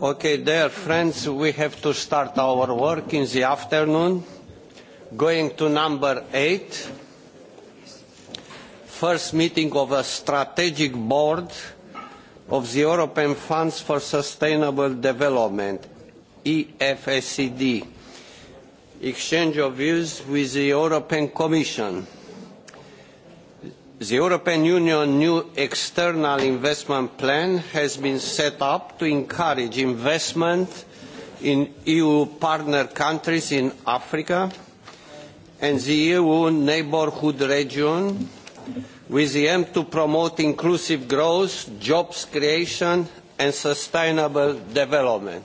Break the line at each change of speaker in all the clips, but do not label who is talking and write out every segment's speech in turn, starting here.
okay, dear friends, we have to start our work in the afternoon. Going to number eight. First meeting of a strategic board of the European Funds for Sustainable Development EFSCD, exchange of views with the European Commission. The European Union new external investment plan has been set up to encourage investment in EU partner countries in Africa and the EU neighbourhood region with the aim to promote inclusive growth, jobs creation and sustainable development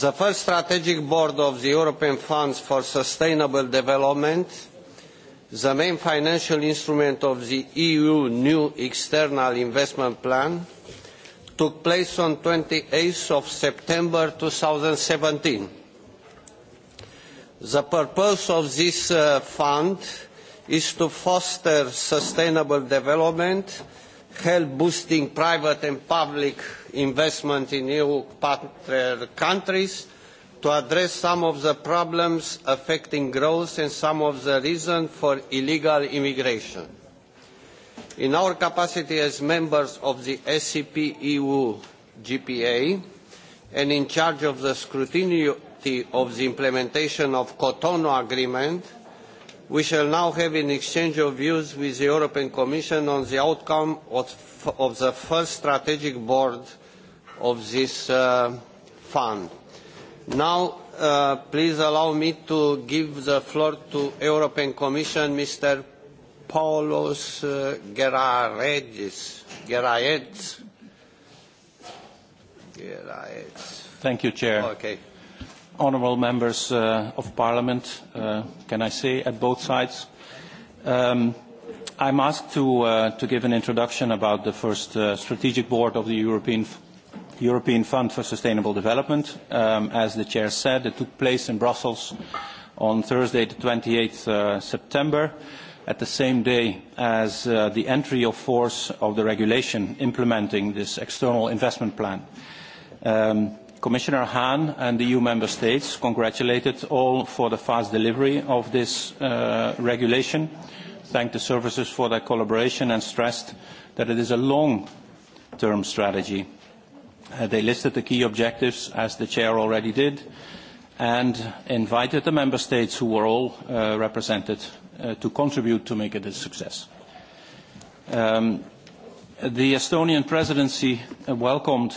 the first strategic board of the european funds for sustainable development the main financial instrument of the eu new external investment plan took place on twenty eight september. two thousand and seventeen the purpose of this fund is to foster sustainable development help boosting private and public investment in EU partner countries to address some of the problems affecting growth and some of the reasons for illegal immigration. In our capacity as members of the SCP EU GPA and in charge of the scrutiny of the implementation of the Cotonou Agreement, we shall now have an exchange of views with the European Commission on the outcome of the first strategic board of this fund. Now, please allow me to give the floor to European Commission, Mr. Paulos Geraedes.
Thank you, Chair. Okay. Honourable members of Parliament, can I say at both sides? I'm asked to give an introduction about the first strategic board of the European The European Fund for Sustainable Development. As the Chair said, it took place in Brussels on Thursday, the 28 September, at the same day as the entry of force of the regulation implementing this external investment plan. Commissioner Hahn and the EU member states congratulated all for the fast delivery of this regulation, thanked the services for their collaboration and stressed that it is a long-term strategy They listed the key objectives, as the Chair already did, and invited the Member States, who were all represented, to contribute to make it a success. The Estonian Presidency welcomed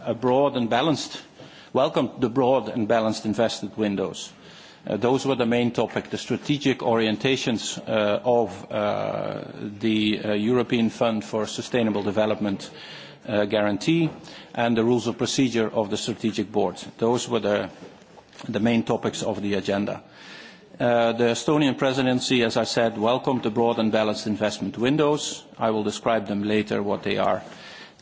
a broad and balanced welcomed the broad and balanced invested windows. Those were the main topic, the strategic orientations of the European Fund for Sustainable Development guarantee and the rules of procedure of the strategic board. Those were the main topics of the agenda. The Estonian presidency, as I said, welcomed the broad and balanced investment windows. I will describe them later what they are.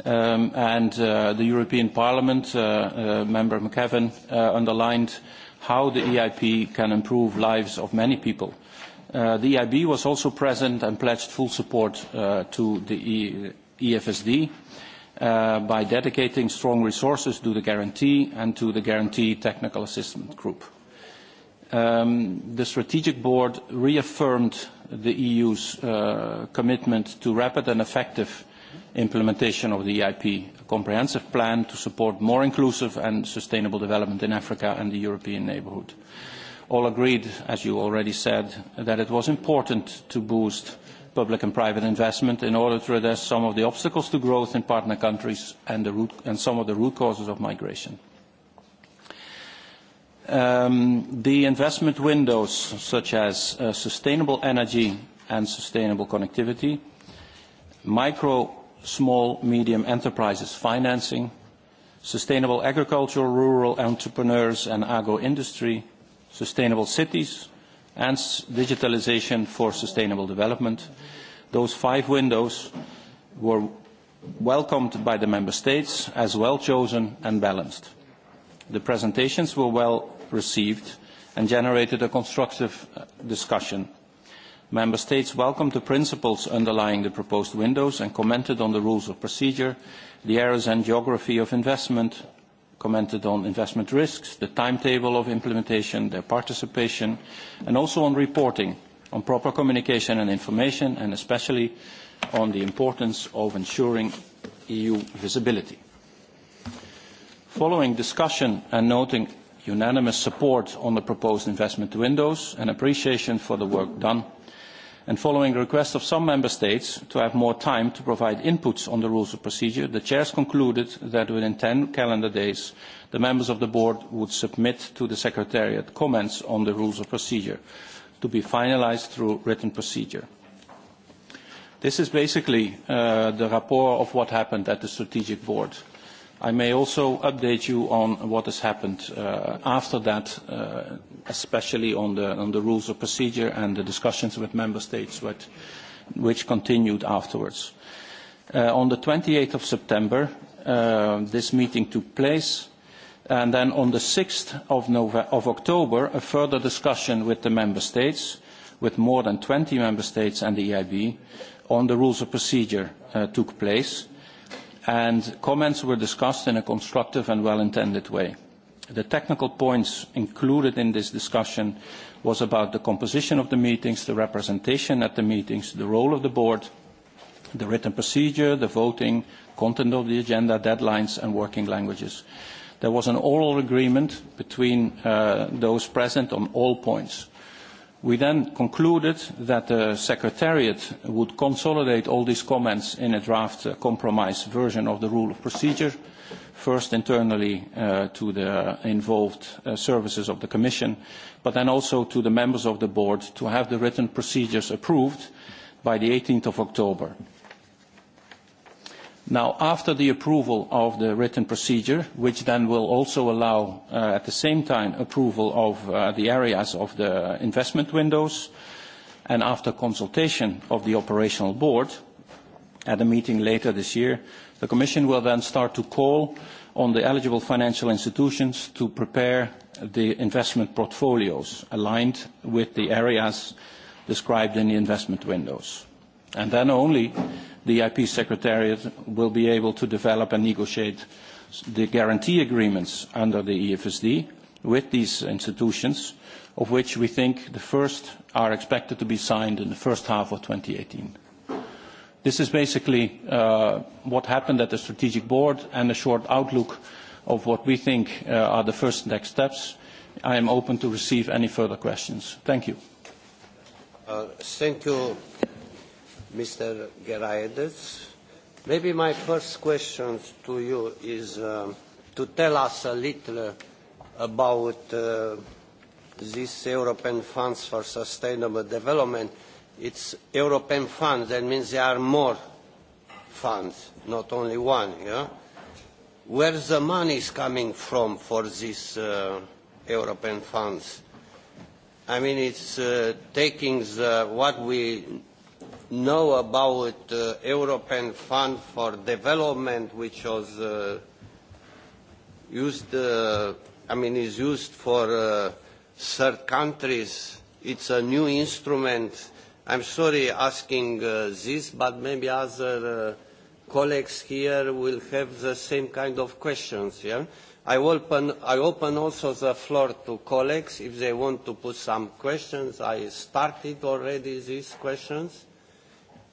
And the European Parliament, Member McKevin, underlined how the EIP can improve lives of many people. The EIB was also present and pledged full support to the EFSD by dedicating strong resources to the guarantee and to the guarantee technical assistance group. The strategic board reaffirmed the EU's commitment to rapid and effective implementation of the EIP comprehensive plan to support more inclusive and sustainable development in Africa and the European neighbourhood. All agreed, as you already said, that it was important to boost public and private investment in order to address some of the obstacles to growth in partner countries and some of the root causes of migration. The investment windows, such as sustainable energy and sustainable connectivity, micro, small, medium enterprises financing, sustainable agricultural rural entrepreneurs and agro industry, sustainable cities, and digitalization for sustainable development. Those five windows were welcomed by the Member States as well chosen and balanced. The presentations were well received and generated a constructive discussion. Member States welcomed the principles underlying the proposed windows and commented on the rules of procedure, the areas and geography of investment, commented on investment risks, the timetable of implementation, their participation, and also on reporting, on proper communication and information, and especially on the importance of ensuring EU visibility. Following discussion and noting unanimous support on the proposed investment windows and appreciation for the work done, and following the request of some member states to have more time to provide inputs on the rules of procedure the chairs concluded that within 10 calendar days the members of the board would submit to the secretariat comments on the rules of procedure to be finalised through written procedure this is basically the rapport of what happened at the strategic board I may also update you on what has happened after that, especially on the rules of procedure and the discussions with member states, which continued afterwards. On the 28th of September, this meeting took place, and then on the 6th of October, a further discussion with the member states, with more than 20 member states and the EIB, on the rules of procedure took place and comments were discussed in a constructive and well-intended way. The technical points included in this discussion was about the composition of the meetings, the representation at the meetings, the role of the board, the written procedure, the voting, content of the agenda, deadlines and working languages. There was an oral agreement between those present on all points. We then concluded that the Secretariat would consolidate all these comments in a draft compromise version of the rule of procedure, first internally to the involved services of the Commission, but then also to the members of the Board to have the written procedures approved by the 18th of October. Now, after the approval of the written procedure, which then will also allow at the same time approval of the areas of the investment windows, and after consultation of the operational board at a meeting later this year, the Commission will then start to call on the eligible financial institutions to prepare the investment portfolios aligned with the areas described in the investment windows. And then only the IP Secretariat will be able to develop and negotiate the guarantee agreements under the EFSD with these institutions, of which we think the first are expected to be signed in the first half of 2018. This is basically what happened at the Strategic Board and a short outlook of what we think are the first next steps. I am open to receive any further questions. Thank you.
Thank you Mr. Geraides. Maybe my first question to you is to tell us a little about this European Funds for Sustainable Development. It's European funds, that means there are more funds, not only one. Yeah? Where the money is coming from for these European funds? I mean, it's taking the, what we know about the European Fund for Development, which was used, I mean, is used for third countries. It's a new instrument. I'm sorry asking this, but maybe other colleagues here will have the same kind of questions. Yeah? I open also the floor to colleagues if they want to put some questions. I started already these questions.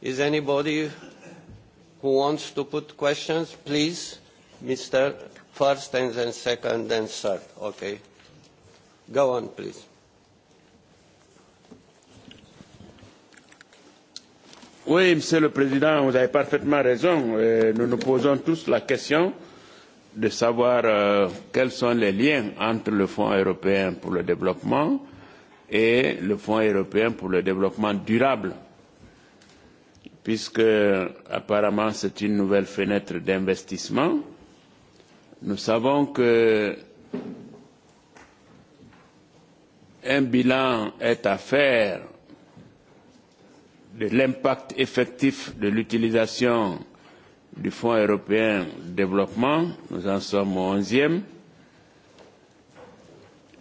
Is anybody who wants to put questions? Please, Mr. First and then second and third. Okay. Go on, please.
Oui, Monsieur le Président, vous avez parfaitement raison. Nous nous posons tous la question de savoir quels sont les liens entre le Fonds européen pour le développement et le Fonds européen pour le développement durable puisque apparemment c'est une nouvelle fenêtre d'investissement. Nous savons que un bilan est à faire de l'impact effectif de l'utilisation du Fonds européen de développement, nous en sommes au onzième,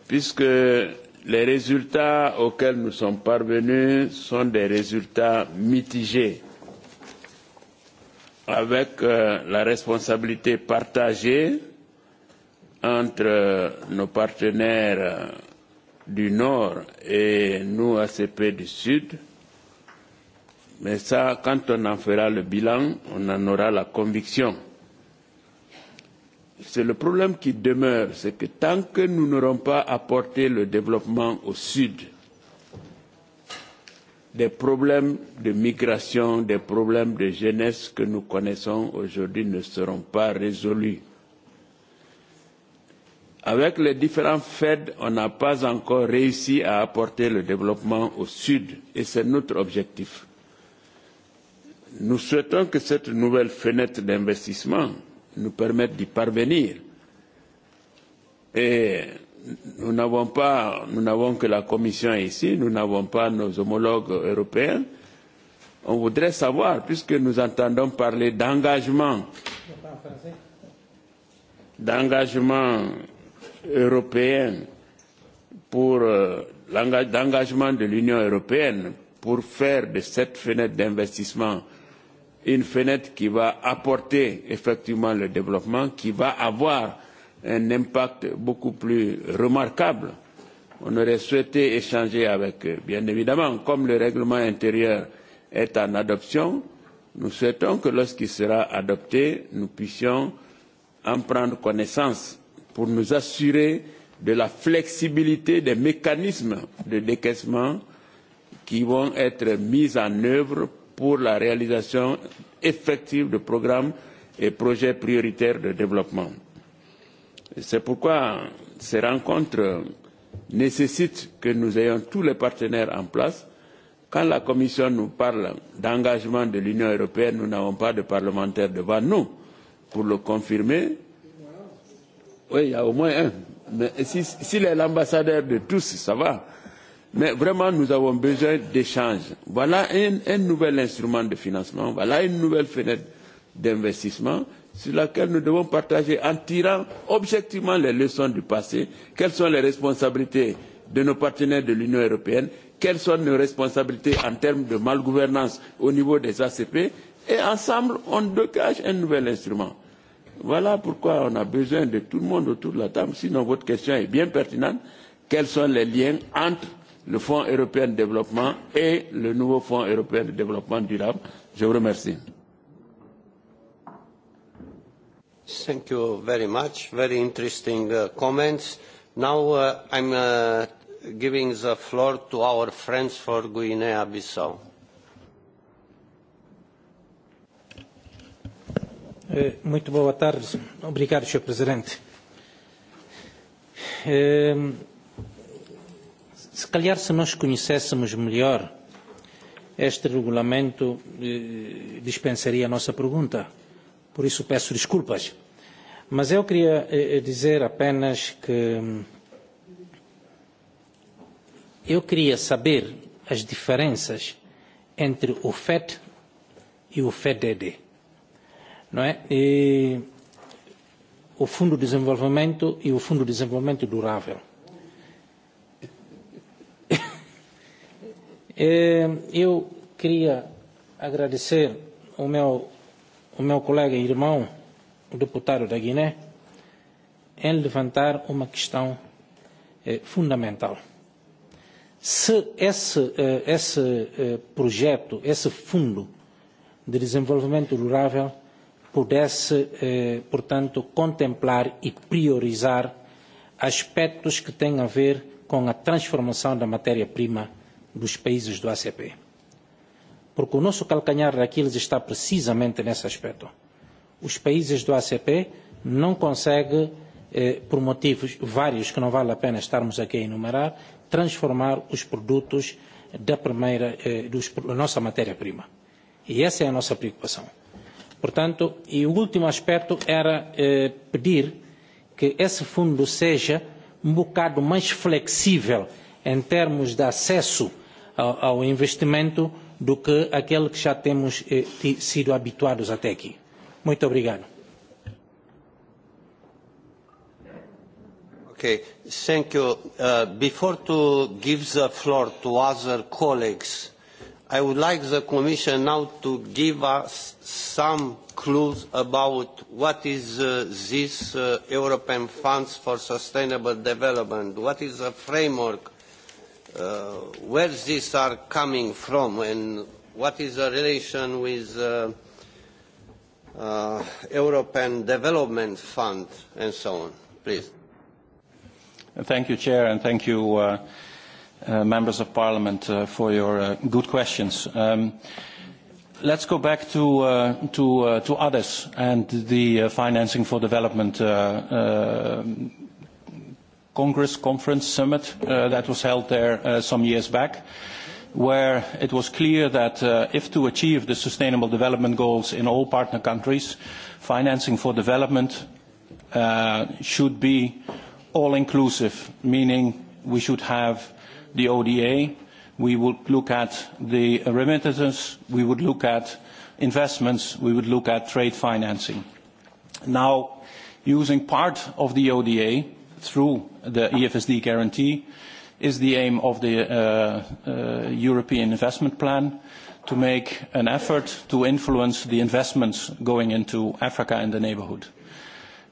puisque les résultats auxquels nous sommes parvenus sont des résultats mitigés avec la responsabilité partagée entre nos partenaires du Nord et nous, ACP du Sud. Mais ça, quand on en fera le bilan, on en aura la conviction. C'est le problème qui demeure, c'est que tant que nous n'aurons pas apporté le développement au Sud, des problèmes de migration, des problèmes de jeunesse que nous connaissons aujourd'hui ne seront pas résolus. Avec les différents FED, on n'a pas encore réussi à apporter le développement au Sud et c'est notre objectif. Nous souhaitons que cette nouvelle fenêtre d'investissement nous permette d'y parvenir. Et nous n'avons pas, nous n'avons que la Commission ici, nous n'avons pas nos homologues européens. On voudrait savoir, puisque nous entendons parler d'engagement, d'engagement européen pour l'engagement de l'Union européenne pour faire de cette fenêtre d'investissement une fenêtre qui va apporter effectivement le développement, qui va avoir un impact beaucoup plus remarquable. On aurait souhaité échanger avec eux. Bien évidemment, comme le règlement intérieur est en adoption, nous souhaitons que lorsqu'il sera adopté, nous puissions en prendre connaissance pour nous assurer de la flexibilité des mécanismes de décaissement qui vont être mis en œuvre pour la réalisation effective de programmes et projets prioritaires de développement. C'est pourquoi ces rencontres nécessitent que nous ayons tous les partenaires en place. Quand la Commission nous parle d'engagement de l'Union européenne, nous n'avons pas de parlementaires devant nous pour le confirmer. Oui, il y a au moins un. Mais s'il est l'ambassadeur de tous, ça va. Mais vraiment, nous avons besoin d'échanges. Voilà un nouvel instrument de financement, voilà une nouvelle fenêtre d'investissement sur laquelle nous devons partager en tirant objectivement les leçons du passé, quelles sont les responsabilités de nos partenaires de l'Union européenne, quelles sont nos responsabilités en termes de gouvernance au niveau des ACP, et ensemble, on dégage un nouvel instrument. Voilà pourquoi on a besoin de tout le monde autour de la table, sinon votre question est bien pertinente. Quels sont les liens entre le Fonds européen de développement et le nouveau Fonds européen de développement durable Je vous remercie.
Thank you very much. Very interesting comments. Now I'm giving the floor to our friends for Guinea-Bissau.
Muito boa tarde. Obrigado, Sr. Presidente. Se calhar se nós conhecêssemos melhor este regulamento, dispensaria a nossa pergunta Por isso peço desculpas. Mas eu queria dizer apenas que eu queria saber as diferenças entre o FED e o FEDED. Não é? E o Fundo de Desenvolvimento e o Fundo de Desenvolvimento Durável. Eu queria agradecer ao meu o meu colega e irmão, o deputado da Guiné, em levantar uma questão fundamental. Se esse, projeto, esse fundo de desenvolvimento rural pudesse, portanto, contemplar e priorizar aspectos que têm a ver com a transformação da matéria-prima dos países do ACP porque o nosso calcanhar daqueles está precisamente nesse aspecto. Os países do ACP não conseguem, por motivos vários que não vale a pena estarmos aqui a enumerar, transformar os produtos da primeira, da nossa matéria-prima. E essa é a nossa preocupação. Portanto, e o último aspecto era pedir que esse fundo seja um bocado mais flexível em termos de acesso ao investimento do que aquele que já temos sido habituados até aqui. Muito obrigado.
Okay, thank you. Before to give the floor to other colleagues, I would like the Commission now to give us some clues about what is this European Funds for Sustainable Development, what is the framework where these are coming from and what is the relation with the European Development Fund and so on. Please.
Thank you, Chair, and thank you, members of Parliament, for your good questions. Let's go back to others and the financing for development Congress Conference Summit that was held there some years back, where it was clear that if to achieve the Sustainable Development Goals in all partner countries, financing for development should be all-inclusive, meaning we should have the ODA, we would look at the remittances, we would look at investments, we would look at trade financing. Now, using part of the ODA, through the EFSD guarantee is the aim of the European Investment Plan to make an effort to influence the investments going into Africa and the neighborhood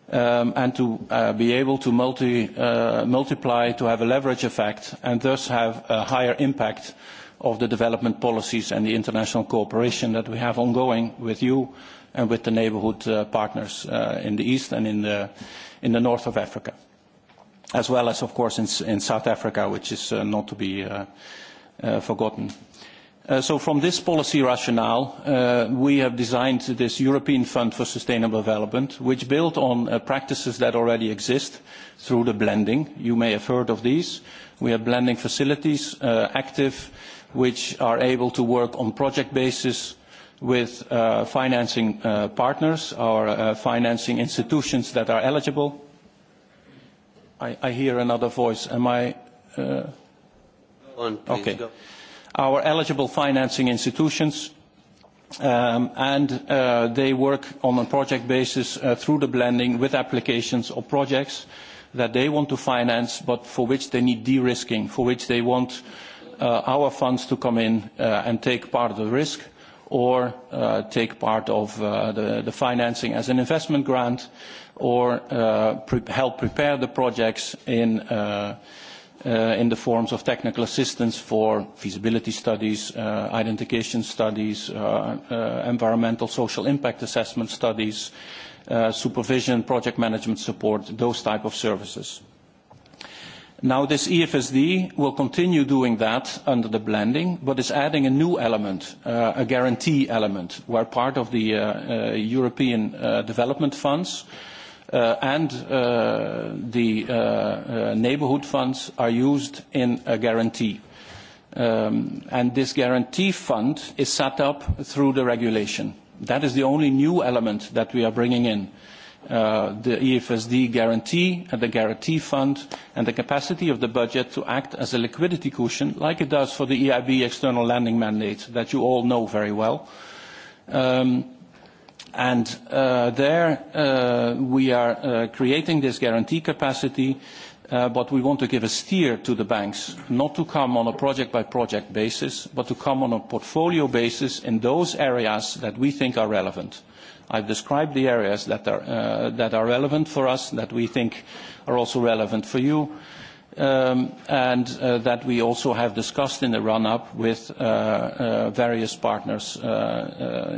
and to be able to multiply, to have a leverage effect and thus have a higher impact of the development policies and the international cooperation that we have ongoing with you and with the neighborhood partners in the east and in the north of Africa as well as, of course, in South Africa, which is not to be forgotten. So from this policy rationale, we have designed this European Fund for Sustainable Development, which built on practices that already exist through the blending. You may have heard of these. We have blending facilities active, which are able to work on project basis with financing partners or financing institutions that are eligible I hear another voice. Am I?
Okay.
Our eligible financing institutions, and they work on a project basis through the blending with applications or projects that they want to finance, but for which they need de-risking, for which they want our funds to come in and take part of the risk or take part of the financing as an investment grant or help prepare the projects in the forms of technical assistance for feasibility studies, identification studies, environmental social impact assessment studies, supervision, project management support, those type of services. Now this EFSD will continue doing that under the blending, but is adding a new element, a guarantee element, where part of the European development funds and the neighbourhood funds are used in a guarantee. And this guarantee fund is set up through the regulation. That is the only new element that we are bringing in. The EFSD guarantee and the guarantee fund and the capacity of the budget to act as a liquidity cushion, like it does for the EIB external lending mandate that you all know very well. And there we are creating this guarantee capacity, but we want to give a steer to the banks, not to come on a project-by-project basis, but to come on a portfolio basis in those areas that we think are relevant. I've described the areas that are relevant for us, that we think are also relevant for you, and that we also have discussed in the run-up with various partners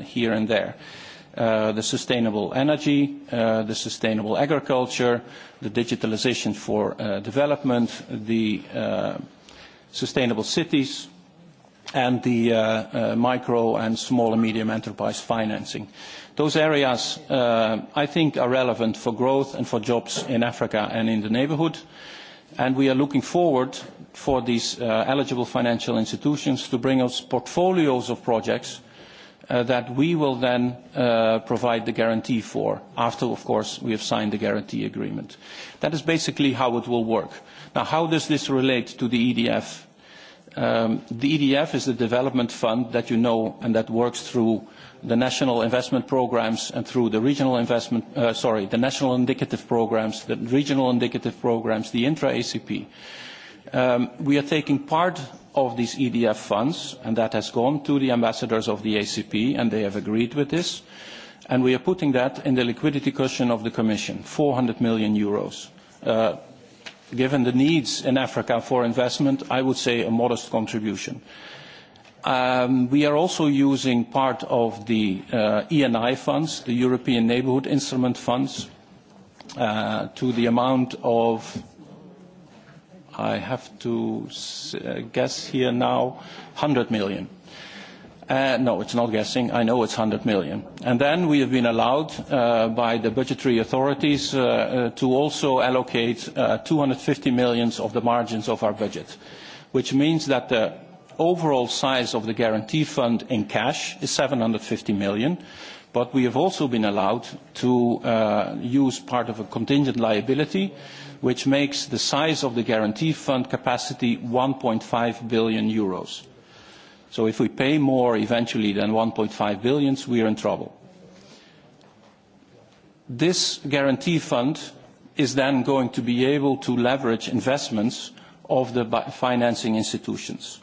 here and there the sustainable energy, the sustainable agriculture, the digitalization for development, the sustainable cities, and the micro and small and medium enterprise financing. Those areas, I think, are relevant for growth and for jobs in Africa and in the neighborhood. And we are looking forward for these eligible financial institutions to bring us portfolios of projects that we will then provide the guarantee for after, of course, we have signed the guarantee agreement. That is basically how it will work. Now, how does this relate to the EDF? The EDF is the development fund that you know and that works through the national investment programs and through the regional investment, sorry, the national indicative programs, the regional indicative programs, the intra-ACP. We are taking part of these EDF funds, and that has gone to the ambassadors of the ACP, and they have agreed with this. And we are putting that in the liquidity cushion of the Commission, 400 million euros. Given the needs in Africa for investment, I would say a modest contribution. We are also using part of the ENI funds, the European Neighbourhood Instrument funds, to the amount of I have to guess here now, 100 million. No, it's not guessing. I know it's 100 million. And then we have been allowed by the budgetary authorities to also allocate 250 million of the margins of our budget, which means that the overall size of the guarantee fund in cash is 750 million, but we have also been allowed to use part of a contingent liability which makes the size of the guarantee fund capacity 1.5 billion euros. So if we pay more eventually than 1.5 billion, we are in trouble. This guarantee fund is then going to be able to leverage investments of the financing institutions.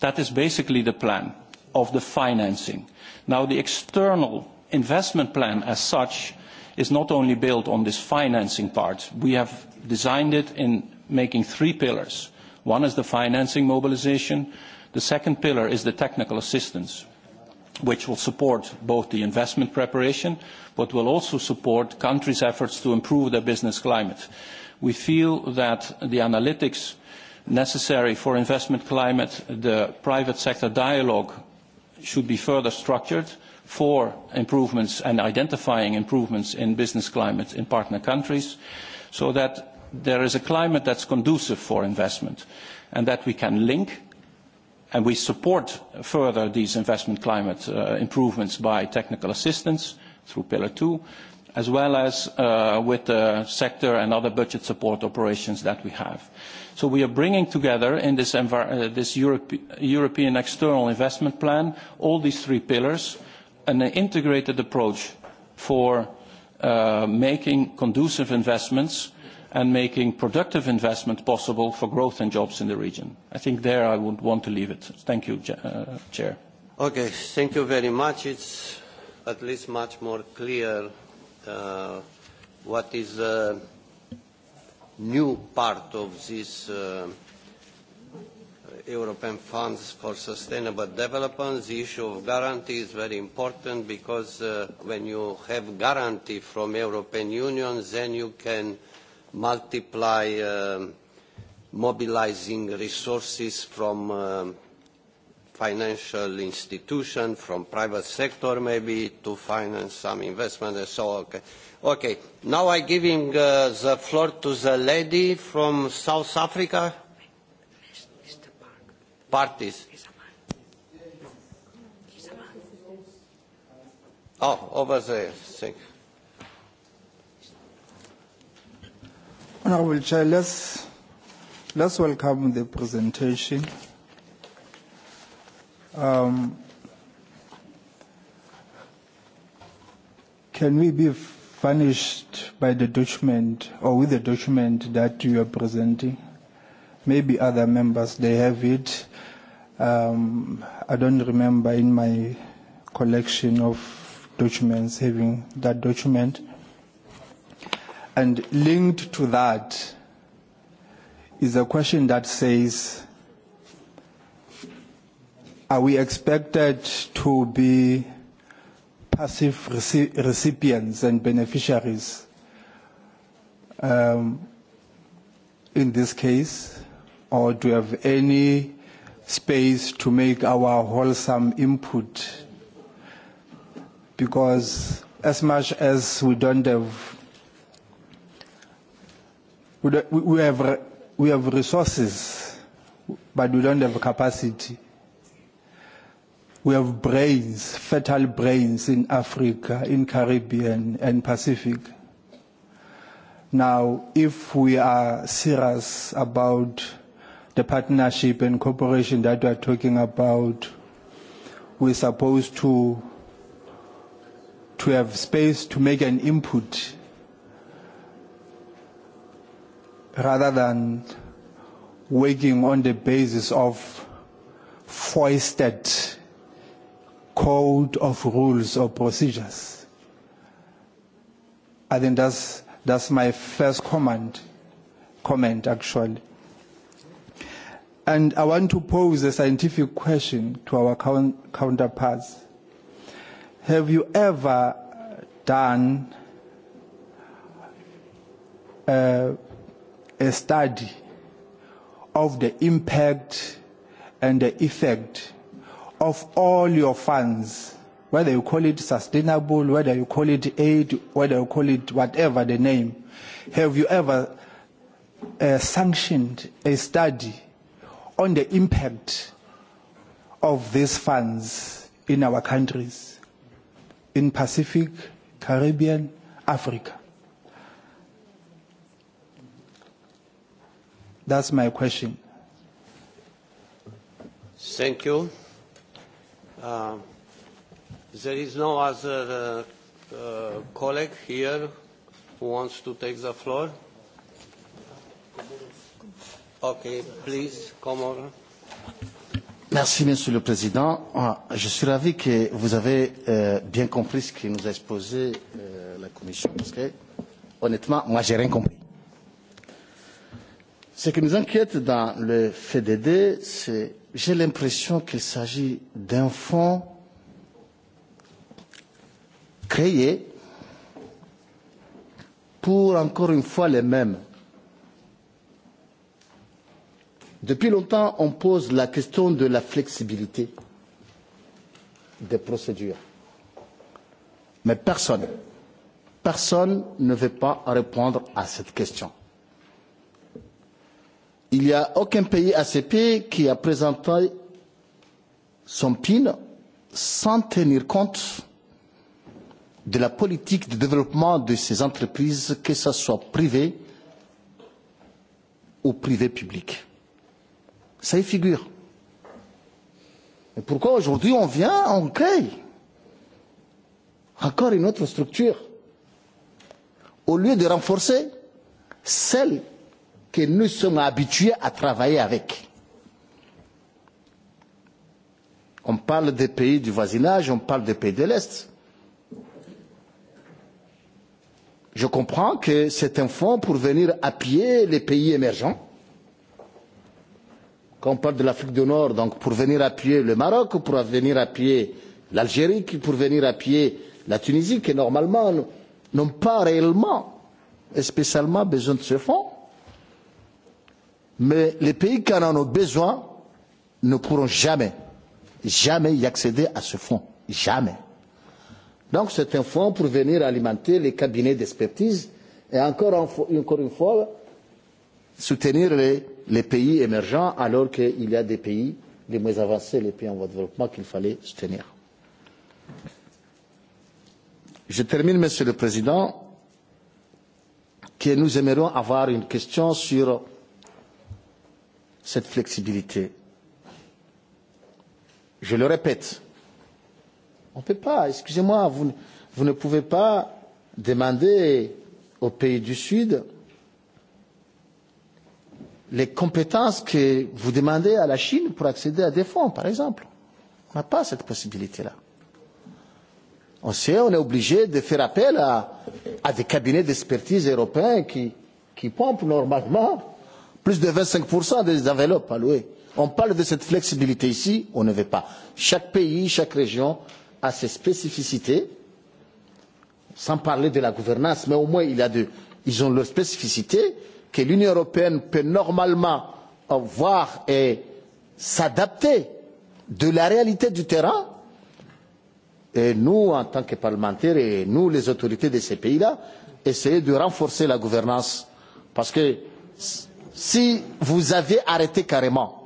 That is basically the plan of the financing. Now, the external investment plan as such is not only built on this financing part. We have designed it in making three pillars. One is the financing mobilization. The second pillar is the technical assistance, which will support both the investment preparation, but will also support countries' efforts to improve their business climate. We feel that the analytics necessary for investment climate, the private sector dialogue should be further structured for improvements and identifying improvements in business climate in partner countries so that there is a climate that's conducive for investment and that we can link and we support further these investment climate improvements by technical assistance through Pillar 2 as well as with the sector and other budget support operations that we have. So we are bringing together in this European External Investment Plan all these three pillars an integrated approach for making conducive investments and making productive investment possible for growth and jobs in the region. I think there I would want to leave it. Thank you, Chair.
Okay, thank you very much. It's at least much more clear what is the new part of this European funds for sustainable development, the issue of guarantee is very important because when you have guarantee from European Union, then you can multiply mobilizing resources from financial institution, from private sector maybe, to finance some investment and so on. Okay, now I'm giving the floor to the lady from South Africa parties. Oh, over there, thank
Honorable Chair, let's, let's welcome the presentation. Um, can we be furnished by the document or with the document that you are presenting? Maybe other members, they have it. I don't remember in my collection of documents having that document. And linked to that is a question that says, are we expected to be passive recipients and beneficiaries in this case, or do we have any space to make our wholesome input because as much as we don't have we have we have resources but we don't have capacity we have brains fertile brains in africa in caribbean and pacific now if we are serious about the partnership and cooperation that we are talking about, we're supposed to to have space to make an input rather than working on the basis of foisted code of rules or procedures. I think that's that's my first comment comment actually. And I want to pose a scientific question to our counterparts. Have you ever done a study of the impact and the effect of all your funds, whether you call it sustainable, whether you call it aid, whether you call it whatever the name? Have you ever sanctioned a study? on the impact of these funds in our countries, in Pacific, Caribbean, Africa. That's my question.
Thank you. There is no other colleague here who wants to take the floor.
Merci, Monsieur le Président. Je suis ravi que vous avez bien compris ce que nous a exposé la Commission, parce que, honnêtement, moi, j'ai rien compris. Ce qui nous inquiète dans le FDD, c'est j'ai l'impression qu'il s'agit d'un fonds créé pour, encore une fois, les mêmes Depuis longtemps, on pose la question de la flexibilité des procédures. Mais personne, personne ne veut pas répondre à cette question. Il n'y a aucun pays ACP qui a présenté son PIN sans tenir compte de la politique de développement de ces entreprises, que ce soit privées ou privées publiques. Ça y figure. Mais pourquoi aujourd'hui on vient, on crée encore une autre structure au lieu de renforcer celle que nous sommes habitués à travailler avec. On parle des pays du voisinage, on parle des pays de l'Est. Je comprends que c'est un fonds pour venir appuyer les pays émergents, quand on parle de l'Afrique du Nord, donc pour venir appuyer le Maroc, pour venir à appuyer l'Algérie, pour venir à pied la Tunisie, qui normalement n'ont pas réellement spécialement besoin de ce fonds. Mais les pays qui en ont besoin ne pourront jamais, jamais y accéder à ce fonds. Jamais. Donc c'est un fonds pour venir alimenter les cabinets d'expertise et encore, encore une fois soutenir les les pays émergents alors qu'il y a des pays les moins avancés, les pays en voie de développement qu'il fallait soutenir. Je termine, Monsieur le Président, que nous aimerions avoir une question sur cette flexibilité. Je le répète, on ne peut pas, excusez-moi, vous, vous ne pouvez pas demander aux pays du Sud les compétences que vous demandez à la Chine pour accéder à des fonds, par exemple. On n'a pas cette possibilité-là. On sait, on est obligé de faire appel à, à des cabinets d'expertise européens qui, qui pompent normalement plus de 25% des enveloppes allouées. On parle de cette flexibilité ici, on ne veut pas. Chaque pays, chaque région a ses spécificités, sans parler de la gouvernance, mais au moins il y a de, ils ont leurs spécificités que l'Union européenne peut normalement voir et s'adapter de la réalité du terrain, et nous, en tant que parlementaires, et nous, les autorités de ces pays-là, essayer de renforcer la gouvernance. Parce que si vous avez arrêté carrément,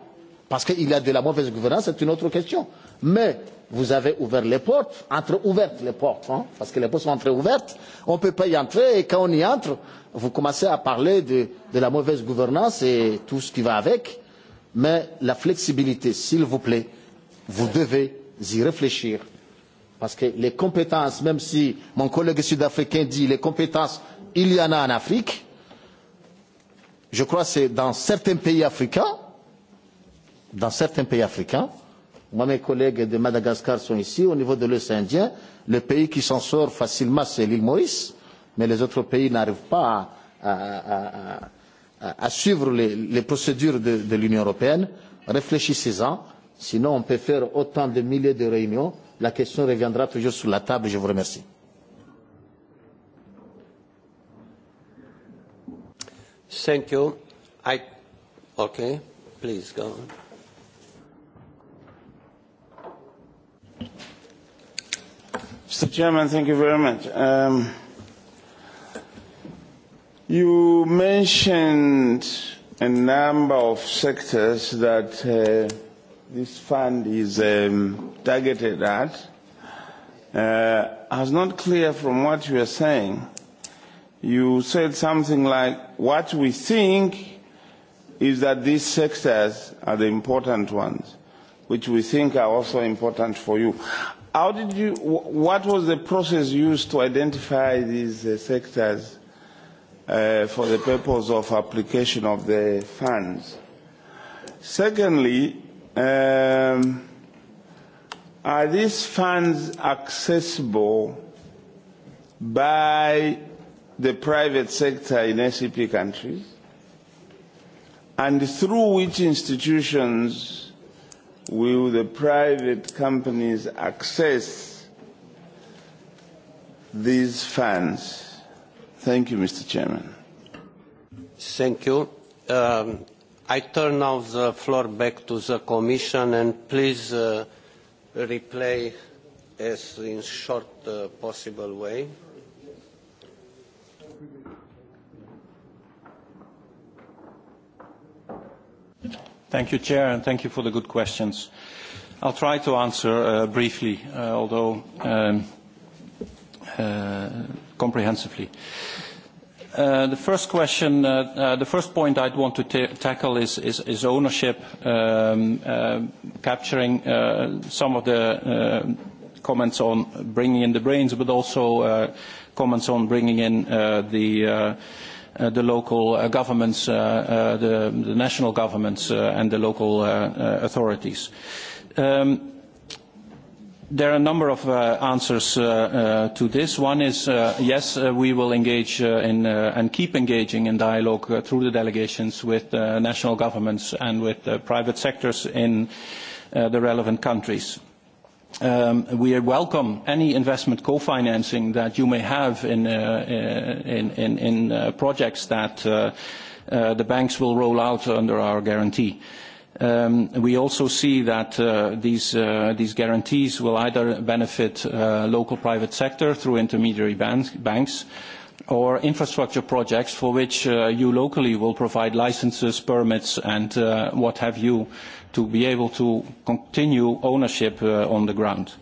parce qu'il y a de la mauvaise gouvernance, c'est une autre question. Mais vous avez ouvert les portes, entre-ouvertes les portes, hein, parce que les portes sont entre-ouvertes, on ne peut pas y entrer, et quand on y entre, vous commencez à parler de, de la mauvaise gouvernance et tout ce qui va avec, mais la flexibilité, s'il vous plaît, vous devez y réfléchir, parce que les compétences, même si mon collègue sud-africain dit les compétences, il y en a en Afrique, je crois que c'est dans certains pays africains, dans certains pays africains, Moi, mes collègues de Madagascar sont ici. Au niveau de l'Océan Indien, le pays qui s'en sort facilement, c'est l'île Maurice. Mais les autres pays n'arrivent pas à suivre les procédures de l'Union européenne. Réfléchissez-en. Sinon, on peut faire autant de milliers de réunions. La question reviendra toujours sur la table. Je vous
remercie. Thank
Mr. Chairman, thank you very much. You mentioned a number of sectors that this fund is targeted at. I was not clear from what you are saying. You said something like, what we think is that these sectors are the important ones, which we think are also important for you. How did you, what was the process used to identify these sectors for the purpose of application of the funds? Secondly, are these funds accessible by the private sector in SCP countries? And through which institutions will the private companies access these funds? Thank you, Mr. Chairman.
Thank you. I turn now the floor back to the Commission and please replay as in short possible way.
Thank you, Chair, and thank you for the good questions. I'll try to answer briefly, although comprehensively. The first question, the first point I'd want to tackle is ownership, capturing some of the comments on bringing in the brains, but also comments on bringing in the the local governments, the national governments and the local authorities. There are a number of answers to this. One is, yes, we will engage in and keep engaging in dialogue through the delegations with national governments and with private sectors in the relevant countries we welcome any investment co-financing that you may have in projects that the banks will roll out under our guarantee. We also see that these guarantees will either benefit local private sector through intermediary banks or infrastructure projects for which you locally will provide licenses, permits and what have you to be able to continue ownership on the ground.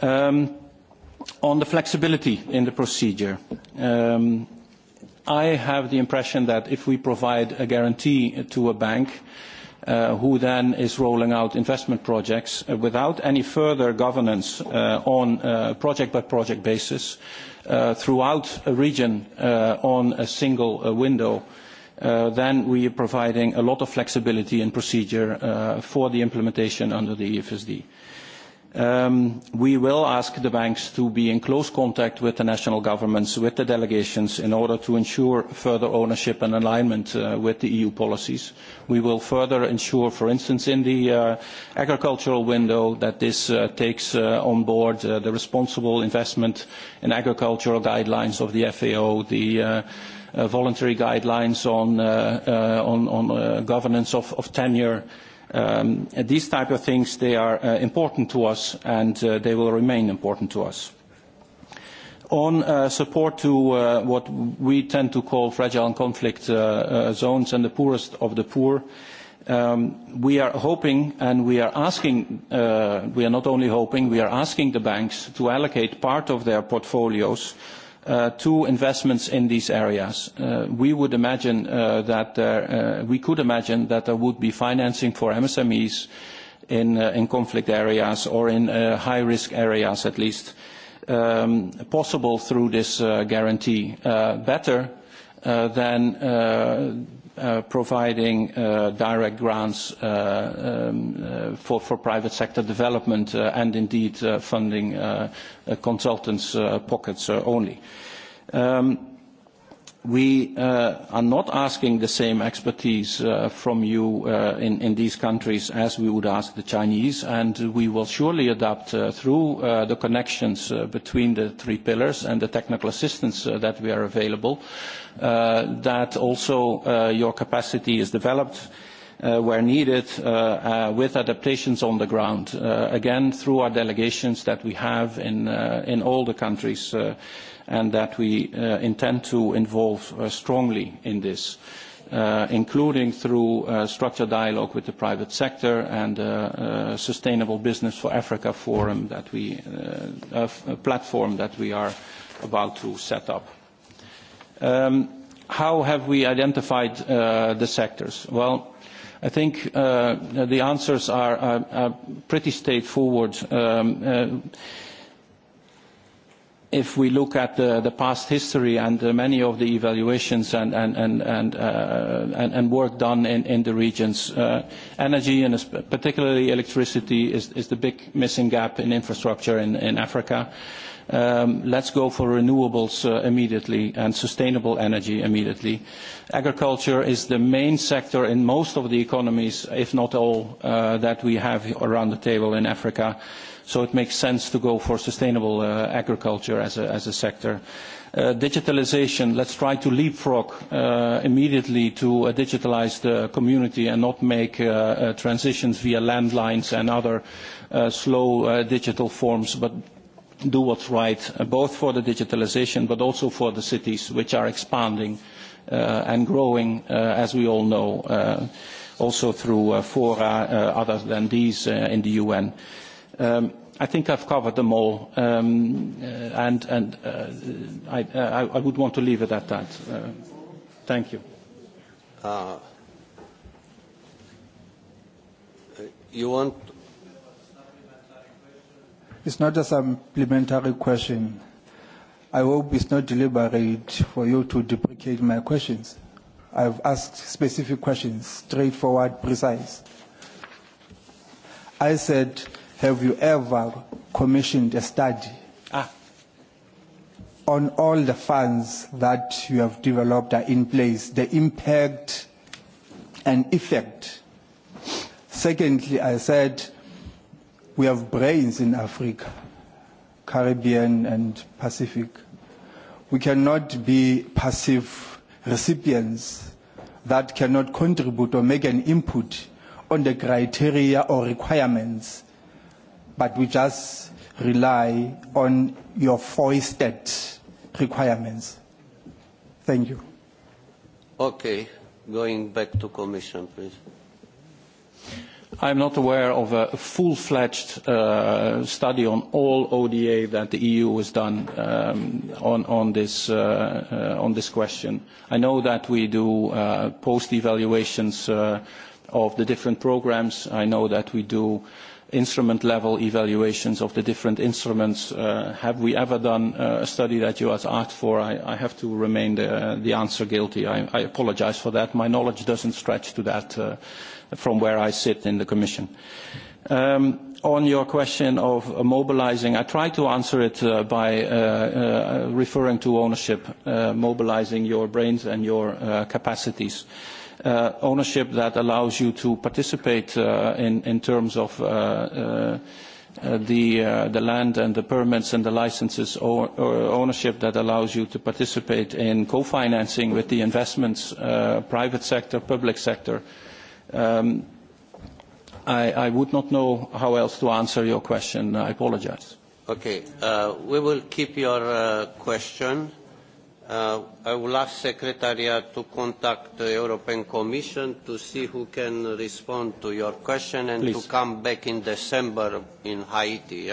On the flexibility in the procedure, I have the impression that if we provide a guarantee to a bank who then is rolling out investment projects without any further governance on a project-by-project basis, throughout a region on a single window, then we are providing a lot of flexibility and procedure for the implementation under the EFSD. We will ask the banks to be in close contact with the national governments, with the delegations, in order to ensure further ownership and alignment with the EU policies. We will further ensure, for instance, in the agricultural window, that this takes on board the responsible investment in agricultural guidelines of the FAO, the voluntary guidelines on governance of tenure These type of things, they are important to us and they will remain important to us. On support to what we tend to call fragile conflict zones and the poorest of the poor, we are hoping and we are asking, we are not only hoping, we are asking the banks to allocate part of their portfolios to investments in these areas. We would imagine that we could imagine that there would be financing for MSMEs in conflict areas or in high-risk areas at least, possible through this guarantee, better than providing direct grants for private sector development and indeed funding consultants' pockets only. We are not asking the same expertise from you in these countries as we would ask the Chinese, and we will surely adapt through the connections between the three pillars and the technical assistance that we are available, that also your capacity is developed where needed with adaptations on the ground, again, through our delegations that we have in all the countries and that we intend to involve strongly in this, including through structured dialogue with the private sector and a Sustainable Business for Africa forum that we, a platform that we are about to set up. How have we identified the sectors? Well, I think the answers are pretty straightforward if we look at the past history and many of the evaluations and work done in the regions energy and particularly electricity is the big missing gap in infrastructure in africa let's go for renewables immediately and sustainable energy immediately agriculture is the main sector in most of the economies if not all that we have around the table in africa so it makes sense to go for sustainable agriculture as a sector. Digitalization, let's try to leapfrog immediately to a digitalized community and not make transitions via landlines and other slow digital forms, but do what's right, both for the digitalization but also for the cities, which are expanding and growing, as we all know, also through fora other than these in the UN. I think I've covered them all, and I would want to leave it at that. Thank you. You want?
It's not a supplementary question. I hope it's not deliberate for you to duplicate my questions. I've asked specific questions, straightforward, precise. I said have you ever commissioned a study on all the funds that you have developed are in place, the impact and effect. Secondly, I said we have brains in Africa, Caribbean and Pacific. We cannot be passive recipients that cannot contribute or make an input on the criteria or requirements but we just rely on your foisted requirements. Thank you.
Okay. Going back to Commission, please.
I am not aware of a full-fledged study on all ODA that the EU has done on this question. I know that we do post-evaluations of the different programs. I know that we do instrument level evaluations of the different instruments. Have we ever done a study that you have asked for? I have to remain the answer guilty. I apologize for that. My knowledge doesn't stretch to that from where I sit in the Commission. On your question of mobilizing, I tried to answer it by referring to ownership, mobilizing your brains and your capacities ownership that allows you to participate in terms of the land and the permits and the licenses or ownership that allows you to participate in co-financing with the investments, private sector, public sector. I would not know how else to answer your question. I apologize.
Okay. We will keep your question I will ask Secretariat to contact the European Commission to see who can respond to your question and to come back in December in Haiti.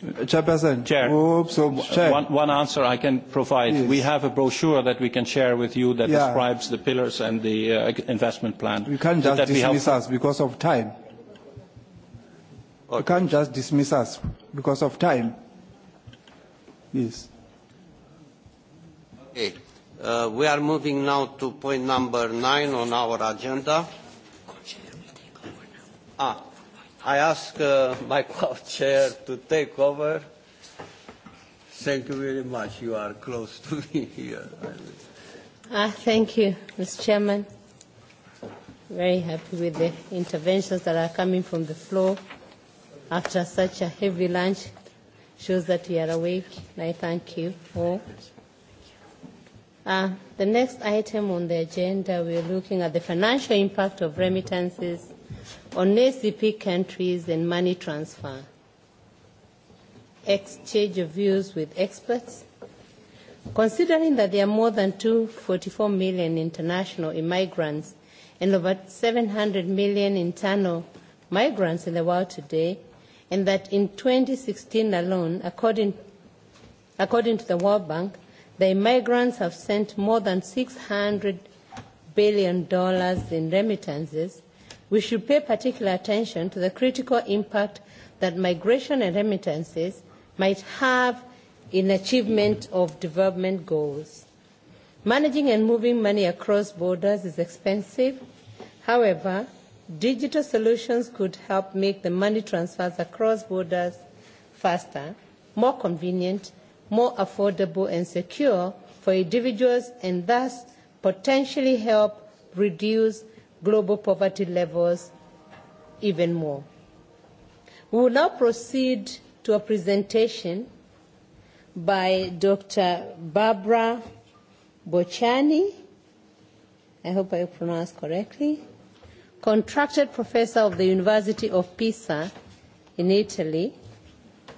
Chairperson. Chair. One answer I can provide. We have a brochure that we can share with you that describes the pillars and the investment plan. You can't just dismiss
us because of time. You can't just dismiss us because of time. Yes.
Okay. We are moving now to point number nine on our agenda. Ah. I ask my co-chair to take over. Thank you very much. You are close to me here.
Ah, thank you, Mr. Chairman. Very happy with the interventions that are coming from the floor after such a heavy lunch. Shows that you are awake, I thank you all. The next item on the agenda, we are looking at the financial impact of remittances on ACP countries and money transfer, exchange of views with experts, considering that there are more than 244 million international immigrants and over 700 million internal migrants in the world today, and that in 2016 alone, according, according to the World Bank, the immigrants have sent more than 600 billion dollars in remittances we should pay particular attention to the critical impact that migration and remittances might have in achievement of development goals. Managing and moving money across borders is expensive. However, digital solutions could help make the money transfers across borders faster, more convenient, more affordable and secure for individuals and thus potentially help reduce global poverty levels even more. We will now proceed to a presentation by Dr. Barbara Bocciani, I hope I pronounced correctly, contracted professor of the University of Pisa in Italy,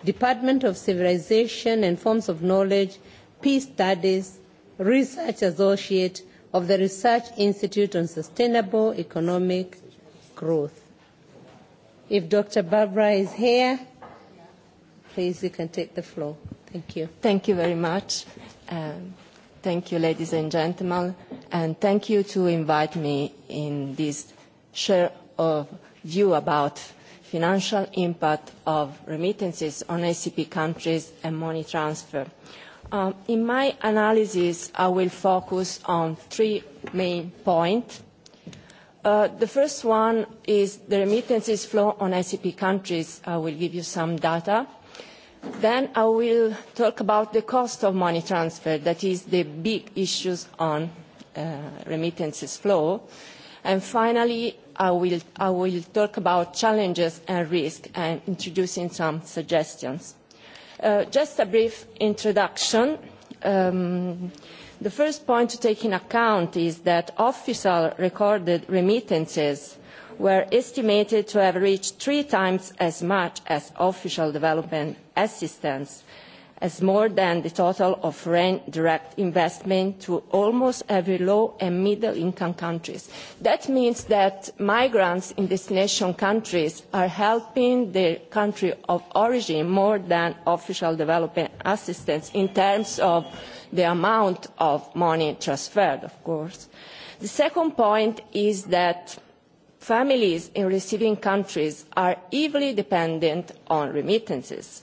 Department of Civilization and Forms of Knowledge, Peace Studies, Research Associate, of the Research Institute on Sustainable Economic Growth. If Dr. Barbara is here,
please you can take the floor. Thank you. Thank you very much. Thank you, ladies and gentlemen, and thank you to invite me in this share of view about financial impact of remittances on ACP countries and money transfer. In my analysis, I will focus on three main points. The first one is the remittances flow on ICP countries. I will give you some data. Then I will talk about the cost of money transfer, that is the big issues on remittances flow. And finally, I will talk about challenges and risks and introducing some suggestions. Just a brief introduction. The first point to take into account is that official recorded remittances were estimated to have reached three times as much as official development assistance as more than the total of foreign direct investment to almost every low and middle income countries. That means that migrants in destination countries are helping their country of origin more than official development assistance in terms of the amount of money transferred, of course. The second point is that families in receiving countries are heavily dependent on remittances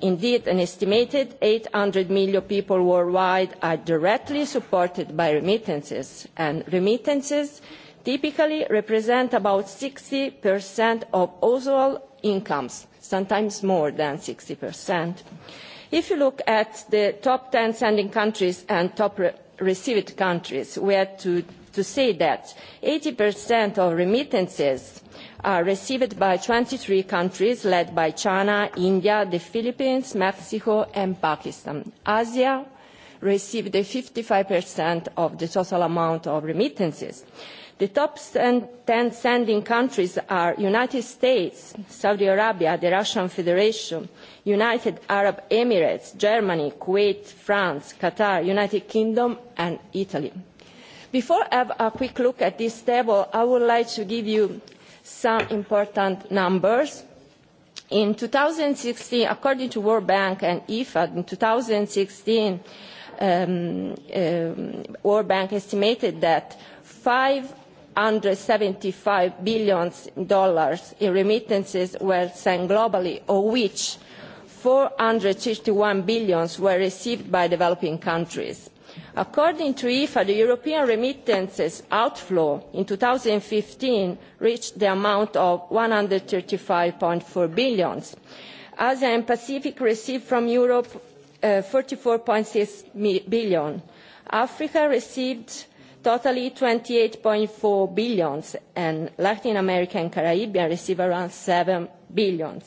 Indeed, an estimated 800 million people worldwide are directly supported by remittances, and remittances typically represent about 60% of overall incomes, sometimes more than 60%. If you look at the top 10 sending countries and top received countries, we have to say that 80% of remittances are received by 23 countries led by China, India, the Philippines, Mexico and Pakistan. Asia received 55% of the total amount of remittances. The top 10 sending countries are United States, Saudi Arabia, the Russian Federation, United Arab Emirates, Germany, Kuwait, France, Qatar, United Kingdom and Italy. Before I have a quick look at this table, I would like to give you some important numbers. In 2016, according to World Bank and IFAD, in 2016, World Bank estimated that five billion dollars in remittances were sent globally, of which one billion were received by developing countries According to IFA, the European remittances outflow in 2015 reached the amount of 135.4 billion. Asia and Pacific received from Europe 44.6 billion. Africa received totally 28.4 billion and Latin America and Caribbean received around 7 billion.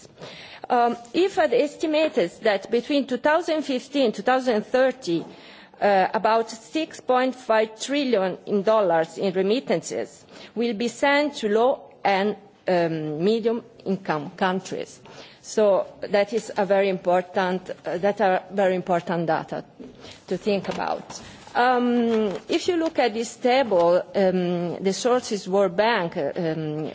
IFA estimates that between 2015 and 2030, about 6.5 trillion in dollars in remittances will be sent to low and medium income countries. So that is a very important very important data to think about. If you look at this table, the sources World Bank,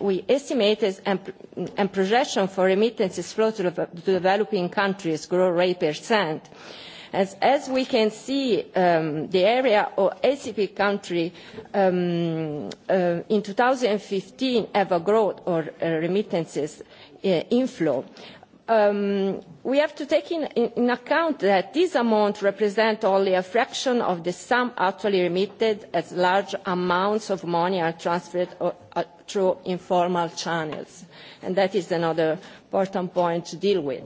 we estimated and projection for remittances flow to developing countries grow rate percent As we can see, the area of ACP country in 2015 have a growth or remittances inflow. We have to take in account that this amount represents only a fraction of the sum actually remitted as large amounts of money are transferred through informal channels. And that is another important point to deal with.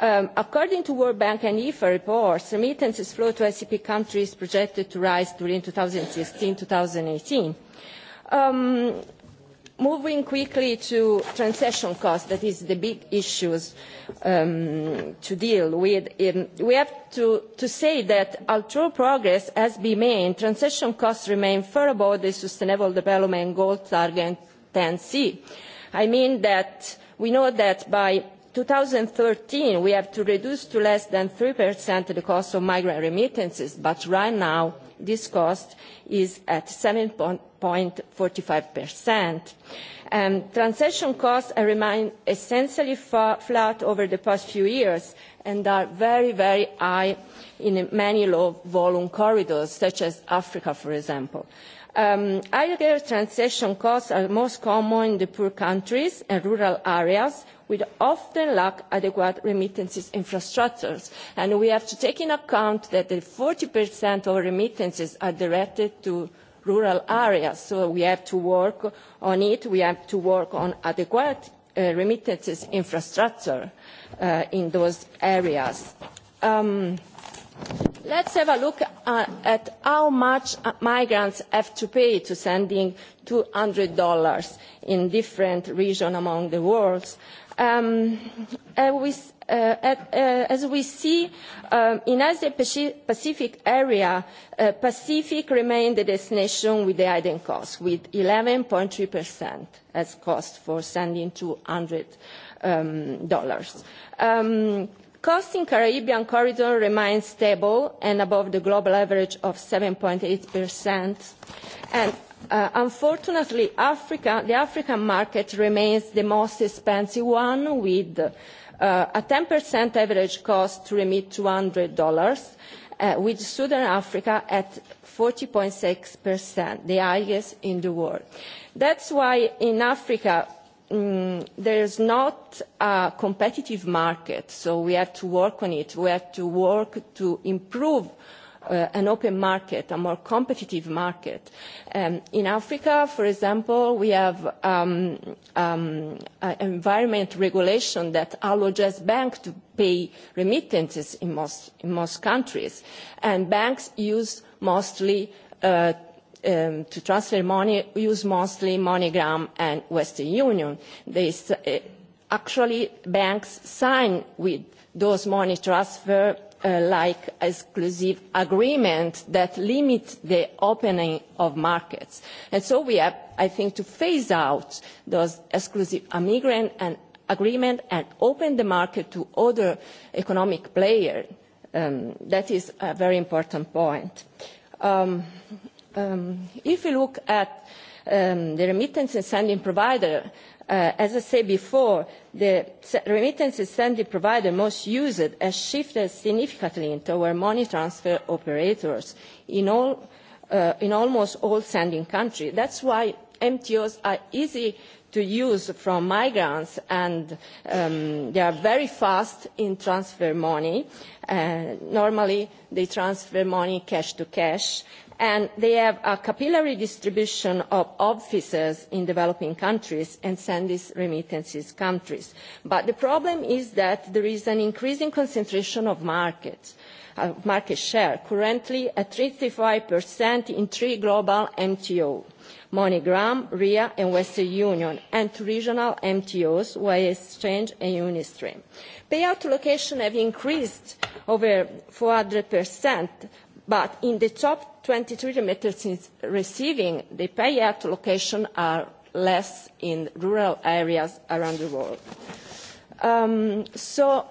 According to World Bank and IFA reports, remittances flow to ACP countries projected to rise during 2016-2018. Moving quickly to transaction costs, that is the big issues to deal with, we have to say that although progress has been made, transaction costs remain far above the Sustainable Development Goal Target 10C. I mean that we know that by 2013 we have to reduce to less than 3% the cost of migrant remittances, but right now this cost is at 7.45%. Transaction costs remained essentially flat over the past few years and are very, very high in many low-volume corridors, such as Africa, for example. Higher transaction costs are most common in the poor countries and rural areas, which often lack adequate remittances infrastructures. And we have to take into account that 40% of remittances are directed to rural areas. So we have to work on it. We have to work on adequate remittances infrastructure in those areas. Let's have a look at how much migrants have to pay to sending $200 in different regions among the world. As we see, in Asia-Pacific area, Pacific remains the destination with the highest cost, with 11.3% as cost for sending $200 cost in caribbean corridor remains stable and above the global average of 7.8% and unfortunately africa the african market remains the most expensive one with a 10% average cost to remit $200 with Southern Africa at 40.6%, the highest in the world. That's why in Africa there is not a competitive market, so we have to work on it. We have to work to improve an open market, a more competitive market. In Africa, for example, we have environment regulation that allows banks to pay remittances in most countries, and banks use mostly to transfer money use mostly MoneyGram and Western Union. Actually, banks sign with those money transfer like exclusive agreement that limit the opening of markets. And so we have, I think, to phase out those exclusive immigrant and agreement and open the market to other economic players. That is a very important point. If we look at the remittance and sending provider, as I said before, the remittance and sending provider most used has shifted significantly our money transfer operators in almost all sending countries. That's why MTOs are easy to use from migrants and they are very fast in transfer money. Normally they transfer money cash to cash and they have a capillary distribution of offices in developing countries and send these remittances countries. But the problem is that there is an increasing concentration of markets market share, currently at 35% in three global MTO, MoneyGram, RIA and Western Union, and two regional MTOs, Exchange and Unistream. Payout location have increased over 400%, But in the top 23 remitters receiving, the payout locations are less in rural areas around the world. So,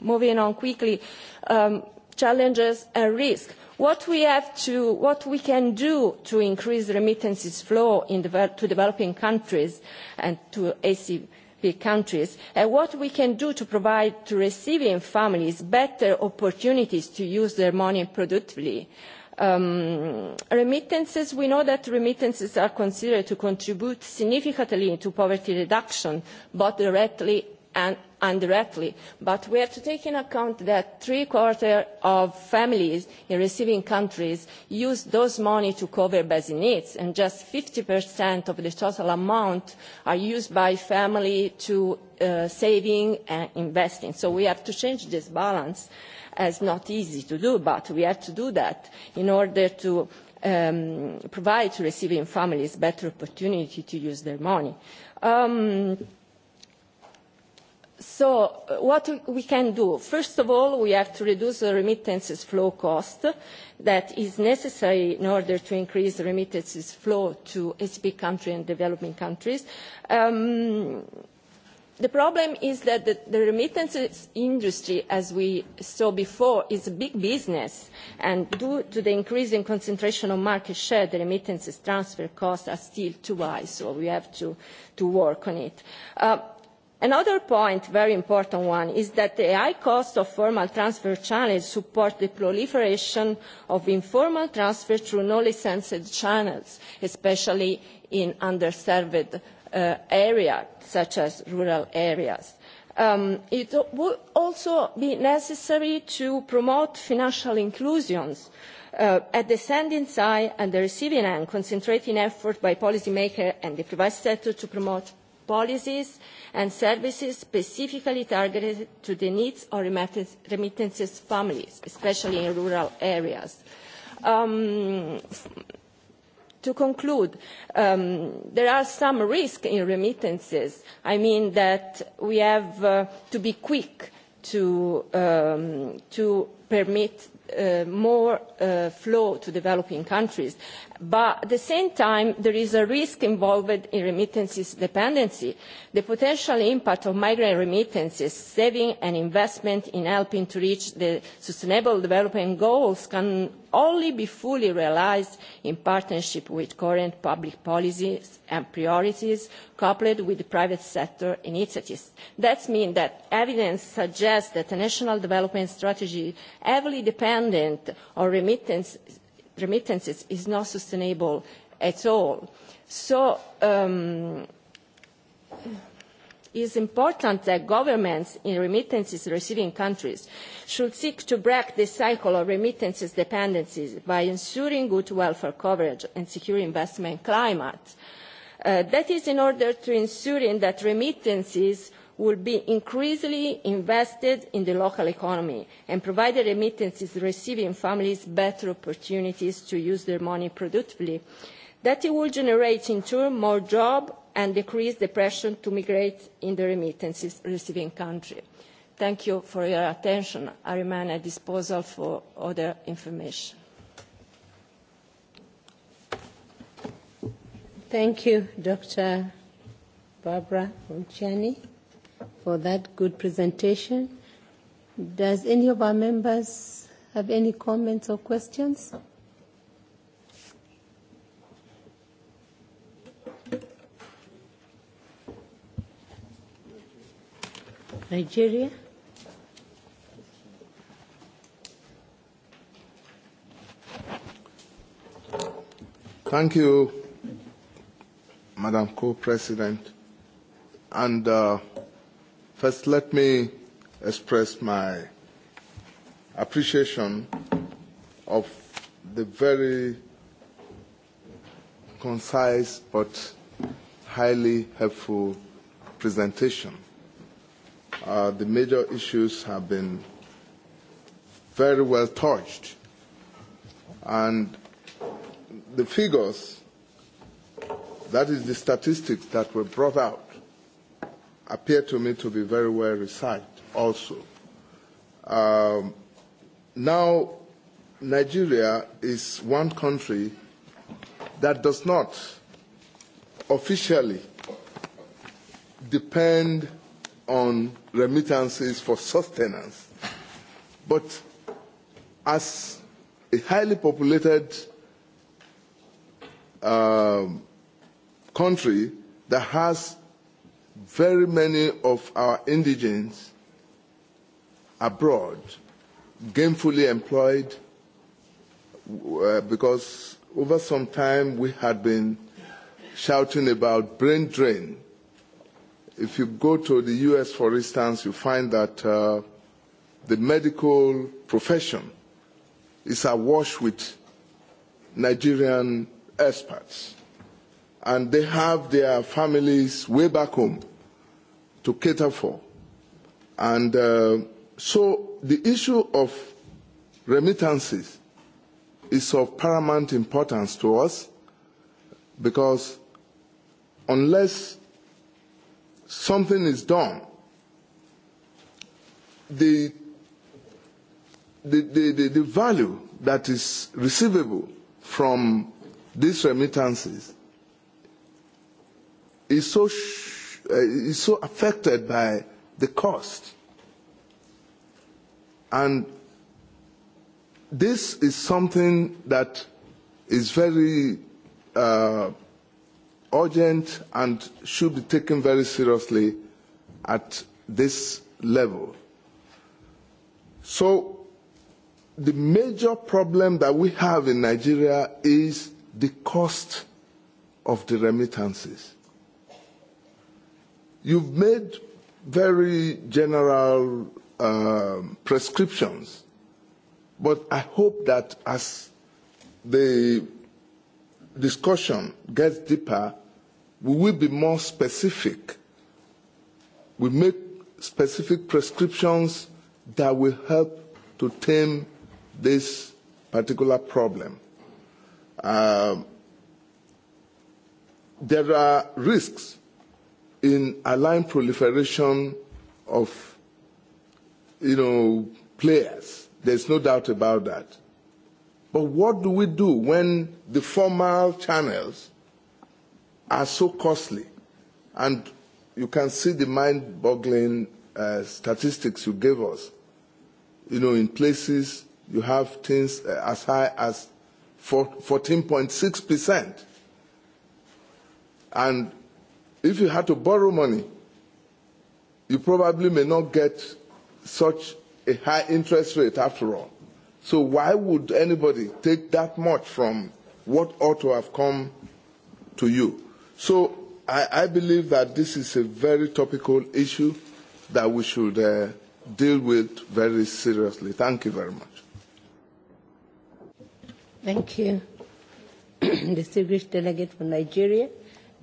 moving on quickly, challenges and risks. What we have to, what we can do to increase remittances flow to developing countries and to ACP countries and what we can do to provide to receiving families better opportunities to use their money productively. Remittances, we know that remittances are considered to contribute significantly to poverty reduction, both directly and indirectly, but we have to take into account that three quarters of families in receiving countries use those money to cover basic needs, and just 50 of the total amount are used by families to saving and investing. So we have to change this balance. as not easy to do, but we have to do that in order to provide receiving families better opportunity to use their money. So what we can do? First of all, we have to reduce the remittances flow cost that is necessary in order to increase the remittances flow to SP countries and developing countries. The problem is that the remittances industry, as we saw before, is a big business, and due to the increasing concentration of market share, the remittances transfer costs are still too high, so we have to work on it. Another point, very important one, is that the high cost of formal transfer channels support the proliferation of informal transfer through non-licensed channels, especially in underserved areas, such as rural areas. It would also be necessary to promote financial inclusions at the sending side and the receiving end, concentrating effort by policymakers and the private sector to promote policies and services specifically targeted to the needs of remittances families, especially in rural areas. To conclude, there are some risks in remittances. I mean that we have to be quick to permit more flow to developing countries. But at the same time, there is a risk involved in remittances dependency. The potential impact of migrant remittances, saving and investment in helping to reach the sustainable development goals can only be fully realised in partnership with current public policies and priorities coupled with private sector initiatives. That means that evidence suggests that a national development strategy heavily dependent on remittances is not sustainable at all. It is important that governments in remittances receiving countries should seek to break the cycle of remittances dependencies by ensuring good welfare coverage and secure investment climate. That is in order to ensure that remittances will be increasingly invested in the local economy and provide remittances receiving families better opportunities to use their money productively. That it will generate in turn more jobs and decrease the pressure to migrate in the remittances receiving country. Thank you for your attention. I remain at disposal for other information.
Thank you, Dr. Barbara Unciani, for that good presentation. Does any of our members have any comments or questions? Nigeria.
Thank you, Madam Co-President. And first, let me express my appreciation of the very concise but highly helpful presentation the major issues have been very well touched. And the figures, that is the statistics that were brought out, appear to me to be very well recited also. Um, now, Nigeria is one country that does not officially depend on remittances for sustenance. But as a highly populated country that has very many of our indigents abroad, gainfully employed, because over some time we had been shouting about brain drain if you go to the US, for instance, you find that the medical profession is awash with Nigerian experts, and they have their families way back home to cater for. And so the issue of remittances is of paramount importance to us because unless something is done. The, the, the, the value that is receivable from these remittances is so, is so affected by the cost. And this is something that is very urgent and should be taken very seriously at this level. So the major problem that we have in Nigeria is the cost of the remittances. You've made very general prescriptions, but I hope that as the discussion gets deeper, we will be more specific. We make specific prescriptions that will help to tame this particular problem. There are risks in aligned proliferation of, you know, players. There's no doubt about that. But what do we do when the formal channels are so costly. And you can see the mind-boggling statistics you gave us. You know, in places you have things as high as 14.6%. And if you had to borrow money, you probably may not get such a high interest rate after all. So why would anybody take that much from what ought to have come to you? So I believe that this is a very topical issue that we should deal with very seriously. Thank you very much.
Thank you. Distinguished Delegate from Nigeria.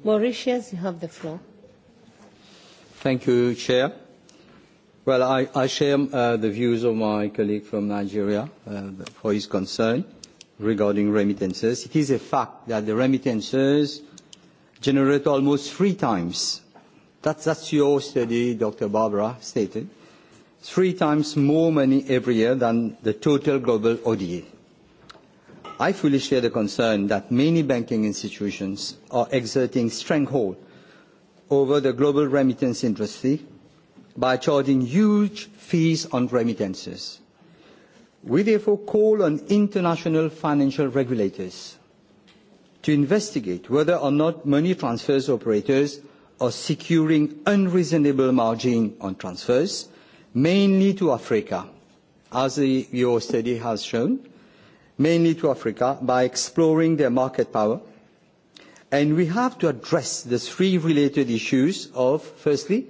Mauritius, you have the floor.
Thank you, Chair. Well, I share the views of my colleague from Nigeria for his concern regarding remittances. It is a fact that the remittances generate almost three times. That's your study, Dr. Barbara stated. Three times more money every year than the total global ODA. I fully share the concern that many banking institutions are exerting stranglehold over the global remittance industry by charging huge fees on remittances. We therefore call on international financial regulators to investigate whether or not money transfers operators are securing unreasonable margin on transfers, mainly to Africa, as your study has shown, mainly to Africa, by exploring their market power. And we have to address the three related issues of, firstly,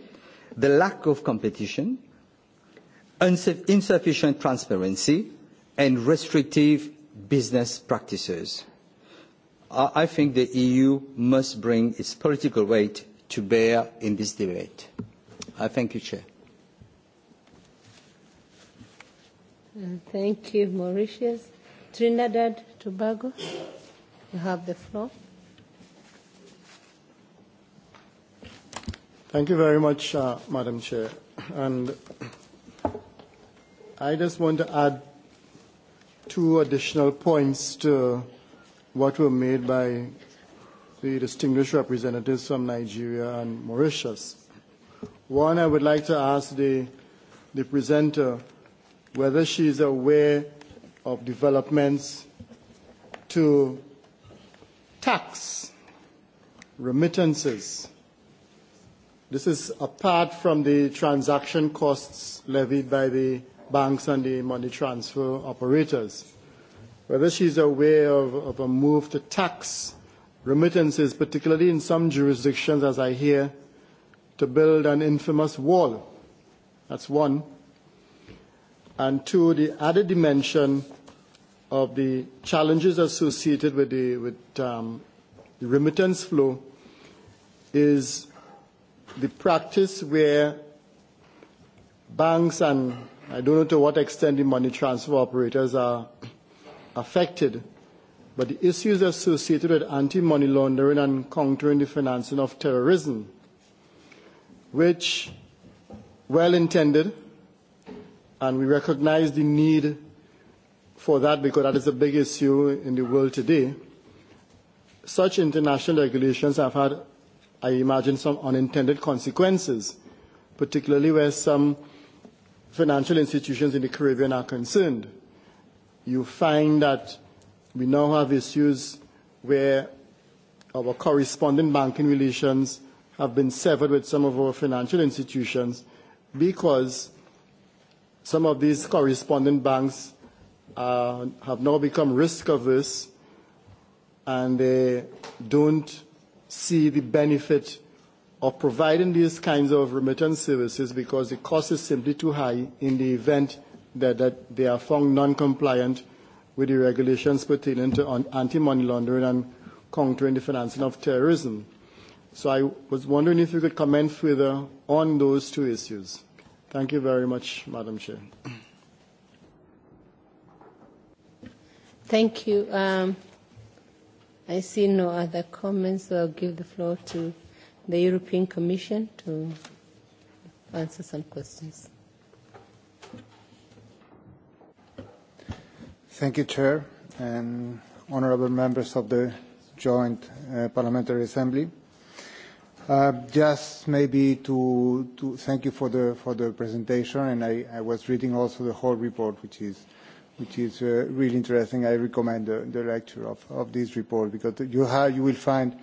the lack of competition, insufficient transparency, and restrictive business practices. I think the EU must bring its political weight to bear in this debate. I thank you, Chair.
Thank you, Mauritius. Trinidad, Tobago, you have the floor.
Thank you very much, Madam Chair. And I just want to add two additional points to what were made by the distinguished representatives from Nigeria and Mauritius. One, I would like to ask the, the presenter whether she is aware of developments to tax remittances. This is apart from the transaction costs levied by the banks and the money transfer operators whether she is aware of a move to tax remittances, particularly in some jurisdictions, as I hear, to build an infamous wall. That's one. And two, the added dimension of the challenges associated with the remittance flow is the practice where banks and I don't know to what extent the money transfer operators are affected, but the issues associated with anti-money laundering and countering the financing of terrorism, which, well intended, and we recognize the need for that because that is a big issue in the world today, such international regulations have had, I imagine, some unintended consequences, particularly where some financial institutions in the Caribbean are concerned you find that we now have issues where our corresponding banking relations have been severed with some of our financial institutions because some of these corresponding banks have now become risk averse and they don't see the benefit of providing these kinds of remittance services because the cost is simply too high in the event that they are found non-compliant with the regulations pertaining to anti-money laundering and countering the financing of terrorism. So I was wondering if you could comment further on those two issues. Thank you very much, Madam Chair.
Thank you. I see no other comments, so I'll give the floor to the European Commission to answer some questions.
Thank you, Chair, and honourable members of the Joint Parliamentary Assembly. Just maybe to thank you for the for the presentation, and I was reading also the whole report, which is which is really interesting. I recommend the lecture of this report because you have you will find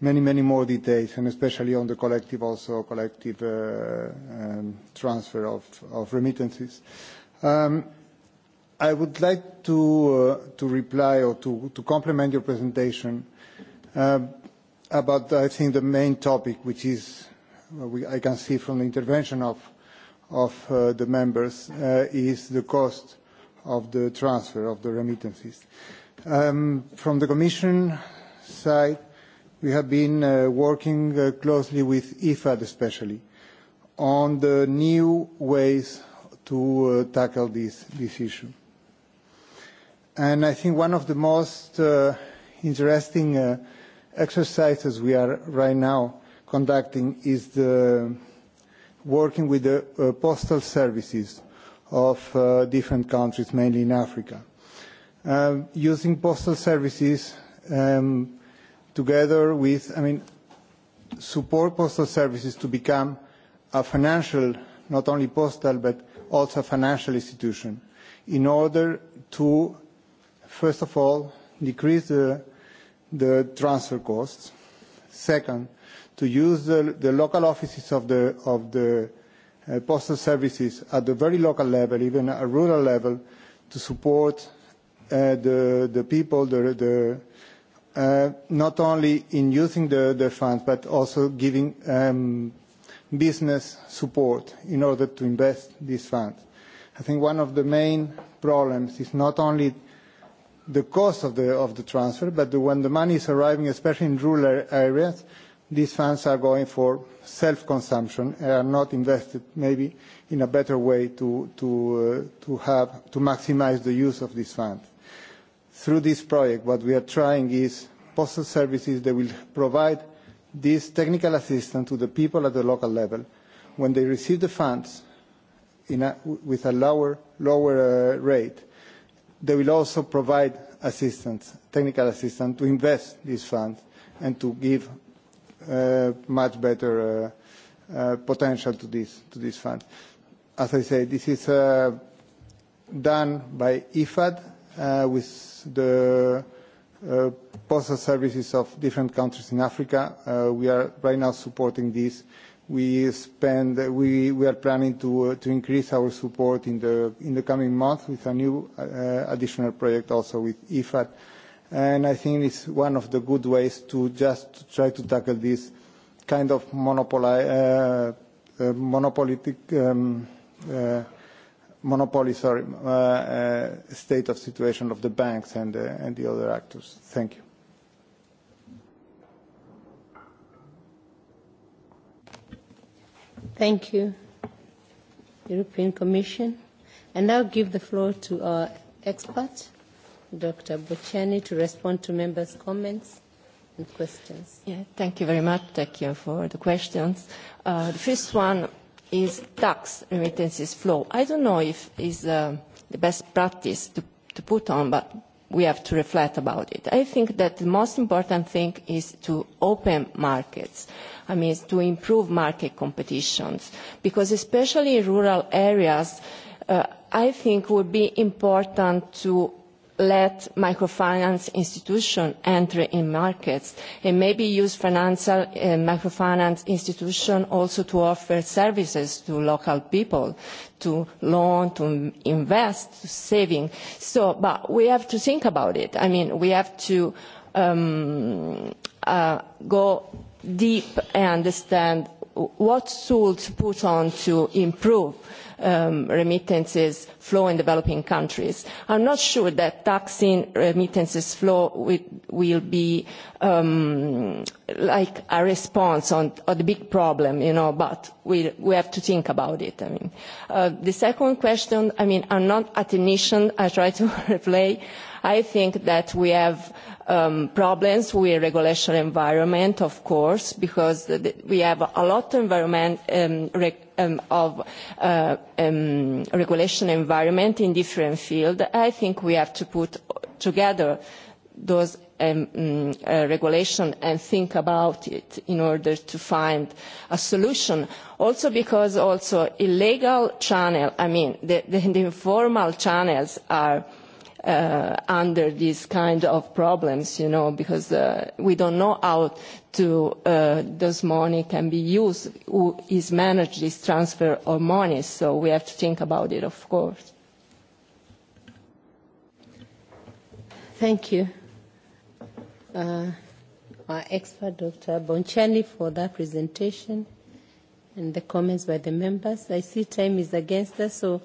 many many more details, and especially on the collective also collective transfer of of remittances. I would like to to reply or to to complement your presentation about I think the main topic, which is I can see from the intervention of of the members, is the cost of the transfer of the remittances. From the Commission side, we have been working closely with IFAD especially on the new ways to tackle this issue. And I think one of the most interesting exercises we are right now conducting is the working with the postal services of different countries, mainly in Africa. Using postal services together with, I mean, support postal services to become a financial, not only postal, but also a financial institution in order to first of all, decrease the transfer costs. Second, to use the local offices of the postal services at the very local level, even at a rural level, to support the people, not only in using the the funds but also giving business support in order to invest these funds. I think one of the main problems is not only the cost of the transfer, but when the money is arriving, especially in rural areas, these funds are going for self-consumption and are not invested maybe in a better way to to maximize the use of these funds. Through this project, what we are trying is postal services that will provide this technical assistance to the people at the local level when they receive the funds with a lower lower rate they will also provide assistance, technical assistance, to invest these funds and to give much better potential to this to these funds. As I say, this is done by IFAD with the postal services of different countries in Africa. We are right now supporting this We spend, we are planning to increase our support in the coming months with a new additional project also with IFAD, and I think it's one of the good ways to just try to tackle this kind of monopoly, monopolistic, monopoly, state of situation of the banks and and the other actors. Thank you.
Thank you, European Commission. And now give the floor to our expert, Dr. Bocciani, to respond to members' comments and questions. Yeah,
thank you very much. Thank you for the questions. The first one is tax remittances flow. I don't know if is the best practice to put on, but we have to reflect about it. I think that the most important thing is to open markets. I mean, to improve market competitions, because especially in rural areas, I think it would be important to let microfinance institutions enter in markets and maybe use financial microfinance institutions also to offer services to local people, to loan, to invest, to saving. So, but we have to think about it. I mean, we have to go deep and understand what tools to put on to improve remittances flow in developing countries. I'm not sure that taxing remittances flow will be like a response on the big problem, you know, but we have to think about it. I mean, the second question, I mean, I'm not a technician. I try to replay. I think that we have problems with regulation environment, of course, because we have a lot of regulation environment in different fields. I think we have to put together those regulations and think about it in order to find a solution. Also because also illegal channel I mean, the informal channels are under these kind of problems, you know, because we don't know how to those money can be used, who is managed this transfer of money, so we have to think about it, of course. Thank you, our expert Dr.
Boncelli, for that presentation and the comments by the members. I see time is against us, so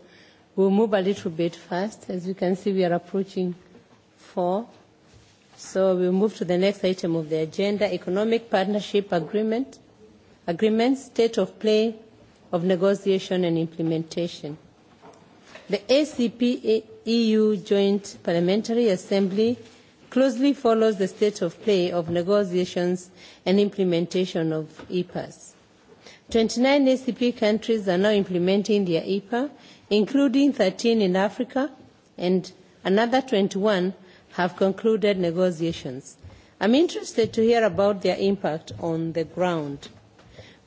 We'll move a little bit fast. As you can see, we are approaching four. So we'll move to the next item of the agenda, Economic Partnership Agreement, Agreement State of Play of Negotiation and Implementation. The ACP-EU Joint Parliamentary Assembly closely follows the state of play of negotiations and implementation of EPAs. 29 ACP countries are now implementing their EPA, including 13 in Africa, and another 21 have concluded negotiations. I'm interested to hear about their impact on the ground.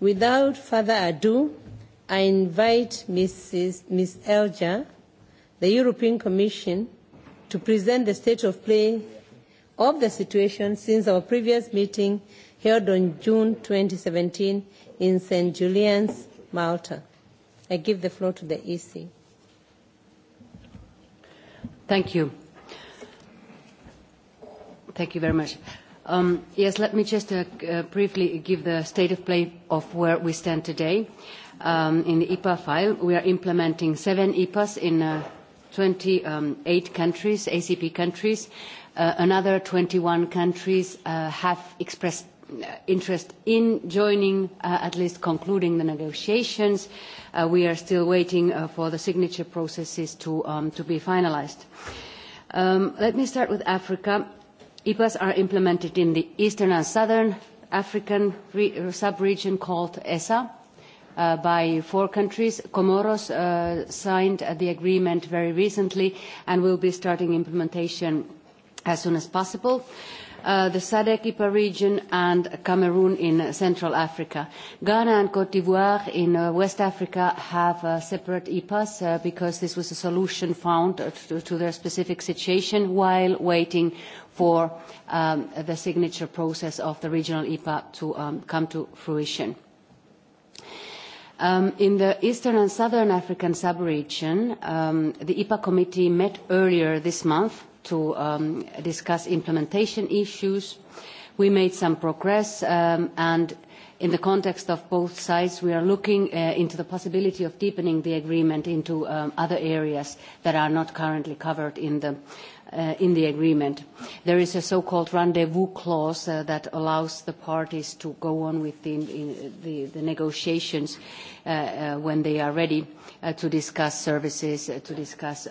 Without further ado, I invite Ms. Elja, the European Commission, to present the state of play of the situation since our previous meeting held on June 2017 in St. Julian's, Malta. I give the floor
to the EC. Thank you. Thank you very much. Yes, let me just briefly give the state of play of where we stand today. In the IPA file, we are implementing seven IPAs in 28 countries, ACP countries. Another 21 countries have expressed interest in joining, at least concluding the negotiations. We are still waiting for the signature processes to be finalized. Let me start with Africa. IPAs are implemented in the eastern and southern African sub-region called ESA by four countries. Comoros signed the agreement very recently and will be starting implementation as soon as possible the SADC IPA region, and Cameroon in Central Africa. Ghana and Cote d'Ivoire in West Africa have separate IPAs because this was a solution found to their specific situation while waiting for the signature process of the regional IPA to come to fruition. In the Eastern and Southern African sub-region, the IPA committee met earlier this month to discuss implementation issues. We made some progress and in the context of both sides we are looking into the possibility of deepening the agreement into other areas that are not currently covered in the agreement. There is a so-called rendezvous clause that allows the parties to go on with the negotiations when they are ready to discuss services, to discuss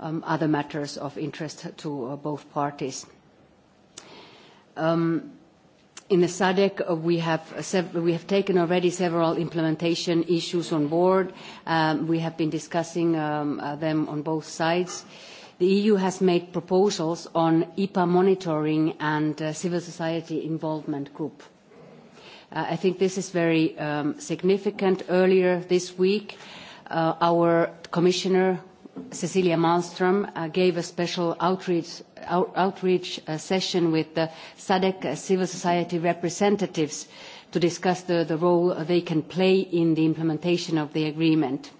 other matters of interest to both parties. In the SADC, we have taken already several implementation issues on board. We have been discussing them on both sides. The EU has made proposals on IPA monitoring and civil society involvement group. I think this is very significant. Earlier this week, our Commissioner Cecilia Malmström gave a special outreach session with the SADC civil society representatives to discuss the role they can play in the implementation of the agreement.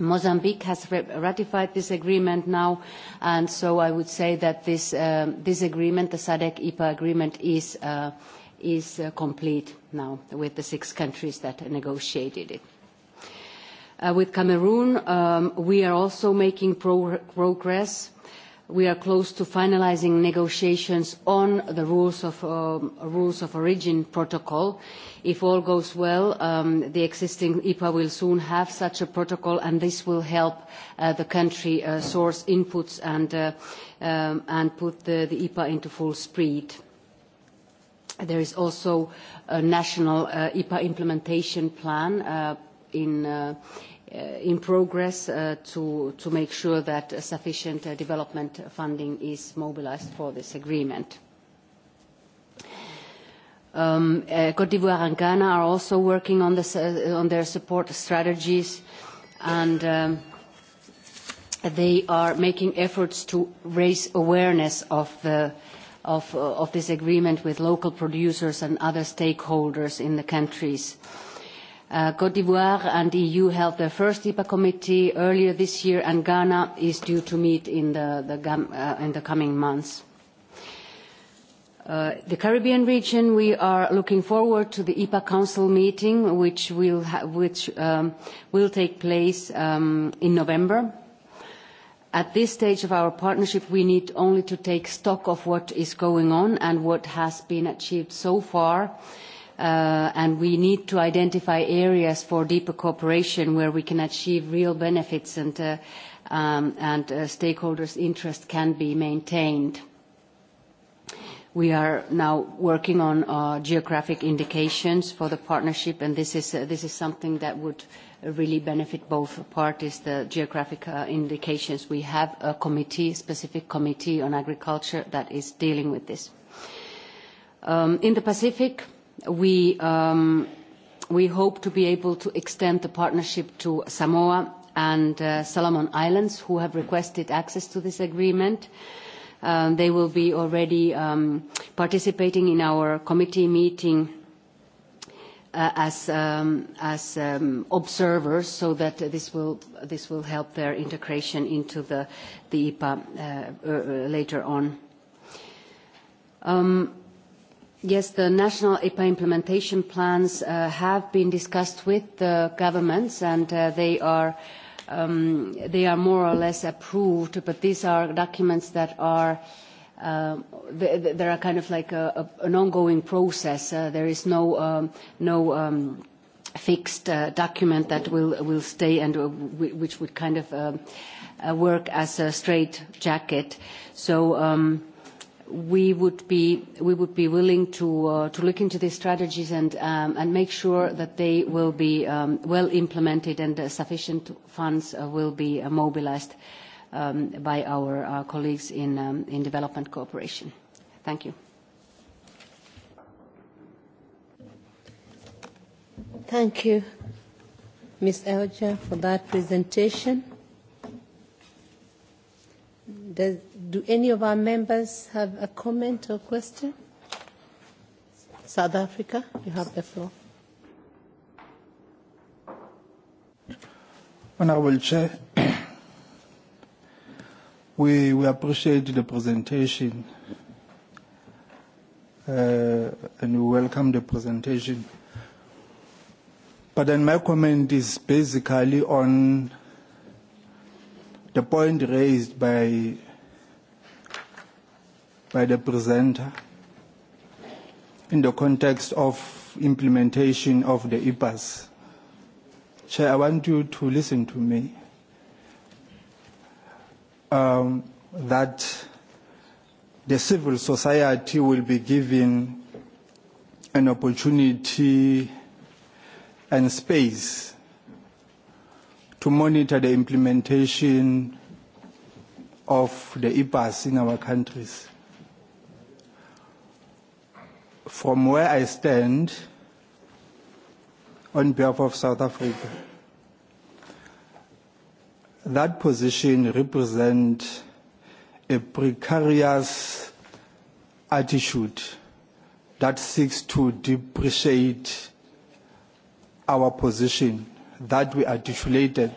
Mozambique has ratified this agreement now, and so I would say that this agreement, the SADC-IPA agreement, is complete now with the six countries that negotiated it. With Cameroon, we are also making progress. We are close to finalizing negotiations on the rules of origin protocol. If all goes well, the existing IPA will soon have such a protocol, and this will help the country source inputs and put the IPA into full speed. There is also a national IPA implementation plan in progress to make sure that sufficient development funding is mobilised for this agreement. Cote d'Ivoire and Ghana are also working on their support strategies and they are making efforts to raise awareness of this agreement with local producers and other stakeholders in the countries. Cote d'Ivoire and EU held their first IPA committee earlier this year, and Ghana is due to meet in the coming months. The Caribbean region, we are looking forward to the IPA Council meeting, which will take place in November. At this stage of our partnership, we need only to take stock of what is going on and what has been achieved so far and we need to identify areas for deeper cooperation where we can achieve real benefits and stakeholders' interest can be maintained. We are now working on geographic indications for the partnership, and this is something that would really benefit both parties. The geographic indications, we have a committee, specific committee on agriculture that is dealing with this. In the Pacific, we hope to be able to extend the partnership to Samoa and Solomon Islands, who have requested access to this agreement. They will be already participating in our committee meeting as observers, so that this will help their integration into the IPA later on. Yes, the national EPA implementation plans have been discussed with the governments and they are they are more or less approved, but these are documents that are there are kind of like an ongoing process. There is no no fixed document that will will stay and which would kind of work as a straight jacket. So we would be willing to look into these strategies and make sure that they will be well implemented and sufficient funds will be mobilised by our colleagues in development cooperation. Thank you. Thank
you, Ms. Elja, for that presentation. Do any of our members have a comment or question? South Africa, you have the floor.
Honourable Chair, we, we appreciate the presentation uh, and we welcome the presentation. But then my comment is basically on the point raised by by the presenter in the context of implementation of the Ipas, I want you to listen to me that the civil society will be given an opportunity and space to monitor the implementation of the Ipas in our countries from where I stand on behalf of South Africa. That position represents a precarious attitude that seeks to depreciate our position that we articulated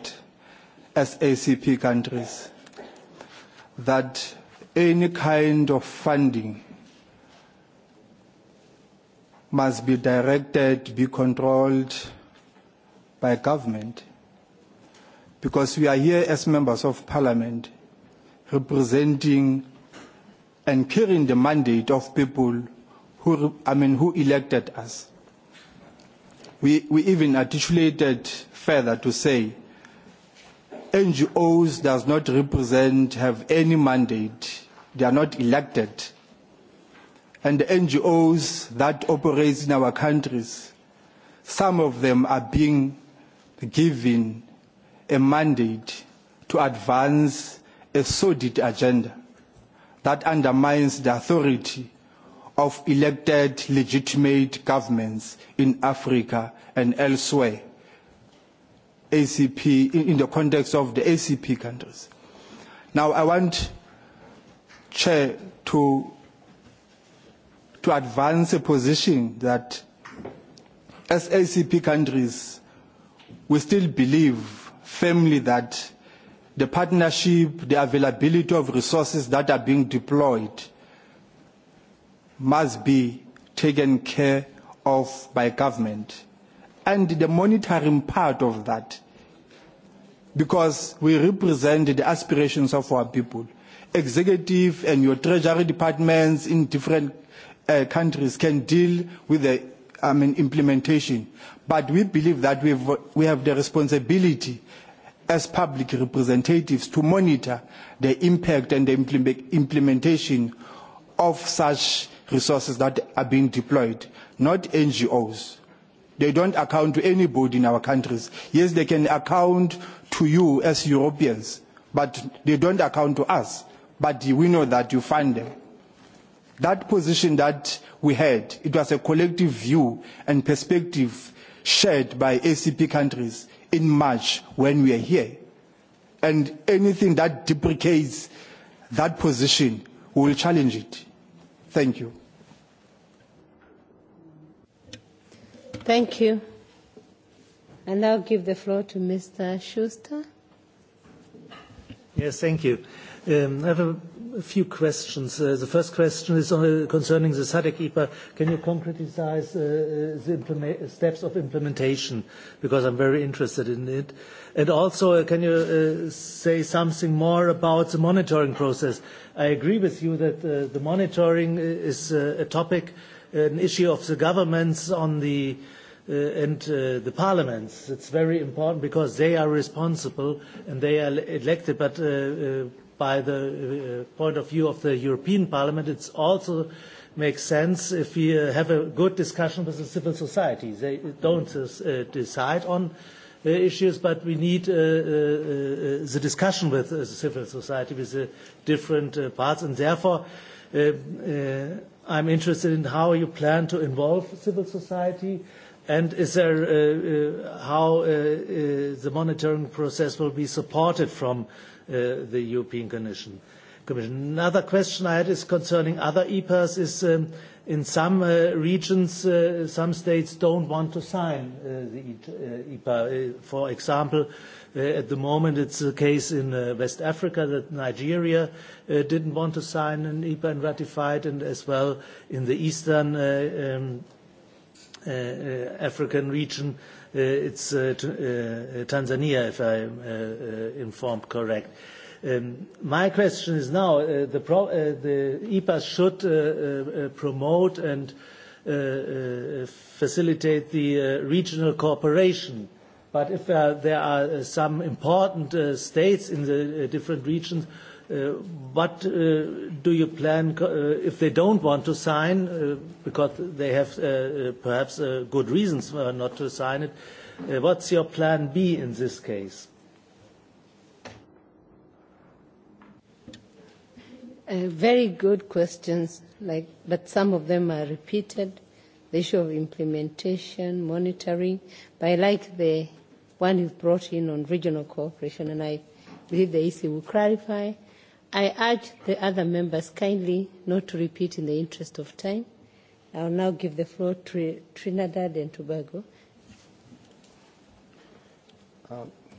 as ACP countries, that any kind of funding must be directed, be controlled by government. Because we are here as members of parliament representing and carrying the mandate of people who, I mean, who elected us. We, we even articulated further to say NGOs does not represent, have any mandate. They are not elected and the NGOs that operate in our countries, some of them are being given a mandate to advance a sordid agenda that undermines the authority of elected legitimate governments in Africa and elsewhere ACP in the context of the ACP countries. Now I want Chair to to advance a position that as ACP countries we still believe firmly that the partnership, the availability of resources that are being deployed must be taken care of by government. And the monitoring part of that, because we represent the aspirations of our people. Executive and your Treasury departments in different countries can deal with the implementation. But we believe that we have the responsibility as public representatives to monitor the impact and the implementation of such resources that are being deployed, not NGOs. They don't account to anybody in our countries. Yes, they can account to you as Europeans, but they don't account to us. But we know that you fund them. That position that we had, it was a collective view and perspective shared by ACP countries in March when we are here. And anything that deprecates that position, we will challenge it. Thank you.
Thank you. And I'll give the floor to Mr. Schuster.
Yes, thank you. I have A few questions. The first question is concerning the SADC-EPA. Can you concretize the steps of implementation? Because I'm very interested in it. And also, can you say something more about the monitoring process? I agree with you that the monitoring is a topic, an issue of the governments on the and the parliaments. It's very important because they are responsible and they are elected, but by the point of view of the European Parliament, it also makes sense if we have a good discussion with the civil society. They don't decide on issues, but we need the discussion with the civil society, with the different parts, and therefore I'm interested in how you plan to involve civil society and is there how the monitoring process will be supported from the European Commission. Another question I had is concerning other EPAs is in some regions, some states don't want to sign the EPA. For example, at the moment it's the case in West Africa that Nigeria didn't want to sign an EPA and ratify it, and as well in the eastern African region It's Tanzania, if I informed correct. My question is now, the EPA should promote and facilitate the regional cooperation. But if there are some important states in the different regions What do you plan if they don't want to sign, because they have perhaps good reasons not to sign it? What's your plan B in this case?
Very good questions, like but some of them are repeated. The issue of implementation, monitoring. But I like the one you've brought in on regional cooperation, and I believe the EC will clarify I urge the other members kindly not to repeat in the interest of time. I will now give the floor to Trinidad and Tobago.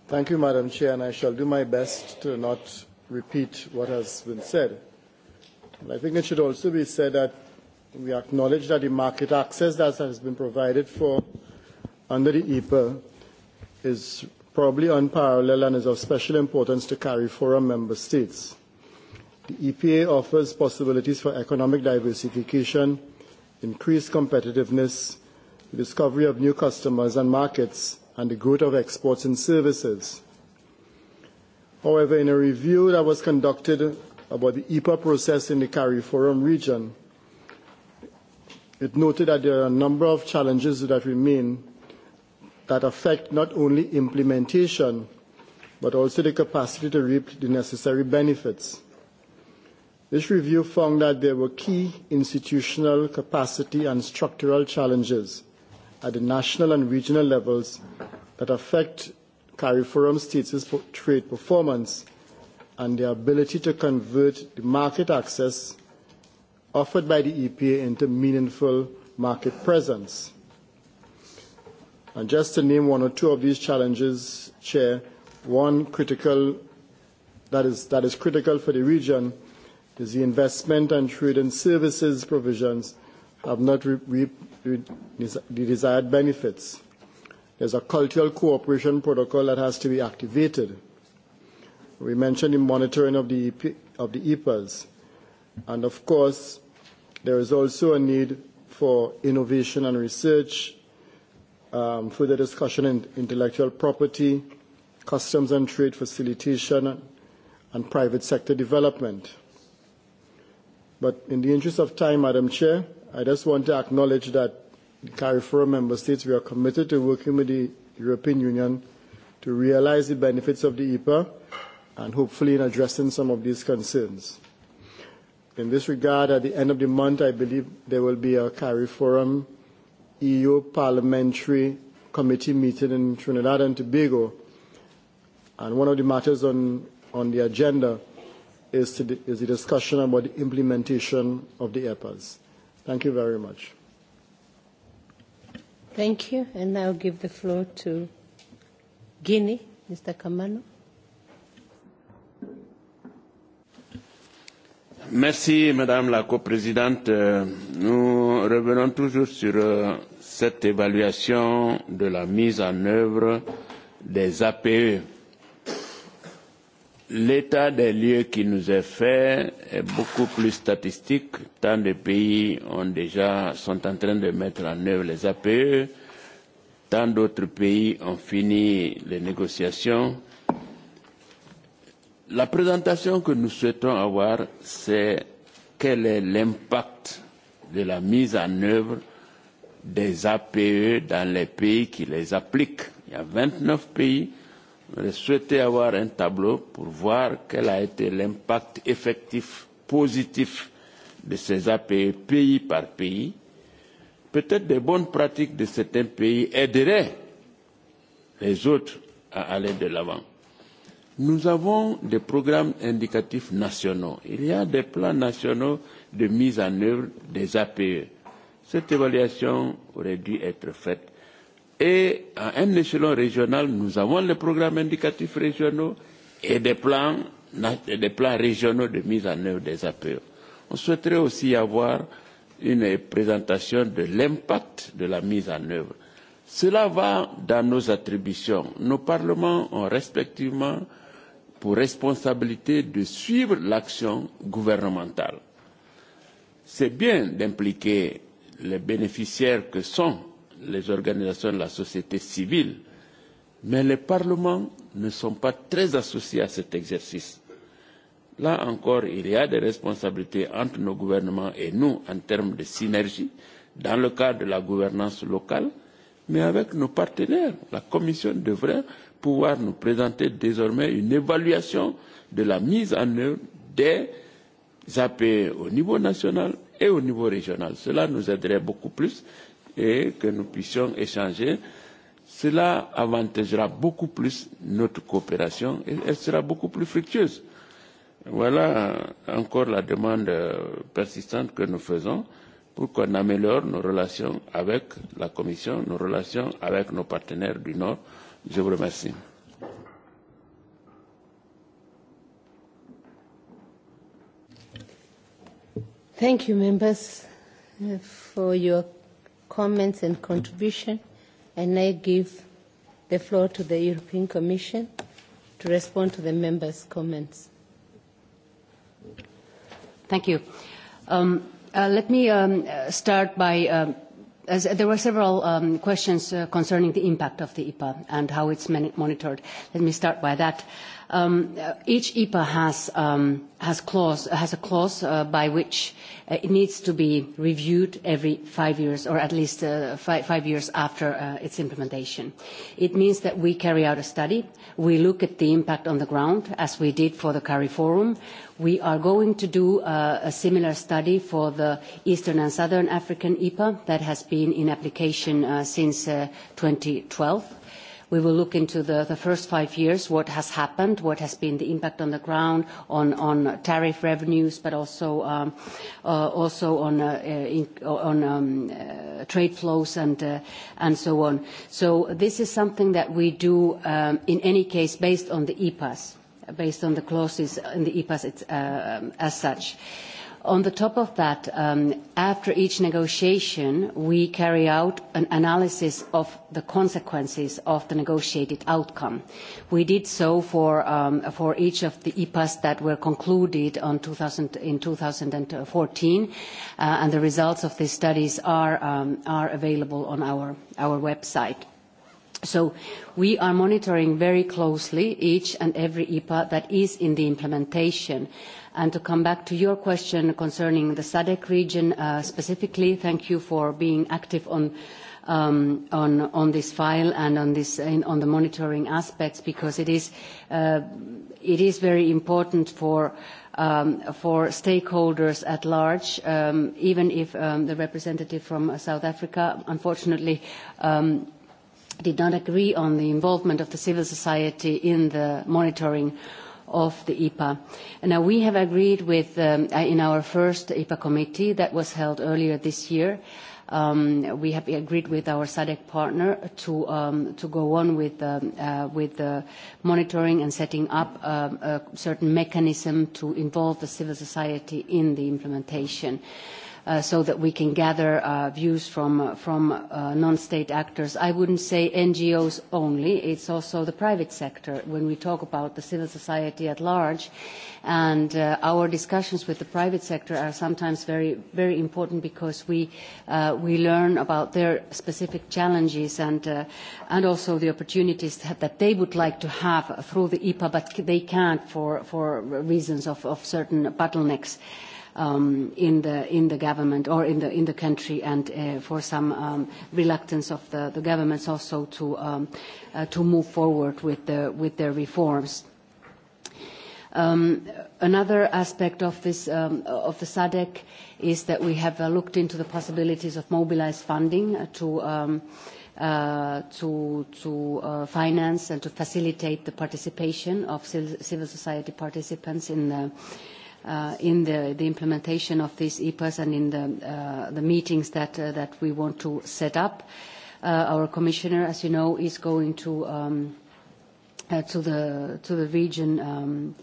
Thank you, Madam Chair, and I shall do my best to not repeat what has been said. I think it should also be said that we acknowledge that the market access that has been provided for under the EPA is probably unparalleled and is of special importance to carry our member states. The EPA offers possibilities for economic diversification, increased competitiveness, the discovery of new customers and markets, and the growth of exports and services. However, in a review that was conducted about the EPA process in the forum region, it noted that there are a number of challenges that remain that affect not only implementation, but also the capacity to reap the necessary benefits. This review found that there were key institutional capacity and structural challenges at the national and regional levels that affect CARIFORUM states' trade performance and their ability to convert the market access offered by the EPA into meaningful market presence. And just to name one or two of these challenges, Chair, one critical that is critical for the region The investment and trade and services provisions have not reaped the desired benefits. There's a cultural cooperation protocol that has to be activated. We mentioned the monitoring of the EPAs. And of course, there is also a need for innovation and research, further discussion in intellectual property, customs and trade facilitation, and private sector development. But in the interest of time, Madam Chair, I just want to acknowledge that the CARIFORUM member states, we are committed to working with the European Union to realize the benefits of the EPA and hopefully in addressing some of these concerns. In this regard, at the end of the month, I believe there will be a Forum EU Parliamentary Committee meeting in Trinidad and Tobago. And one of the matters on the agenda is the discussion about the implementation of the EPAs. Thank you very much.
Thank you. And now give the floor to Guinea, Mr. Kamano.
Merci, Madame la Coprésidente. Nous revenons toujours sur cette évaluation de la mise en œuvre des APE L'état des lieux qui nous est fait est beaucoup plus statistique. Tant de pays ont déjà, sont en train de mettre en œuvre les APE. Tant d'autres pays ont fini les négociations. La présentation que nous souhaitons avoir, c'est quel est l'impact de la mise en œuvre des APE dans les pays qui les appliquent. Il y a 29 pays Je souhaité avoir un tableau pour voir quel a été l'impact effectif positif de ces APE pays par pays. Peut-être des bonnes pratiques de certains pays aideraient les autres à aller de l'avant. Nous avons des programmes indicatifs nationaux. Il y a des plans nationaux de mise en œuvre des APE. Cette évaluation aurait dû être faite Et à un échelon régional, nous avons les programmes indicatifs régionaux et des plans, des plans régionaux de mise en œuvre des APE. On souhaiterait aussi avoir une présentation de l'impact de la mise en œuvre. Cela va dans nos attributions. Nos parlements ont respectivement pour responsabilité de suivre l'action gouvernementale. C'est bien d'impliquer les bénéficiaires que sont les organisations de la société civile, mais les parlements ne sont pas très associés à cet exercice. Là encore, il y a des responsabilités entre nos gouvernements et nous en termes de synergie dans le cadre de la gouvernance locale, mais avec nos partenaires. La Commission devrait pouvoir nous présenter désormais une évaluation de la mise en œuvre des APE au niveau national et au niveau régional. Cela nous aiderait beaucoup plus et que nous puissions échanger. Cela avantagera beaucoup plus notre coopération et elle sera beaucoup plus fructueuse. Voilà encore la demande persistante que nous faisons pour qu'on améliore nos relations avec la Commission, nos relations avec nos partenaires du Nord. Je vous remercie.
Thank you, members, for your comments and contribution, and I give the floor to the European Commission
to respond to the members' comments. Thank you. Let me start by, as there were several questions concerning the impact of the IPA and how it's monitored. Let me start by that. Each EPA has a clause by which it needs to be reviewed every five years or at least five years after its implementation. It means that we carry out a study. We look at the impact on the ground, as we did for the CARI Forum. We are going to do a similar study for the Eastern and Southern African EPA that has been in application since 2012 We will look into the first five years, what has happened, what has been the impact on the ground, on tariff revenues, but also on trade flows and so on. So this is something that we do in any case based on the EPAS, based on the clauses in the EPAS as such. On the top of that, after each negotiation, we carry out an analysis of the consequences of the negotiated outcome. We did so for each of the EPAs that were concluded in 2014, and the results of these studies are available on our website. So we are monitoring very closely each and every EPA that is in the implementation And to come back to your question concerning the SADC region specifically, thank you for being active on this file and on the monitoring aspects because it is very important for stakeholders at large even if the representative from South Africa unfortunately did not agree on the involvement of the civil society in the monitoring of the EPA. Now, we have agreed with, in our first EPA committee that was held earlier this year, we have agreed with our SADC partner to go on with monitoring and setting up a certain mechanism to involve the civil society in the implementation so that we can gather views from non-state actors. I wouldn't say NGOs only. It's also the private sector when we talk about the civil society at large. And our discussions with the private sector are sometimes very, very important because we learn about their specific challenges and also the opportunities that they would like to have through the IPA, but they can't for reasons of certain bottlenecks in the in the government or in the in the country and for some reluctance of the the governments also to to move forward with with their reforms another aspect of this of the sadc is that we have looked into the possibilities of mobilised funding to to finance and to facilitate the participation of civil society participants in the in the implementation of these EPAs and in the meetings that we want to set up. Our commissioner, as you know, is going to the region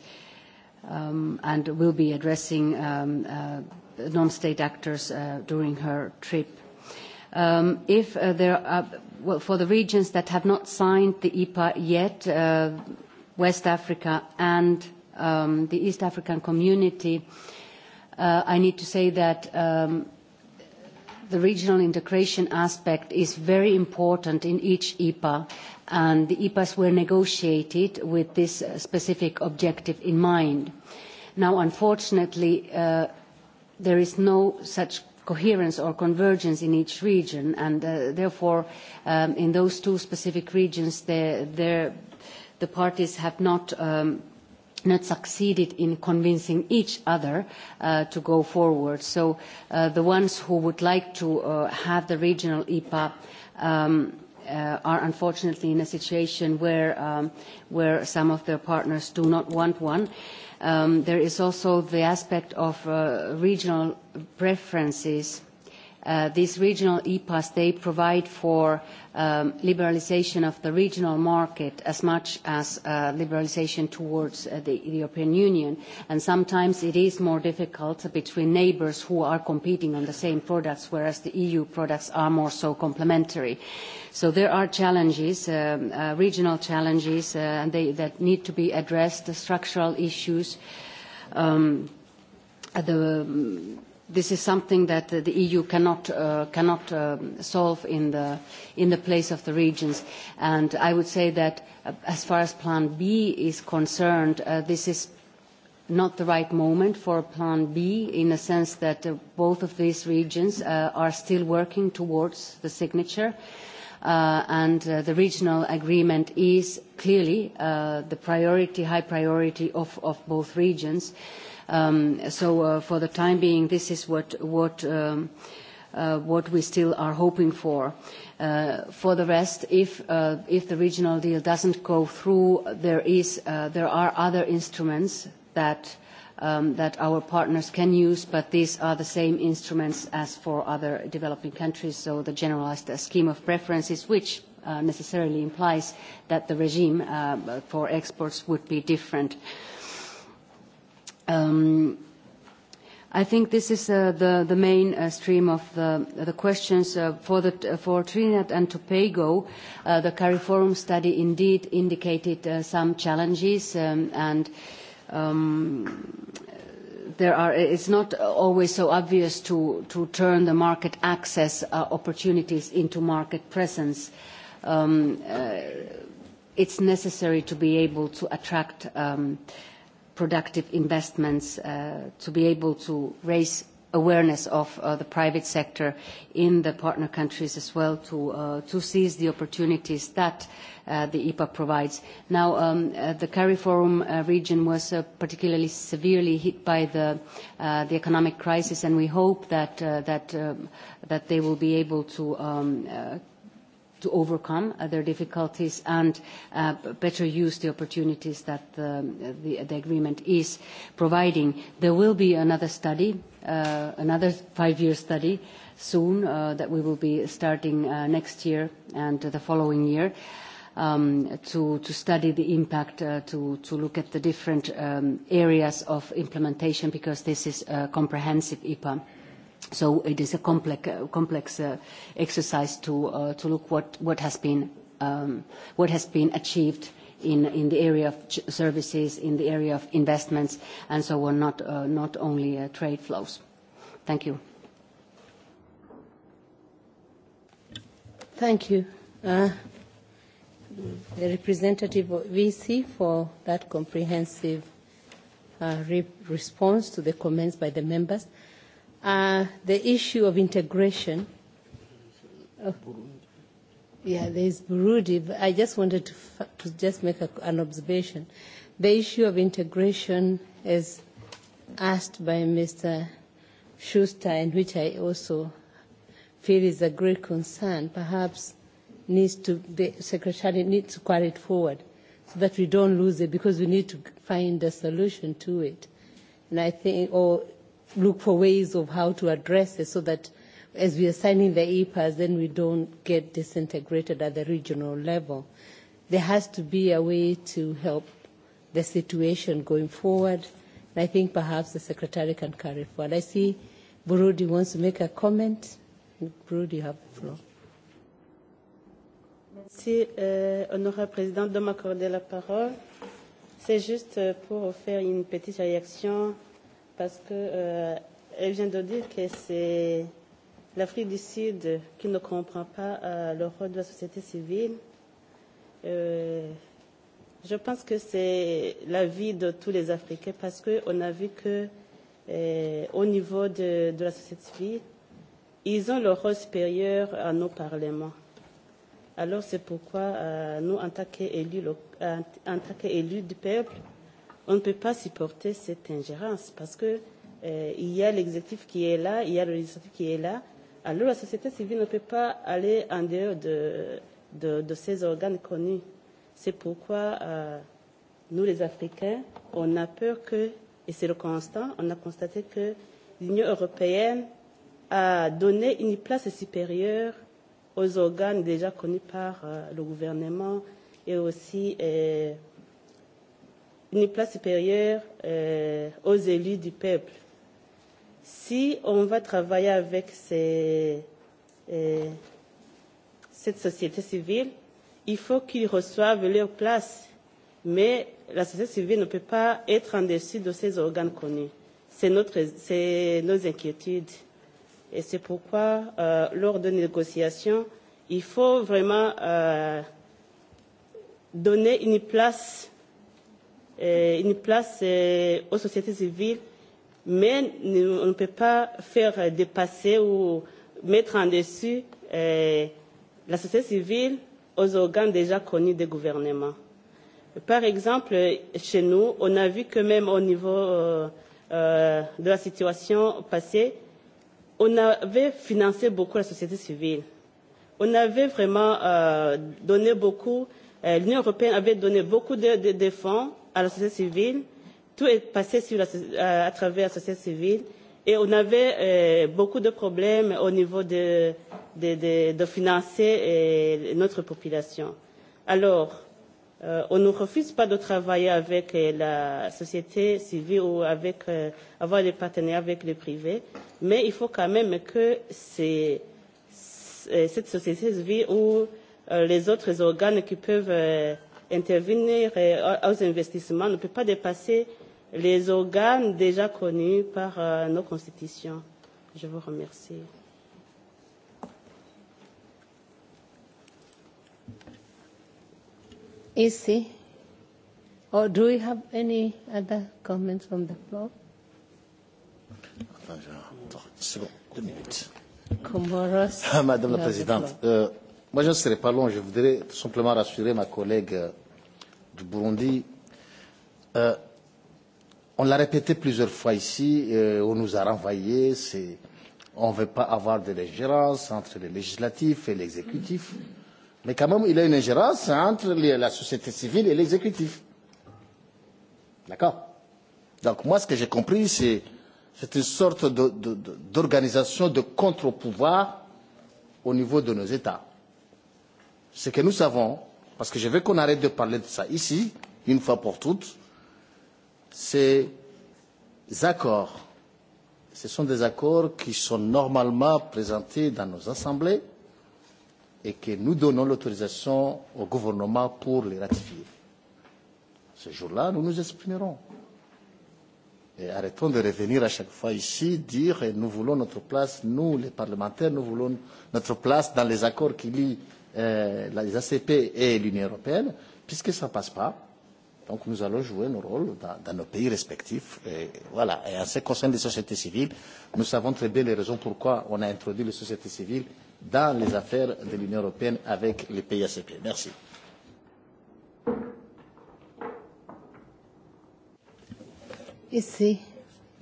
and will be addressing non-state actors during her trip. If there are, well, for the regions that have not signed the EPA yet, West Africa and the East African community, I need to say that the regional integration aspect is very important in each EPA, and the EPAs were negotiated with this specific objective in mind. Now, unfortunately, there is no such coherence or convergence in each region, and therefore, in those two specific regions, the parties have not not succeeded in convincing each other to go forward. So the ones who would like to have the regional EPA are unfortunately in a situation where some of their partners do not want one. There is also the aspect of regional preferences These regional EPAs, they provide for liberalisation of the regional market as much as liberalisation towards the European Union. And sometimes it is more difficult between neighbours who are competing on the same products, whereas the EU products are more so complementary. So there are challenges, regional challenges, that need to be addressed, structural issues. The This is something that the EU cannot solve in the place of the regions. And I would say that as far as Plan B is concerned, this is not the right moment for Plan B in the sense that both of these regions are still working towards the signature. And the regional agreement is clearly the priority, high priority of both regions. So for the time being, this is what we still are hoping for. For the rest, if the regional deal doesn't go through, there are other instruments that our partners can use, but these are the same instruments as for other developing countries, so the generalized scheme of preferences, which necessarily implies that the regime for exports would be different. I think this is the main stream of the questions. For Trinidad and Tobago, the CARIFORUM study indeed indicated some challenges, and there are it's not always so obvious to turn the market access opportunities into market presence. It's necessary to be able to attract productive investments to be able to raise awareness of the private sector in the partner countries as well to seize the opportunities that the EPA provides. Now, the CARIFORUM region was particularly severely hit by the economic crisis, and we hope that they will be able to to overcome their difficulties and better use the opportunities that the agreement is providing. There will be another study, another five-year study soon that we will be starting next year and the following year to study the impact, to look at the different areas of implementation because this is a comprehensive IPA So it is a complex exercise to look what has been achieved in the area of services, in the area of investments, and so on, not only trade flows. Thank you.
Thank you. The representative of VC for that comprehensive response to the comments by the members the issue of integration. Yeah, there is Burundi. I just wanted to, to just make an observation. The issue of integration as asked by Mr. Schuster, and which I also feel is a great concern, perhaps needs to, the Secretary needs to carry it forward so that we don't lose it because we need to find a solution to it. And I think, or look for ways of how to address it so that as we are signing the EPAs, then we don't get disintegrated at the regional level. There has to be a way to help the situation going forward. And I think perhaps the Secretary can carry forward. I see Burudi wants to make a comment. Burudi, you have the floor.
Merci, honorable de m'accorder la parole. C'est juste pour faire une petite réaction parce que elle vient de dire que c'est l'Afrique du Sud qui ne comprend pas le rôle de la société civile. Je pense que c'est la vie de tous les Africains parce qu'on a vu que au niveau de, de la société civile, ils ont leur rôle supérieur à nos parlements. Alors c'est pourquoi nous, en tant qu'élus du peuple, on ne peut pas supporter cette ingérence parce que il y a l'exécutif qui est là, il y a le législatif qui est là. Alors la société civile ne peut pas aller en dehors de, de, de ces organes connus. C'est pourquoi nous les Africains, on a peur que, et c'est le constat, on a constaté que l'Union européenne a donné une place supérieure aux organes déjà connus par le gouvernement et aussi une place supérieure aux élus du peuple. Si on va travailler avec ces, cette société civile, il faut qu'ils reçoivent leur place. Mais la société civile ne peut pas être en dessous de ces organes connus. C'est nos inquiétudes. Et c'est pourquoi, lors de négociations, il faut vraiment donner une place une place aux sociétés civiles, mais on ne peut pas faire dépasser ou mettre en dessus la société civile aux organes déjà connus des gouvernements. Par exemple, chez nous, on a vu que même au niveau de la situation passée, on avait financé beaucoup la société civile. On avait vraiment donné beaucoup, l'Union européenne avait donné beaucoup de fonds à la société civile. Tout est passé sur la, à travers la société civile. Et on avait beaucoup de problèmes au niveau de, de, de, de financer notre population. Alors, on ne refuse pas de travailler avec la société civile ou avec, avoir des partenaires avec le privé, mais il faut quand même que cette société civile ou les autres organes qui peuvent intervenir aux investissements ne peut pas dépasser les organes déjà connus par nos constitutions. Je vous remercie.
Ici, Or do we have any other comments from the floor? Madame la Présidente,
moi je ne serai pas long, je voudrais simplement rassurer ma collègue du Burundi, on l'a répété plusieurs fois ici, on nous a renvoyé, c'est on ne veut pas avoir de l'ingérence entre le législatif et l'exécutif, mais quand même il y a une ingérence entre la société civile et l'exécutif. D'accord Donc moi ce que j'ai compris c'est c'est une sorte d'organisation de contre-pouvoir au niveau de nos États. Ce que nous savons, parce que je veux qu'on arrête de parler de ça ici, une fois pour toutes, ces accords, ce sont des accords qui sont normalement présentés dans nos assemblées et que nous donnons l'autorisation au gouvernement pour les ratifier. Ce jour-là, nous nous exprimerons. Et arrêtons de revenir à chaque fois ici, dire nous voulons notre place, nous les parlementaires, nous voulons notre place dans les accords qui lient les ACP et l'Union européenne, puisque ça ne passe pas. Donc nous allons jouer nos rôles dans, nos pays respectifs. Et, voilà. et en ce qui concerne les sociétés civiles, nous savons très bien les raisons pourquoi on a introduit les sociétés civiles dans les affaires de l'Union européenne avec les pays ACP. Merci.
see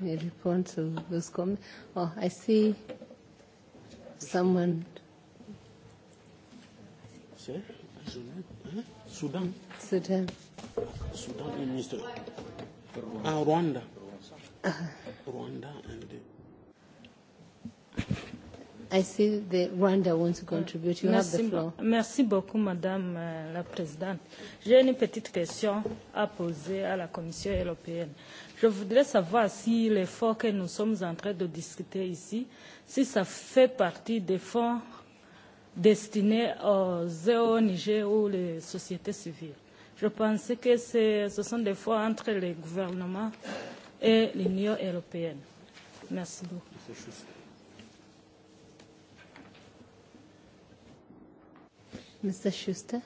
a response of Oh, I see someone
c'est Soudan. Soudan. Soudan et ministre. Ah, Rwanda. Rwanda and
I see the Rwanda wants to contribute. You merci, have the floor.
Merci beaucoup, Madame la Présidente. J'ai une petite question à poser à la Commission européenne. Je voudrais savoir si l'effort que nous sommes en train de discuter ici, si ça fait partie des fonds destinés aux ONG ou les sociétés civiles. Je pense que ce sont des fois entre les gouvernements et l'Union européenne. Merci
beaucoup.
Mr. Schuster.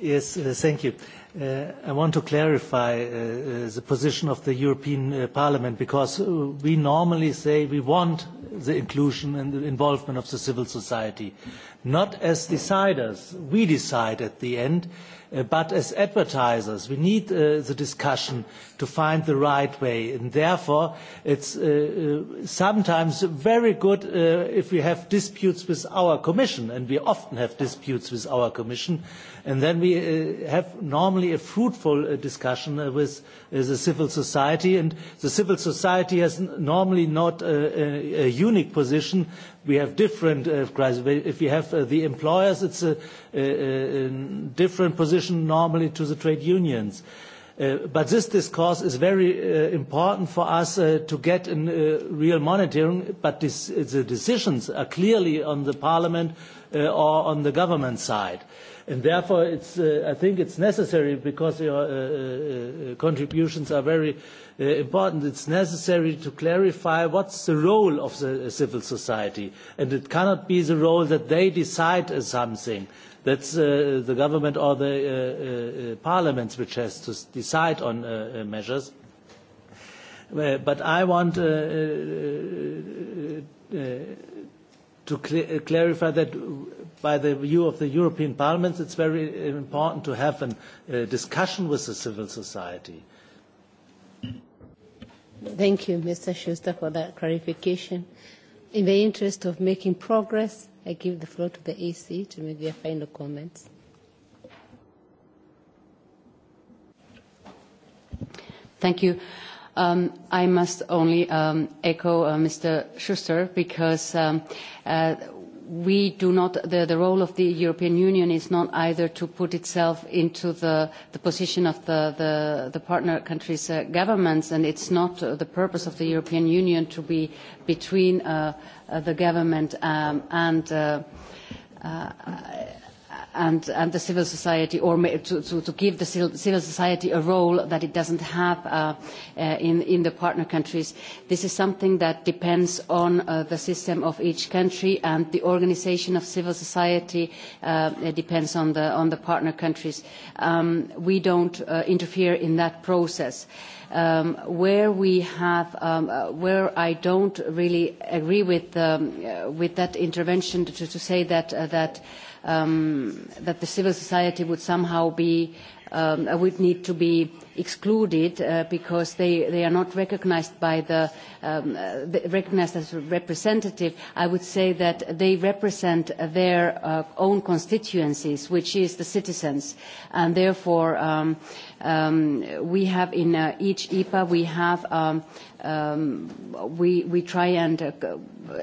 Yes, thank you. I want to clarify the position of the European Parliament because we normally say we want the inclusion and the involvement of the civil society, not as deciders. We decide at the end But as advertisers, we need the discussion to find the right way. And therefore, it's sometimes very good if we have disputes with our Commission, and we often have disputes with our Commission, and then we have normally a fruitful discussion with the civil society. And the civil society has normally not a unique position we have different crises. If you have the employers, it's a different position normally to the trade unions. But this discourse is very important for us to get in real monitoring, but the decisions are clearly on the parliament or on the government side. And therefore, it's, I think it's necessary because your contributions are very important. It's necessary to clarify what's the role of the civil society, and it cannot be the role that they decide something. That's the government or the parliaments which has to decide on measures. But I want to clarify that by the view of the European Parliament, it's very important to have a discussion with the civil society.
Thank you, Mr. Schuster, for that clarification. In the interest of making progress, I give the floor to the AC to make their final comments.
Thank you. I must only echo Mr. Schuster because we do not the role of the European Union is not either to put itself into the position of the partner countries' governments, and it's not the purpose of the European Union to be between the government and and the civil society or to give the civil society a role that it doesn't have in the partner countries. This is something that depends on the system of each country and the organisation of civil society depends on the partner countries. We don't interfere in that process. Where we have, where I don't really agree with that intervention to say that that the civil society would somehow be would need to be excluded because they are not recognized by the recognized as representative i would say that they represent their own constituencies which is the citizens and therefore We have in each EPA, we have we try and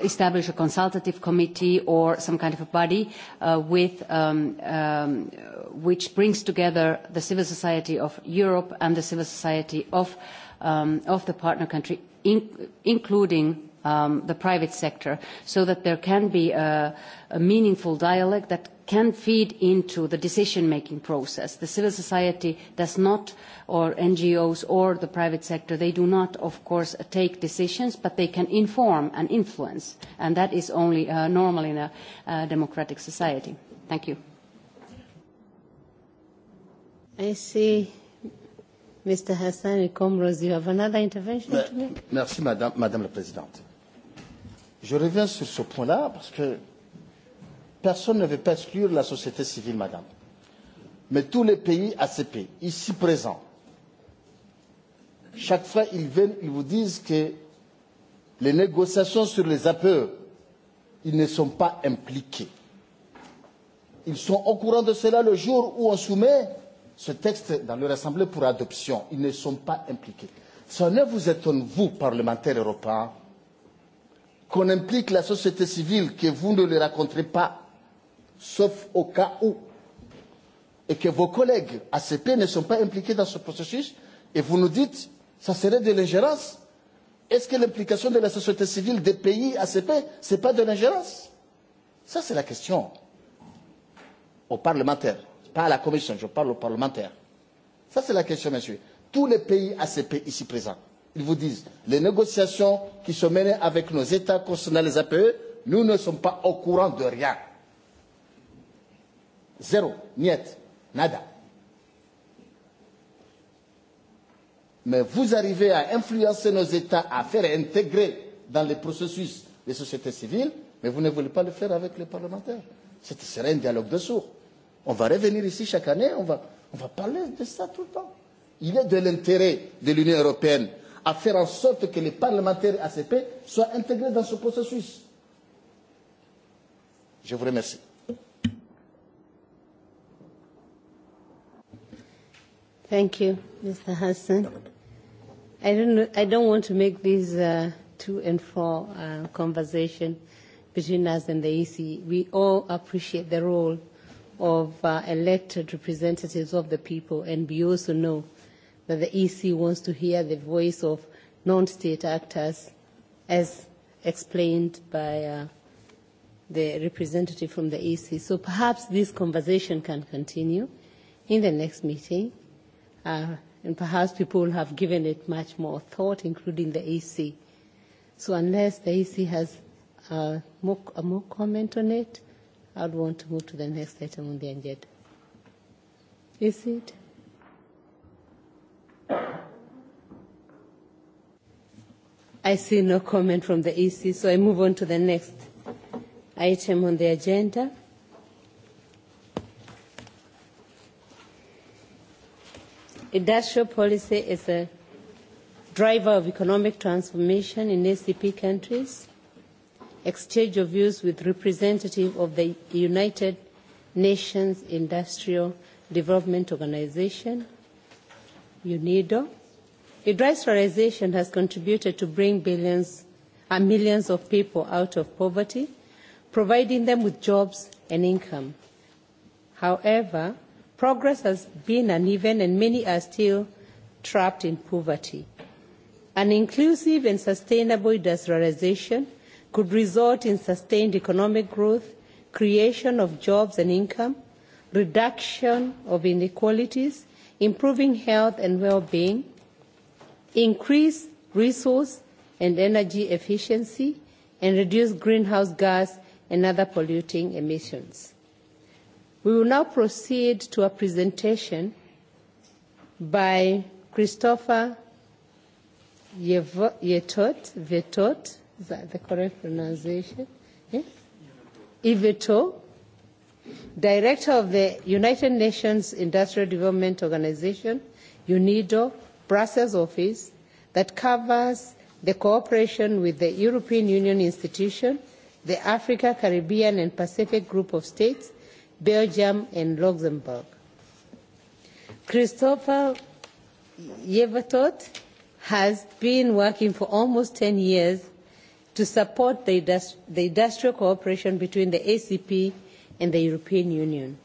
establish a consultative committee or some kind of a body with which brings together the civil society of Europe and the civil society of the partner country, including the private sector, so that there can be a meaningful dialogue that can feed into the decision making process. The civil society does not, or NGOs or the private sector, they do not, of course, take decisions, but they can inform and influence, and that is only normal in a democratic society. Thank you.
I see. Mr. Hassan you have another intervention to
Merci, Madame la Présidente. Je reviens sur ce point-là parce que Personne ne veut pas exclure la société civile, madame. Mais tous les pays ACP, ici présents, chaque fois ils viennent, ils vous disent que les négociations sur les APE, ils ne sont pas impliqués. Ils sont au courant de cela le jour où on soumet ce texte dans leur assemblée pour adoption. Ils ne sont pas impliqués. Ça ne vous étonne, vous, parlementaires européens, qu'on implique la société civile, que vous ne les raconterez pas sauf au cas où, et que vos collègues ACP ne sont pas impliqués dans ce processus, et vous nous dites ça serait de l'ingérence. Est-ce que l'implication de la société civile des pays ACP, ce n'est pas de l'ingérence Ça, c'est la question aux parlementaires, pas à la Commission, je parle aux parlementaires. Ça, c'est la question, monsieur. Tous les pays ACP ici présents, ils vous disent, les négociations qui sont menées avec nos États concernant les APE, nous ne sommes pas au courant de rien. Zero. Niet. Nada. Mais vous arrivez à influencer nos États, à faire intégrer dans le processus les sociétés civiles, mais vous ne voulez pas le faire avec les parlementaires. Ce serait un dialogue de sourds. On va revenir ici chaque année, on va, on va parler de ça tout le temps. Il est de l'intérêt de l'Union européenne à faire en sorte que les parlementaires ACP soient intégrés dans ce processus. Je vous remercie.
Thank you, Mr. Hassan. I don't, I don't want to make this uh, two and four uh, conversation between us and the EC. We all appreciate the role of uh, elected representatives of the people, and we also know that the EC wants to hear the voice of non-state actors, as explained by uh, the representative from the EC. So perhaps this conversation can continue in the next meeting and perhaps people have given it much more thought, including the AC. So unless the AC has uh, more, a more comment on it, I would want to move to the next item on the agenda. Is it? I see no comment from the EC, so I move on to the next item on the agenda. Industrial policy is a driver of economic transformation in ACP countries. Exchange of views with representative of the United Nations Industrial Development Organization, UNIDO. Industrialization has contributed to bring billions and millions of people out of poverty, providing them with jobs and income. However, Progress has been uneven and many are still trapped in poverty. An inclusive and sustainable industrialisation could result in sustained economic growth, creation of jobs and income, reduction of inequalities, improving health and well-being, increased resource and energy efficiency, and reduce greenhouse gas and other polluting emissions. We will now proceed to a presentation by Christopher Yetot, Vetot, is that the correct pronunciation? Yes? Director of the United Nations Industrial Development Organization, UNIDO, Brussels office, that covers the cooperation with the European Union institution, the Africa, Caribbean and Pacific Group of States, Belgium and Luxembourg. Christopher Yevatot has been working for almost 10 years to support the industrial cooperation between the ACP and the European Union.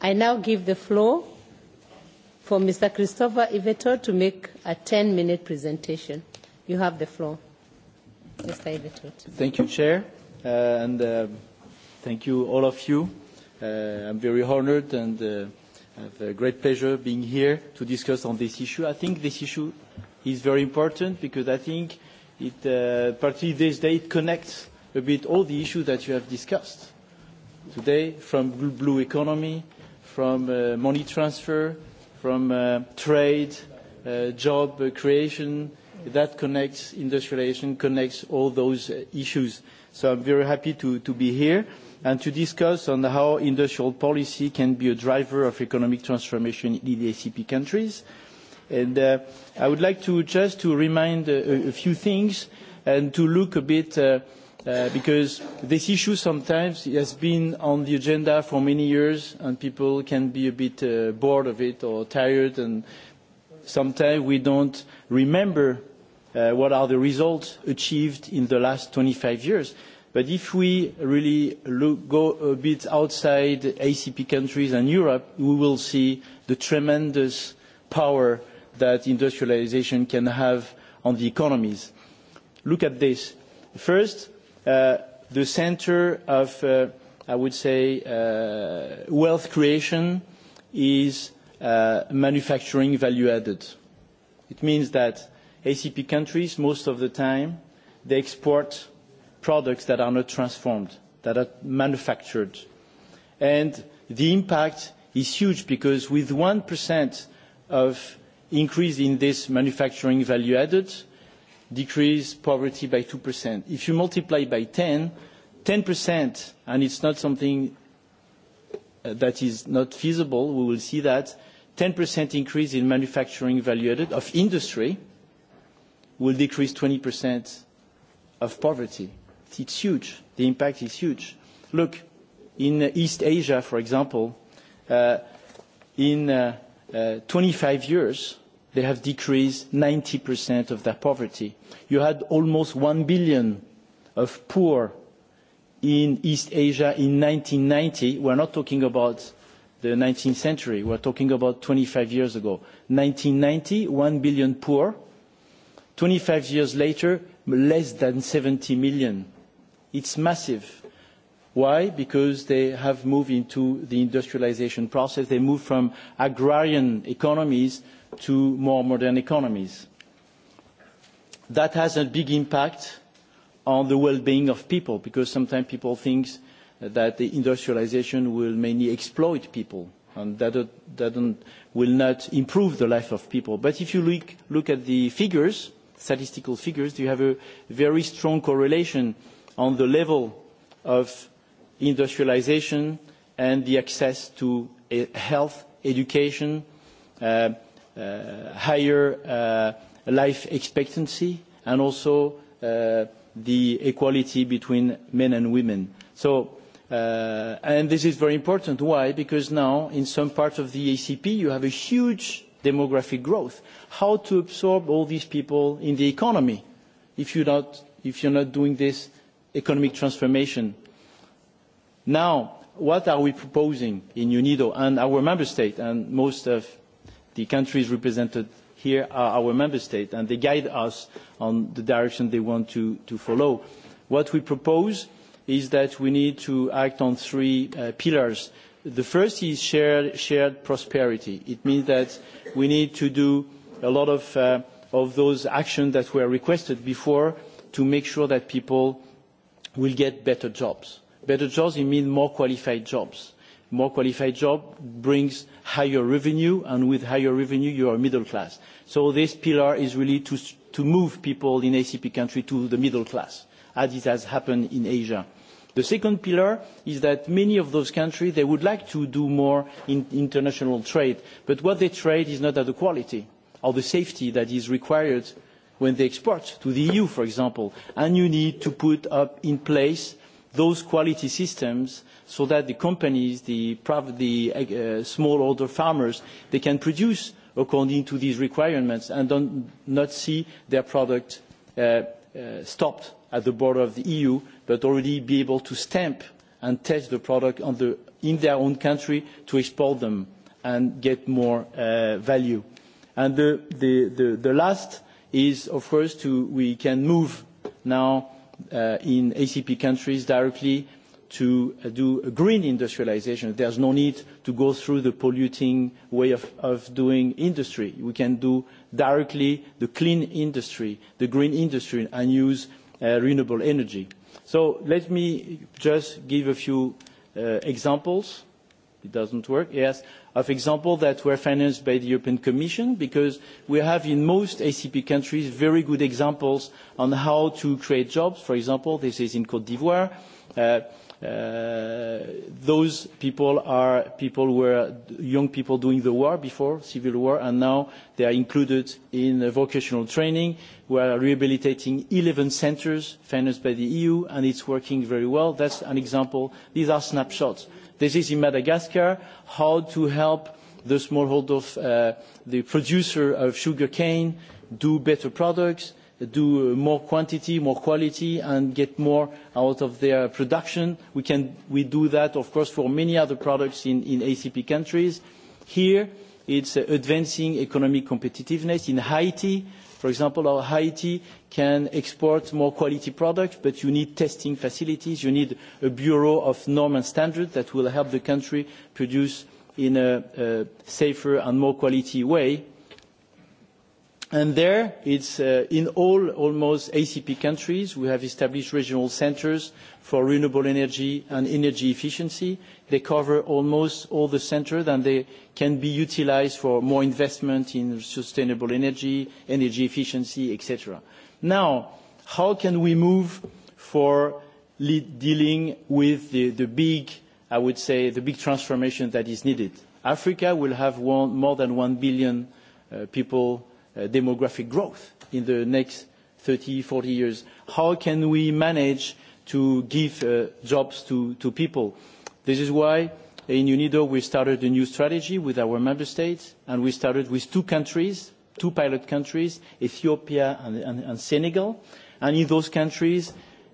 I now give the floor for Mr. Christopher Ivetot to make a 10-minute presentation. You have the floor, Mr. Ivetot.
Thank you, Chair. and Thank you, all of you. I'm very honored and have a great pleasure being here to discuss on this issue. I think this issue is very important because I think it, particularly this day, it connects a bit all the issues that you have discussed today, from blue economy, from money transfer, from trade, job creation, that connects industrialization, connects all those issues. So I'm very happy to be here and to discuss on how industrial policy can be a driver of economic transformation in the ACP countries. And I would like to just to remind a few things and to look a bit, because this issue sometimes has been on the agenda for many years and people can be a bit bored of it or tired and sometimes we don't remember what are the results achieved in the last 25 years. But if we really go a bit outside ACP countries and Europe, we will see the tremendous power that industrialization can have on the economies. Look at this. First, the center of, I would say, wealth creation is manufacturing value added. It means that ACP countries, most of the time, they export products that are not transformed, that are manufactured. And the impact is huge because with 1% of increase in this manufacturing value added, decrease poverty by 2%. If you multiply by 10, 10%, and it's not something that is not feasible, we will see that, 10% increase in manufacturing value added of industry will decrease 20% of poverty it's huge. The impact is huge. Look, in East Asia, for example, in 25 years, they have decreased 90% of their poverty. You had almost 1 billion of poor in East Asia in 1990. We're not talking about the 19th century. We're talking about 25 years ago. 1990, 1 billion poor. 25 years later, less than 70 million It's massive. Why? Because they have moved into the industrialization process. They move from agrarian economies to more modern economies. That has a big impact on the well-being of people, because sometimes people think that the industrialization will mainly exploit people and that will not improve the life of people. But if you look at the figures, statistical figures, you have a very strong correlation on the level of industrialisation and the access to health, education, higher life expectancy, and also the equality between men and women. So, and this is very important. Why? Because now, in some parts of the ACP, you have a huge demographic growth. How to absorb all these people in the economy if you're not doing this economic transformation. Now, what are we proposing in UNIDO? And our member state, and most of the countries represented here are our member States and they guide us on the direction they want to follow. What we propose is that we need to act on three pillars. The first is shared prosperity. It means that we need to do a lot of those actions that were requested before to make sure that people will get better jobs. Better jobs mean more qualified jobs. More qualified job brings higher revenue, and with higher revenue, you are middle class. So this pillar is really to move people in ACP country to the middle class, as it has happened in Asia. The second pillar is that many of those countries, they would like to do more in international trade, but what they trade is not at the quality or the safety that is required when they export to the EU, for example, and you need to put up in place those quality systems so that the companies, the smallholder farmers, they can produce according to these requirements and not see their product stopped at the border of the EU, but already be able to stamp and test the product in their own country to export them and get more value. And the last is, of course, to we can move now in ACP countries directly to do a green industrialization. There's no need to go through the polluting way of doing industry. We can do directly the clean industry, the green industry, and use renewable energy. So let me just give a few examples. It doesn't work. Yes of example that were financed by the European Commission because we have in most ACP countries very good examples on how to create jobs. For example, this is in Côte d'Ivoire. Those people are people who were young people doing the war before, civil war, and now they are included in vocational training. We are rehabilitating 11 centres financed by the EU, and it's working very well. That's an example. These are snapshots. This is in Madagascar, how to help the smallholder, the producer of sugarcane do better products, do more quantity, more quality, and get more out of their production. We do that, of course, for many other products in ACP countries. Here, It's advancing economic competitiveness. In Haiti, for example, our Haiti can export more quality products, but you need testing facilities. You need a bureau of norms and standards that will help the country produce in a safer and more quality way And there, it's in all almost ACP countries, we have established regional centers for renewable energy and energy efficiency. They cover almost all the centers, and they can be utilized for more investment in sustainable energy, energy efficiency, etc. Now, how can we move for dealing with the big, I would say, the big transformation that is needed? Africa will have more than 1 billion people demographic growth in the next 30, 40 years. How can we manage to give jobs to people? This is why in UNIDO we started a new strategy with our member states and we started with two countries, two pilot countries, Ethiopia and Senegal. And in those countries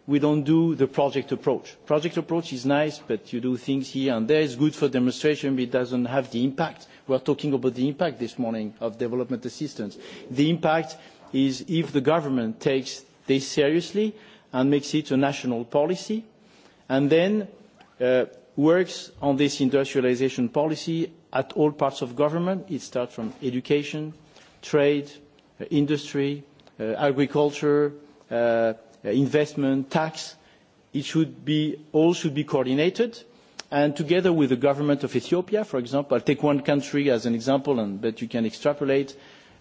we don't do the project approach. Project approach is nice, but you do things here and there. It's good for demonstration, but it doesn't have the impact. We are talking about the impact this morning of development assistance. The impact is if the government takes this seriously and makes it a national policy, and then works on this industrialization policy at all parts of government. It starts from education, trade, industry, agriculture, investment, tax, it should be, all should be coordinated. And together with the government of Ethiopia, for example, I'll take one country as an example, and that you can extrapolate.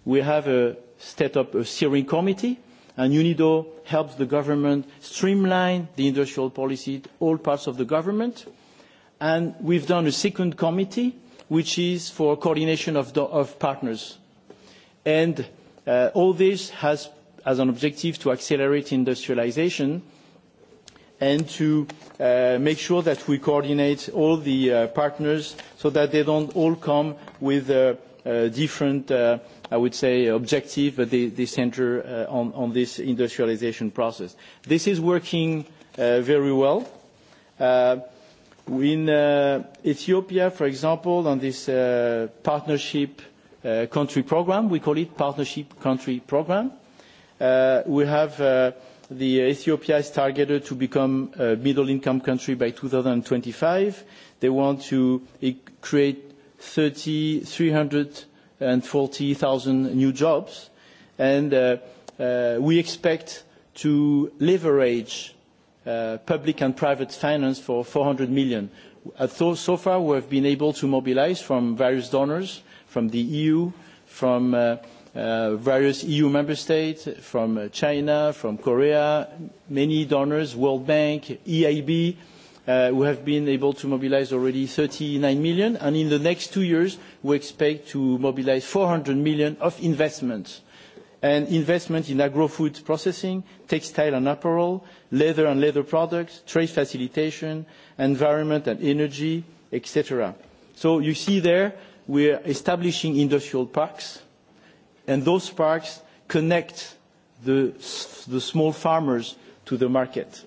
We have set up a steering committee, and UNIDO helps the government streamline the industrial policy, all parts of the government. And we've done a second committee, which is for coordination of partners. And all this has as an objective to accelerate industrialization and to make sure that we coordinate all the partners so that they don't all come with different, I would say, objective, but they center on this industrialization process. This is working very well. In Ethiopia, for example, on this partnership country program, we call it partnership country program We have the Ethiopia is targeted to become a middle-income country by 2025. They want to create 340,000 new jobs, and we expect to leverage public and private finance for 400 million. So far, we have been able to mobilize from various donors, from the EU, from various EU member states, from China, from Korea, many donors, World Bank, EIB, who have been able to mobilize already 39 million, and in the next two years we expect to mobilize 400 million of investment. And investment in agro-food processing, textile and apparel, leather and leather products, trade facilitation, environment and energy, etc. So you see there we are establishing industrial parks and those parks connect the small farmers to the market.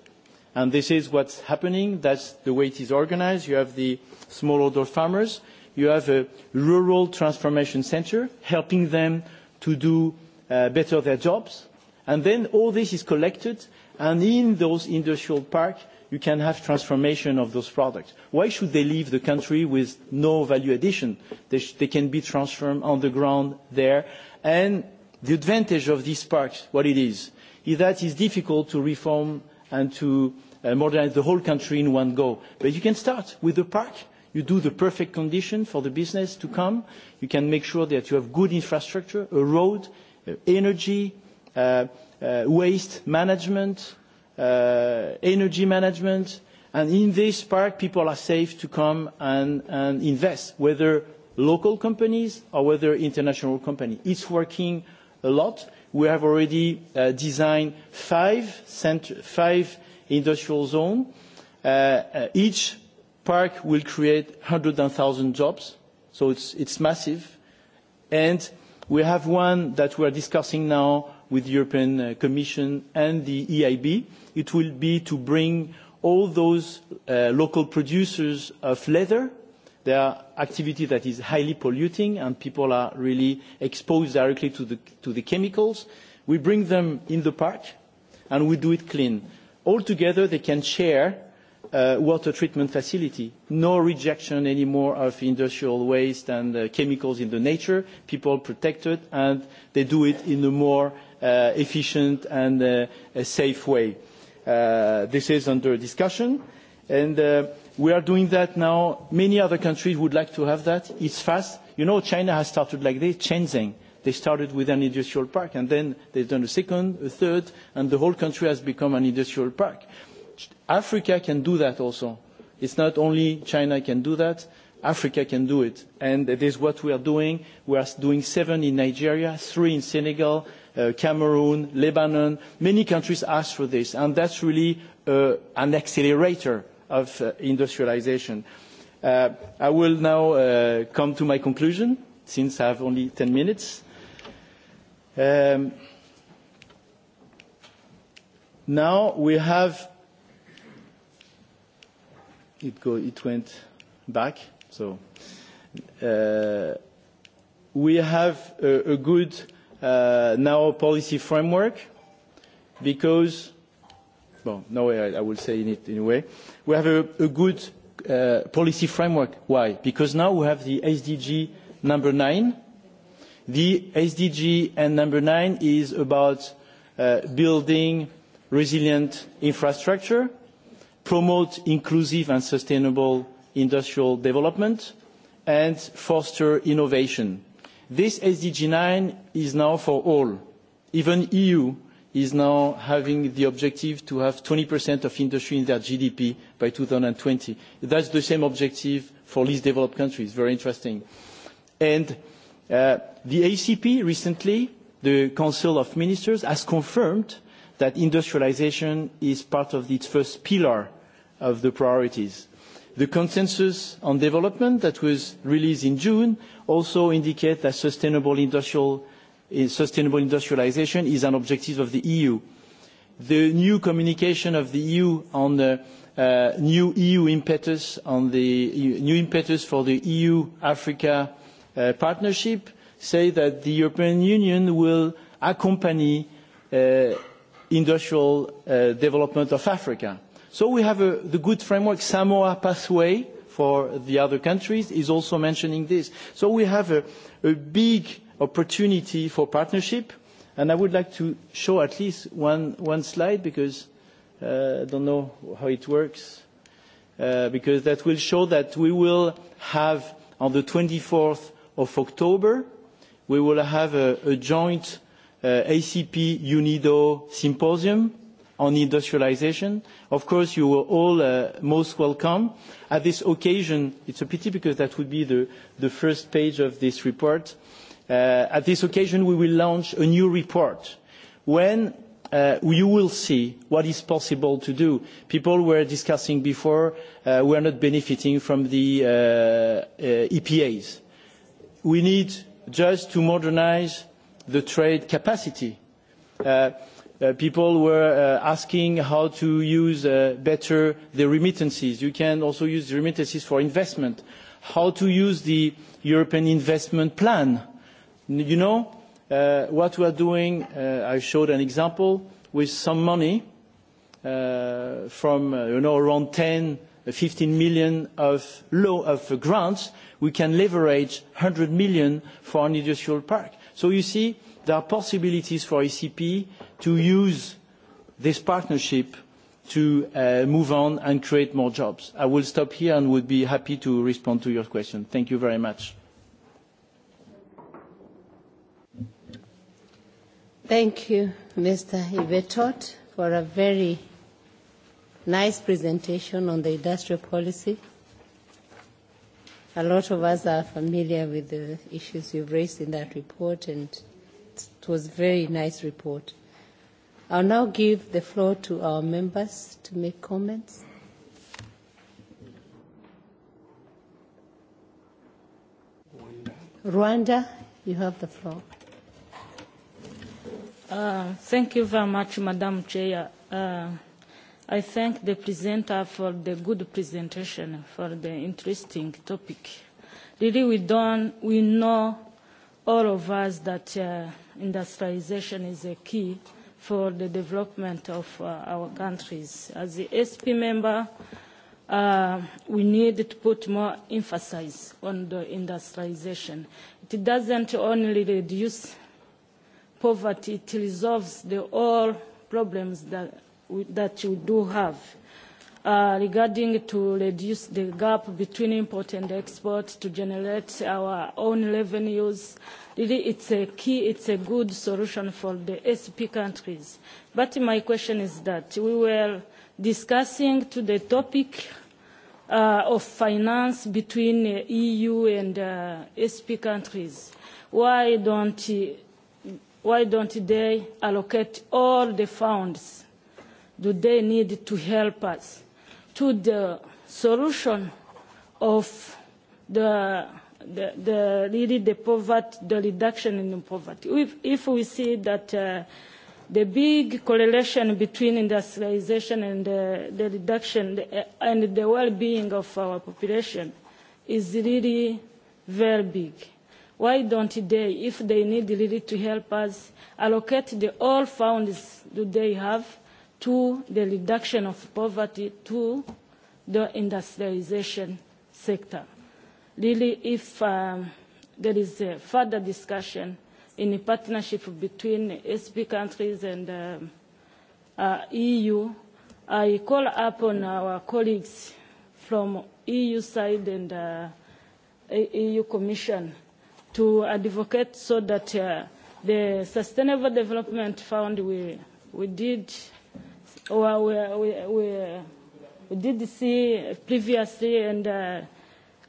And this is what's happening. That's the way it is organized. You have the smallholder farmers. You have a rural transformation center helping them to do better their jobs. And then all this is collected. And in those industrial parks, you can have transformation of those products. Why should they leave the country with no value addition? They can be transformed on the ground there And the advantage of these parks, what it is, is that it's difficult to reform and to modernize the whole country in one go. But you can start with the park. You do the perfect condition for the business to come. You can make sure that you have good infrastructure, a road, energy, waste management, energy management. And in this park, people are safe to come and invest, whether local companies or whether international companies. It's working a lot. We have already designed five industrial zones. Each park will create 100,000 jobs, so it's massive. And we have one that we are discussing now with the European Commission and the EIB. It will be to bring all those local producers of leather They are activity that is highly polluting and people are really exposed directly to the chemicals. We bring them in the park and we do it clean. Altogether they can share water treatment facility. No rejection anymore of industrial waste and chemicals in the nature. People protected and they do it in a more efficient and safe way. This is under discussion and We are doing that now. Many other countries would like to have that. It's fast. You know, China has started like this, Shenzhen. They started with an industrial park, and then they've done a second, a third, and the whole country has become an industrial park. Africa can do that also. It's not only China can do that. Africa can do it. And it is what we are doing. We are doing seven in Nigeria, three in Senegal, Cameroon, Lebanon. Many countries ask for this, and that's really an accelerator of industrialization. I will now come to my conclusion, since I have only 10 minutes. Now we have... It went back, so... We have a good now policy framework because, well, no, way, I will say it anyway we have a good policy framework. Why? Because now we have the SDG number nine. The SDG and number nine is about building resilient infrastructure, promote inclusive and sustainable industrial development, and foster innovation. This SDG 9 is now for all. Even EU is now having the objective to have 20% of industry in their GDP by 2020. That's the same objective for least developed countries. Very interesting. And the ACP recently, the Council of Ministers, has confirmed that industrialization is part of its first pillar of the priorities. The consensus on development that was released in June also indicates that sustainable industrial sustainable industrialization is an objective of the EU. The new communication of the EU on the new EU impetus on the new impetus for the EU-Africa partnership say that the European Union will accompany industrial development of Africa. So we have the good framework Samoa pathway for the other countries is also mentioning this. So we have a big opportunity for partnership. And I would like to show at least one one slide because I don't know how it works, because that will show that we will have on the 24th of October, we will have a joint ACP UNIDO symposium on industrialization. Of course, you are all most welcome. At this occasion, it's a pity because that would be the first page of this report At this occasion, we will launch a new report when you will see what is possible to do. People were discussing before, we are not benefiting from the EPAs. We need just to modernize the trade capacity. People were asking how to use better the remittances. You can also use remittances for investment. How to use the European Investment Plan You know, what we are doing, I showed an example, with some money from, you know, around 10, 15 million of of grants, we can leverage 100 million for an industrial park. So you see, there are possibilities for ACP to use this partnership to move on and create more jobs. I will stop here and would be happy to respond to your question. Thank you very much.
Thank you, Mr. Ivetot, for a very nice presentation on the industrial policy. A lot of us are familiar with the issues you've raised in that report, and it was a very nice report. I'll now give the floor to our members to make comments.
Rwanda, you have the floor. Thank you very much, Madam Chair. I thank the presenter for the good presentation, for the interesting topic. Really, we don't, we know all of us that industrialization is a key for the development of our countries. As the SP member, we need to put more emphasis on the industrialization. It doesn't only reduce poverty, it resolves the all problems that that you do have. Regarding to reduce the gap between import and export to generate our own revenues, really it's a key, it's a good solution for the SP countries. But my question is that we were discussing to the topic of finance between EU and SP countries. Why don't why don't they allocate all the funds do they need to help us to the solution of the the really the poverty the reduction in poverty if we see that the big correlation between industrialization and the reduction and the well-being of our population is really very big Why don't they, if they need really to help us, allocate the all funds that they have to the reduction of poverty to the industrialization sector? Really, if there is a further discussion in a partnership between SP countries and EU, I call upon our colleagues from EU side and EU Commission to advocate so that the Sustainable Development Fund we we did or we we we did see previously and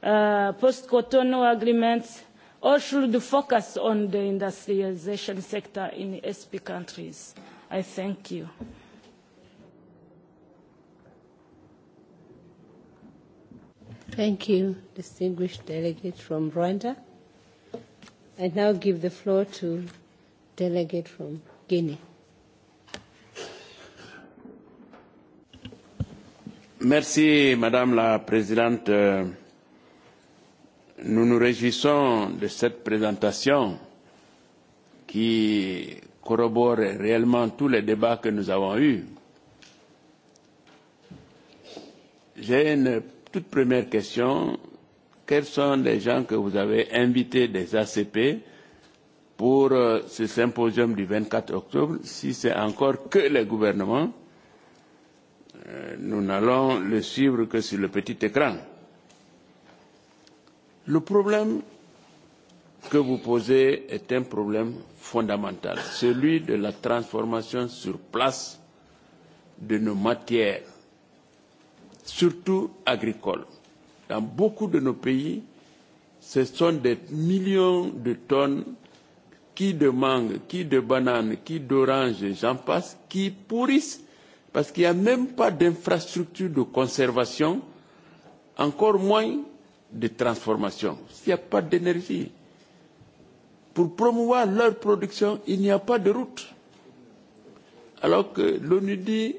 post Cotonou agreements all should focus on the industrialization sector in SP countries. I thank you.
Thank you, distinguished delegate from Rwanda. I now give the floor to delegate from Guinea.
Merci, Madame la Présidente. Nous nous réjouissons de cette présentation qui corrobore réellement tous les débats que nous avons eus. J'ai une toute première question quels sont les gens que vous avez invités des ACP pour ce symposium du 24 octobre, si c'est encore que les gouvernements, nous n'allons le suivre que sur le petit écran. Le problème que vous posez est un problème fondamental, celui de la transformation sur place de nos matières, surtout agricoles. Dans beaucoup de nos pays, ce sont des millions de tonnes qui de mangue, qui de bananes, qui d'oranges, j'en passe, qui pourrissent parce qu'il n'y a même pas d'infrastructure de conservation, encore moins de transformation. S'il n'y a pas d'énergie, pour promouvoir leur production, il n'y a pas de route. Alors que l'ONU dit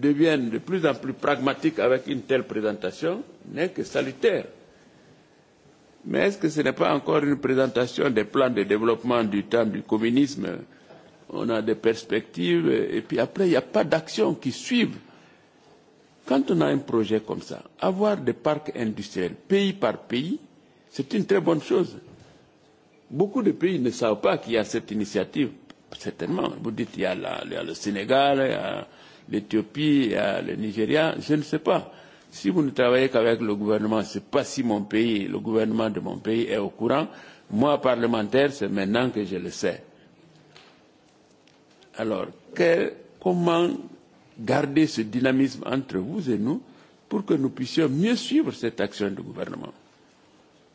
deviennent de plus en plus pragmatiques avec une telle présentation n'est que salutaire. Mais est-ce que ce n'est pas encore une présentation des plans de développement du temps du communisme On a des perspectives et puis après, il n'y a pas d'action qui suivent. Quand on a un projet comme ça, avoir des parcs industriels pays par pays, c'est une très bonne chose. Beaucoup de pays ne savent pas qu'il y a cette initiative, certainement. Vous dites, il y a le Sénégal, il y a l'Éthiopie, à le Nigeria, je ne sais pas. Si vous ne travaillez qu'avec le gouvernement, ce n'est pas si mon pays, le gouvernement de mon pays est au courant. Moi, parlementaire, c'est maintenant que je le sais. Alors, que, comment garder ce dynamisme entre vous et nous pour que nous puissions mieux suivre cette action du gouvernement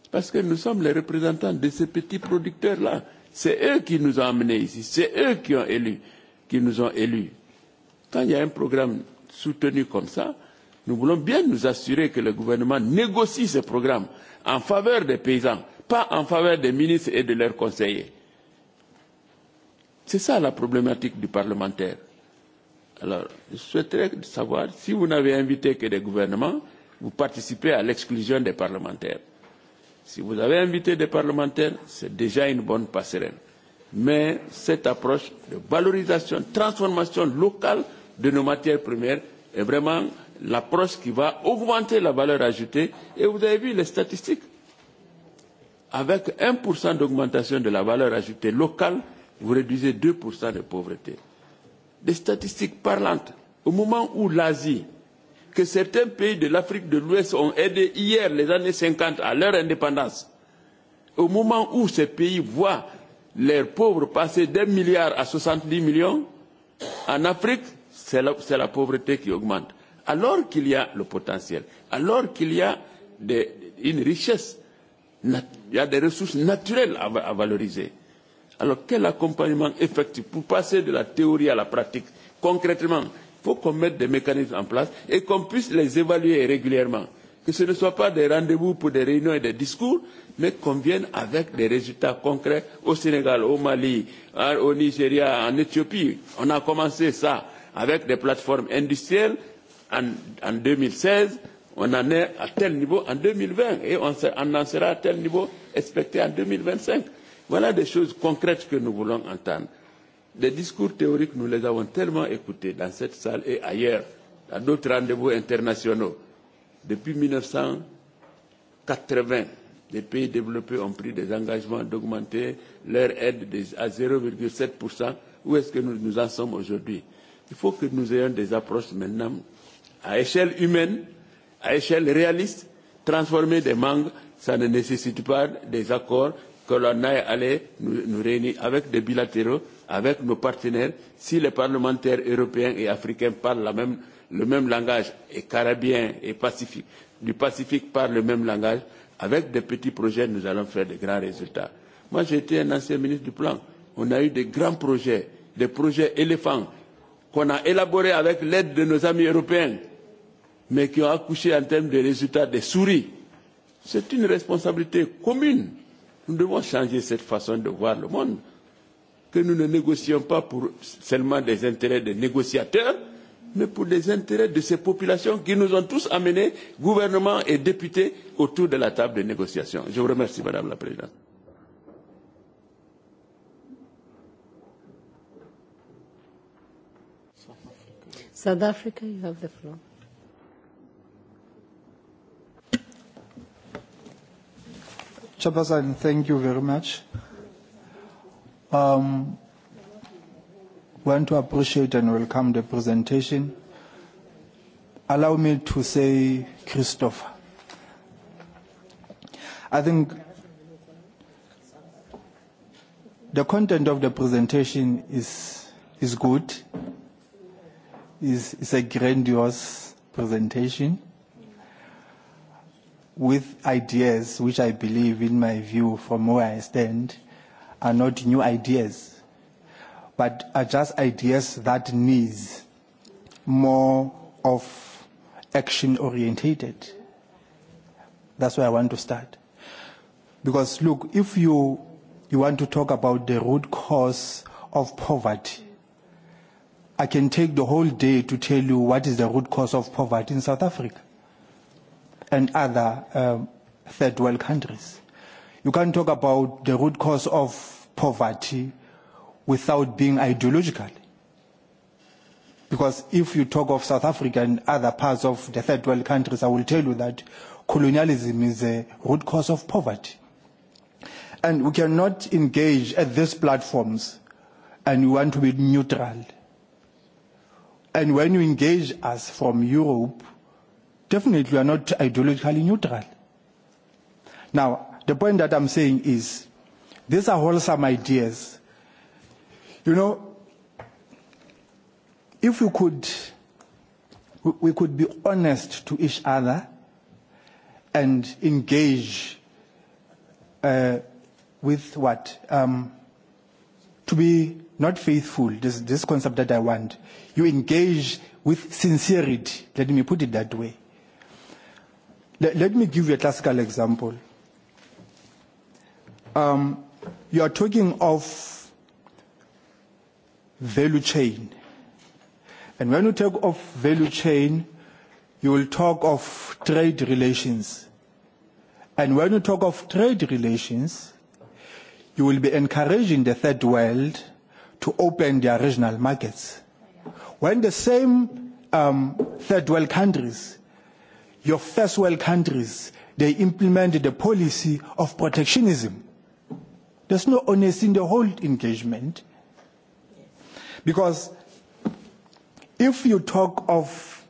Parce que nous sommes les représentants de ces petits producteurs-là. C'est eux qui nous ont amenés ici, c'est eux qui ont élu, qui nous ont élus. Quand il y a un programme soutenu comme ça, nous voulons bien nous assurer que le gouvernement négocie ce programme en faveur des paysans, pas en faveur des ministres et de leurs conseillers. C'est ça la problématique du parlementaire. Alors, je souhaiterais savoir si vous n'avez invité que des gouvernements, vous participez à l'exclusion des parlementaires. Si vous avez invité des parlementaires, c'est déjà une bonne passerelle. Mais cette approche de valorisation, transformation locale, de nos matières premières est vraiment l'approche qui va augmenter la valeur ajoutée. Et vous avez vu les statistiques. Avec 1% d'augmentation de la valeur ajoutée locale, vous réduisez 2% de pauvreté. Des statistiques parlantes. Au moment où l'Asie, que certains pays de l'Afrique de l'Ouest ont aidé hier, les années 50, à leur indépendance, au moment où ces pays voient leurs pauvres passer d'un milliard à 70 millions, en Afrique, c'est la pauvreté qui augmente. Alors qu'il y a le potentiel, alors qu'il y a une richesse, il y a des ressources naturelles à valoriser. Alors quel accompagnement effectif pour passer de la théorie à la pratique Concrètement, il faut qu'on mette des mécanismes en place et qu'on puisse les évaluer régulièrement. Que ce ne soit pas des rendez-vous pour des réunions et des discours, mais qu'on vienne avec des résultats concrets au Sénégal, au Mali, au Nigeria, en Éthiopie. On a commencé ça avec des plateformes industrielles. En 2016, on en est à tel niveau en 2020 et on en sera à tel niveau expecté en 2025. Voilà des choses concrètes que nous voulons entendre. Des discours théoriques, nous les avons tellement écoutés dans cette salle et ailleurs, à d'autres rendez-vous internationaux. Depuis 1980, les pays développés ont pris des engagements d'augmenter leur aide à 0,7%. Où est-ce que nous en sommes aujourd'hui Il faut que nous ayons des approches maintenant à échelle humaine, à échelle réaliste. Transformer des mangues, ça ne nécessite pas des accords que l'on aille aller nous, réunir avec des bilatéraux, avec nos partenaires. Si les parlementaires européens et africains parlent la même, le même langage, et carabien et pacifique, du Pacifique parlent le même langage, avec des petits projets, nous allons faire de grands résultats. Moi, été un ancien ministre du Plan. On a eu des grands projets, des projets éléphants qu'on a élaboré avec l'aide de nos amis européens, mais qui ont accouché en termes de résultats des souris. C'est une responsabilité commune. Nous devons changer cette façon de voir le monde, que nous ne négocions pas pour seulement des intérêts des négociateurs, mais pour les intérêts de ces populations qui nous ont tous amenés, gouvernements et députés, autour de la table de négociation. Je vous remercie, Madame la Présidente.
South Africa, you have the floor.
Chapasan, thank you very much. Um, want to appreciate and welcome the presentation. Allow me to say, Christopher, I think the content of the presentation is, is good is a grandiose presentation with ideas which I believe, in my view, from where I stand, are not new ideas, but are just ideas that needs more of action orientated. That's where I want to start. Because look, if you you want to talk about the root cause of poverty, I can take the whole day to tell you what is the root cause of poverty in South Africa and other third world countries. You can't talk about the root cause of poverty without being ideological. Because if you talk of South Africa and other parts of the third world countries, I will tell you that colonialism is the root cause of poverty. And we cannot engage at these platforms and we want to be neutral And when you engage us from Europe, definitely we are not ideologically neutral. Now, the point that I'm saying is, these are wholesome ideas. You know, if we could, we could be honest to each other and engage with what? To be not faithful, this, this concept that I want. You engage with sincerity. Let me put it that way. Let, me give you a classical example. Um, you are talking of value chain. And when you talk of value chain, you will talk of trade relations. And when you talk of trade relations, you will be encouraging the third world to open their regional markets. When the same third world countries, your first world countries, they implemented the policy of protectionism, there's no honesty in the whole engagement. Because if you talk of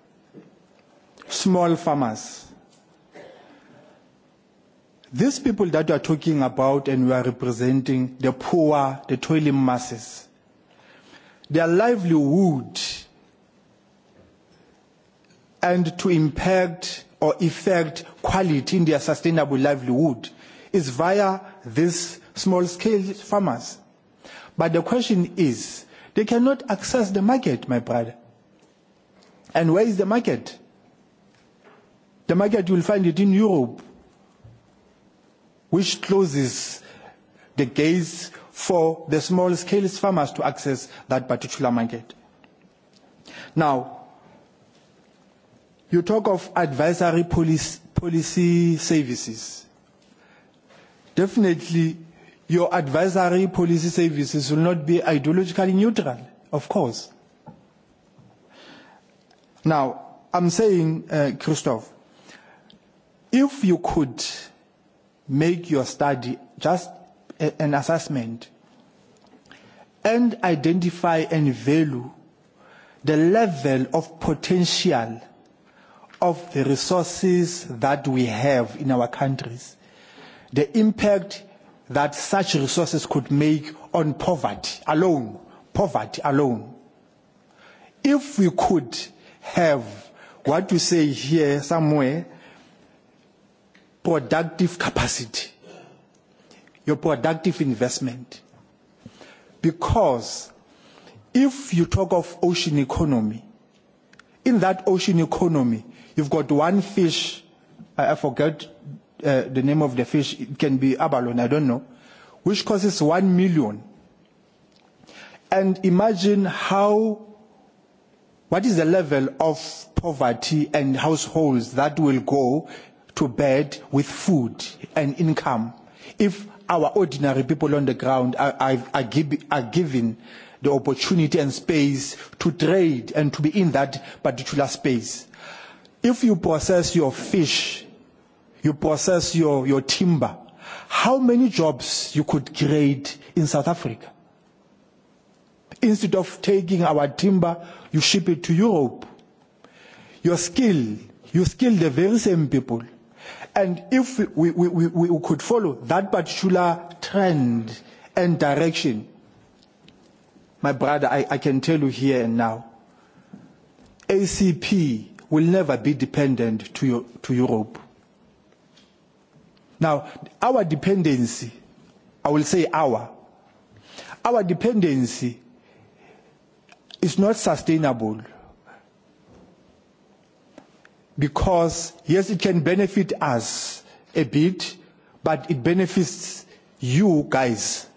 small farmers, these people that you are talking about and you are representing, the poor, the toiling masses, their livelihood and to impact or effect quality in their sustainable livelihood is via these small scale farmers. But the question is they cannot access the market, my brother. And where is the market? The market you will find it in Europe, which closes the gates for the small-scale farmers to access that particular market. Now, you talk of advisory policy services. Definitely, your advisory policy services will not be ideologically neutral, of course. Now, I'm saying, Christoph, if you could make your study just an assessment and identify and value the level of potential of the resources that we have in our countries, the impact that such resources could make on poverty alone, poverty alone. If we could have what you say here somewhere, productive capacity your productive investment. Because if you talk of ocean economy, in that ocean economy, you've got one fish, I forget the name of the fish, it can be abalone, I don't know, which causes one million. And imagine how, what is the level of poverty and households that will go to bed with food and income if our ordinary people on the ground are given the opportunity and space to trade and to be in that particular space. If you process your fish, you process your timber, how many jobs you could create in South Africa? Instead of taking our timber, you ship it to Europe. Your skill, you skill the very same people And if we, we, we, we could follow that particular trend and direction, my brother, I, I can tell you here and now, ACP will never be dependent to, to Europe. Now, our dependency, I will say our, our dependency is not sustainable because yes it can benefit us a bit but it benefits you guys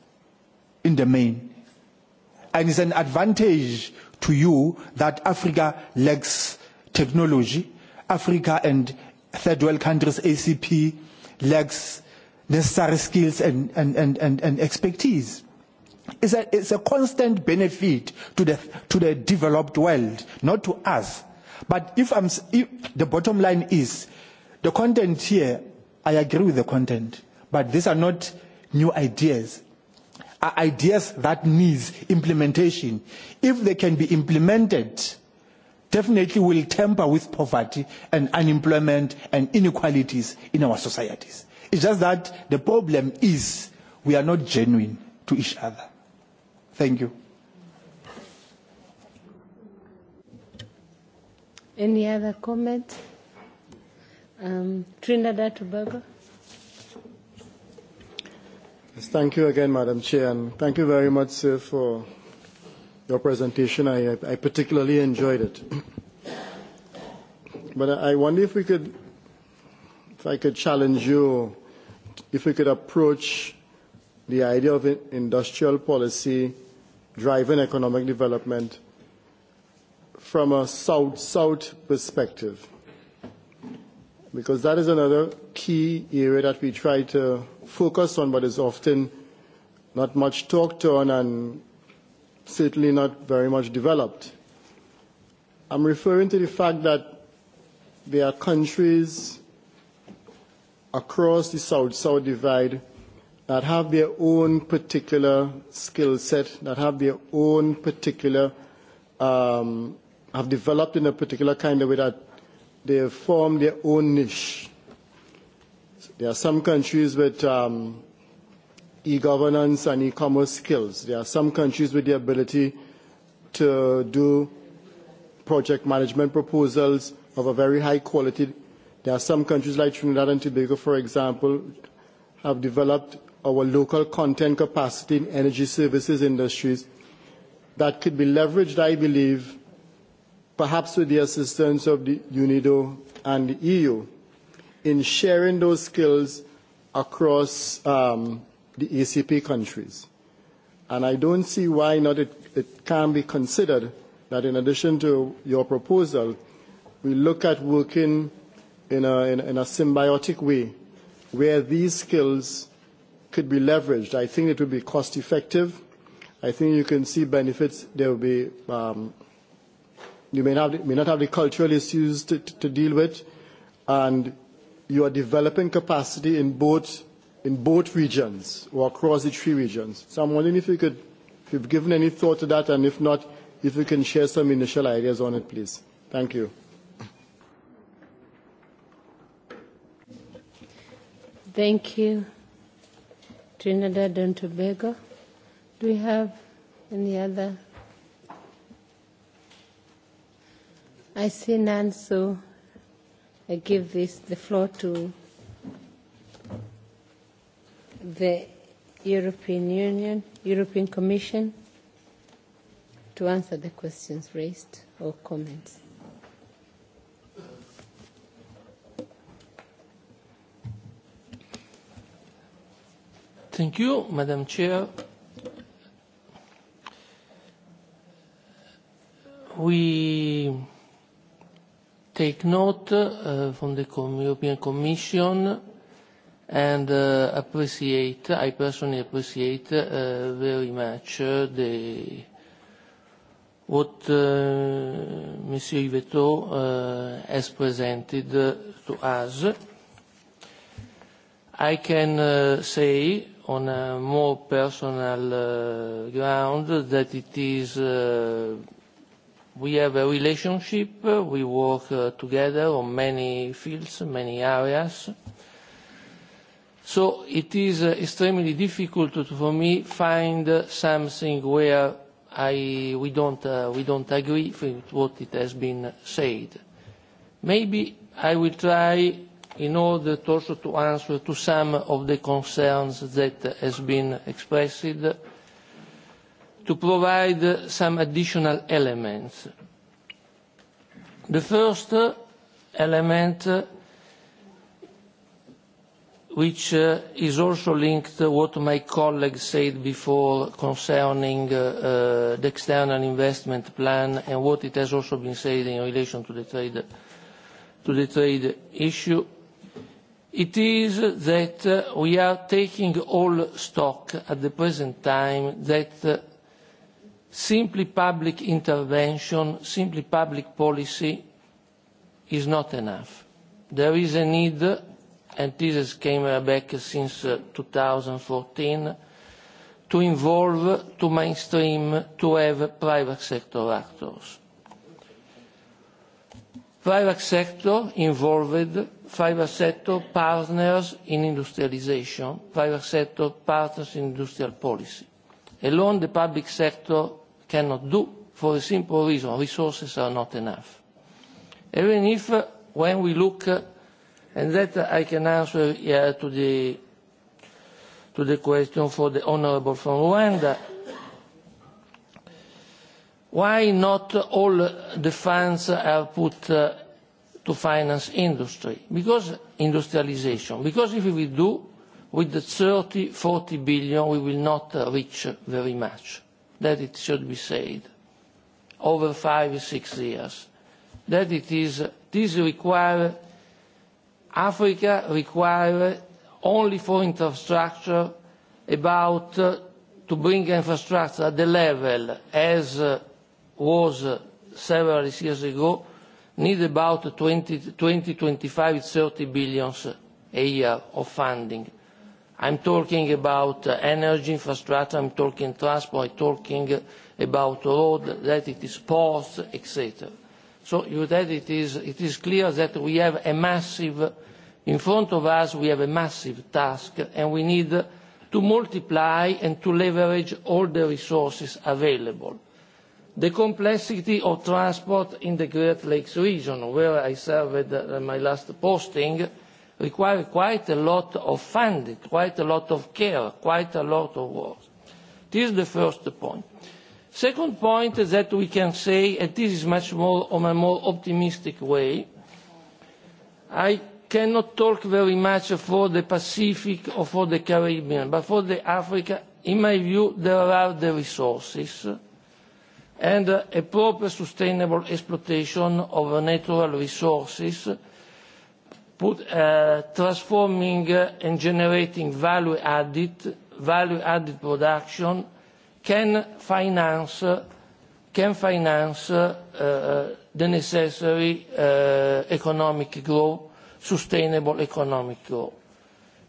in the main and it's an advantage to you that africa lacks technology africa and third world countries acp lacks necessary skills and and expertise it's a it's a constant benefit to the to the developed world not to us But if I'm the bottom line is the content here I agree with the content, but these are not new ideas. Are ideas that need implementation. If they can be implemented, definitely will temper with poverty and unemployment and inequalities in our societies. It's just that the problem is we are not genuine to each other. Thank you.
Any other comment? Um, Trinidad Tobago.
thank you again, Madam Chair, and thank you very much, sir, for your presentation. I, I particularly enjoyed it. But I wonder if we could, if I could challenge you, if we could approach the idea of industrial policy driving economic development from a south-south perspective, because that is another key area that we try to focus on, but is often not much talked on and certainly not very much developed. I'm referring to the fact that there are countries across the South-South divide that have their own particular skill set, that have their own particular have developed in a particular kind of way that they have formed their own niche. There are some countries with e-governance and e-commerce skills. There are some countries with the ability to do project management proposals of a very high quality. There are some countries like Trinidad and Tobago, for example, have developed our local content capacity in energy services industries that could be leveraged, I believe, perhaps with the assistance of the UNIDO and the EU, in sharing those skills across the ACP countries. And I don't see why not it can be considered that in addition to your proposal, we look at working in a symbiotic way where these skills could be leveraged. I think it would be cost effective. I think you can see benefits. There will be you may not have the cultural issues to deal with, and you are developing capacity in both in both regions or across the three regions. So I'm wondering if you could, if you've given any thought to that, and if not, if you can share some initial ideas on it, please. Thank you.
Thank you. Trinidad and Tobago. Do we have any other I see none, so I give this the floor to the European Union, European Commission, to answer the questions raised or comments.
Thank you, Madam Chair. We take note from the European Commission and appreciate, I personally appreciate very much the what Monsieur Yvetot has presented to us. I can say on a more personal ground that it is We have a relationship. We work together on many fields, many areas. So it is extremely difficult for me to find something where I we don't we don't agree with what it has been said. Maybe I will try in order also to answer to some of the concerns that has been expressed to provide some additional elements. The first element, which is also linked to what my colleague said before concerning the external investment plan and what it has also been said in relation to the trade to the trade issue, it is that we are taking all stock at the present time that Simply public intervention, simply public policy is not enough. There is a need, and this has came back since 2014, to involve, to mainstream, to have private sector actors. Private sector involved, private sector partners in industrialization, private sector partners in industrial policy. Alone the public sector cannot do for a simple reason. Resources are not enough. Even if when we look, and that I can answer to the to the question for the honourable from Rwanda, why not all the funds are put to finance industry? Because industrialization. Because if we do, with the 30, 40 billion, we will not reach very much that it should be said over five or six years that it is this require Africa require only for infrastructure about to bring infrastructure at the level as was several years ago need about 20 20, 25 30 billions a year of funding I'm talking about energy infrastructure, I'm talking transport, I'm talking about road, that it is ports, etc. So you that it is it is clear that we have a massive in front of us we have a massive task and we need to multiply and to leverage all the resources available. The complexity of transport in the Great Lakes region, where I served my last posting require quite a lot of funding, quite a lot of care, quite a lot of work. This is the first point. Second point is that we can say, and this is much more on a more optimistic way, I cannot talk very much for the Pacific or for the Caribbean, but for the Africa, in my view, there are the resources and a proper sustainable exploitation of natural resources transforming and generating value added value added production can finance can finance the necessary economic growth sustainable economic growth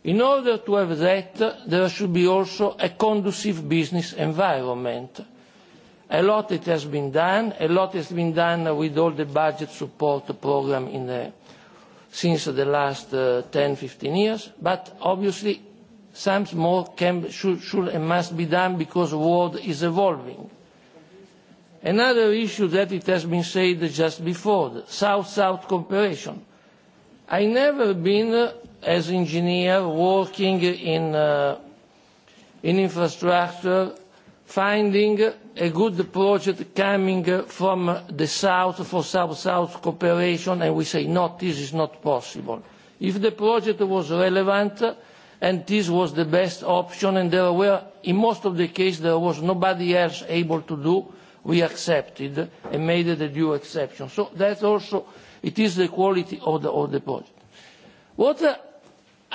in order to have that there should be also a conducive business environment a lot it has been done a lot has been done with all the budget support program in the since the last 10, 15 years, but obviously some more can, should, and must be done because the world is evolving. Another issue that it has been said just before, the South-South cooperation. I never been, as engineer, working in, in infrastructure finding a good project coming from the south for south-south cooperation, and we say, no, this is not possible. If the project was relevant and this was the best option, and there were, in most of the cases, there was nobody else able to do, we accepted and made the due exception. So that also, it is the quality of the project. What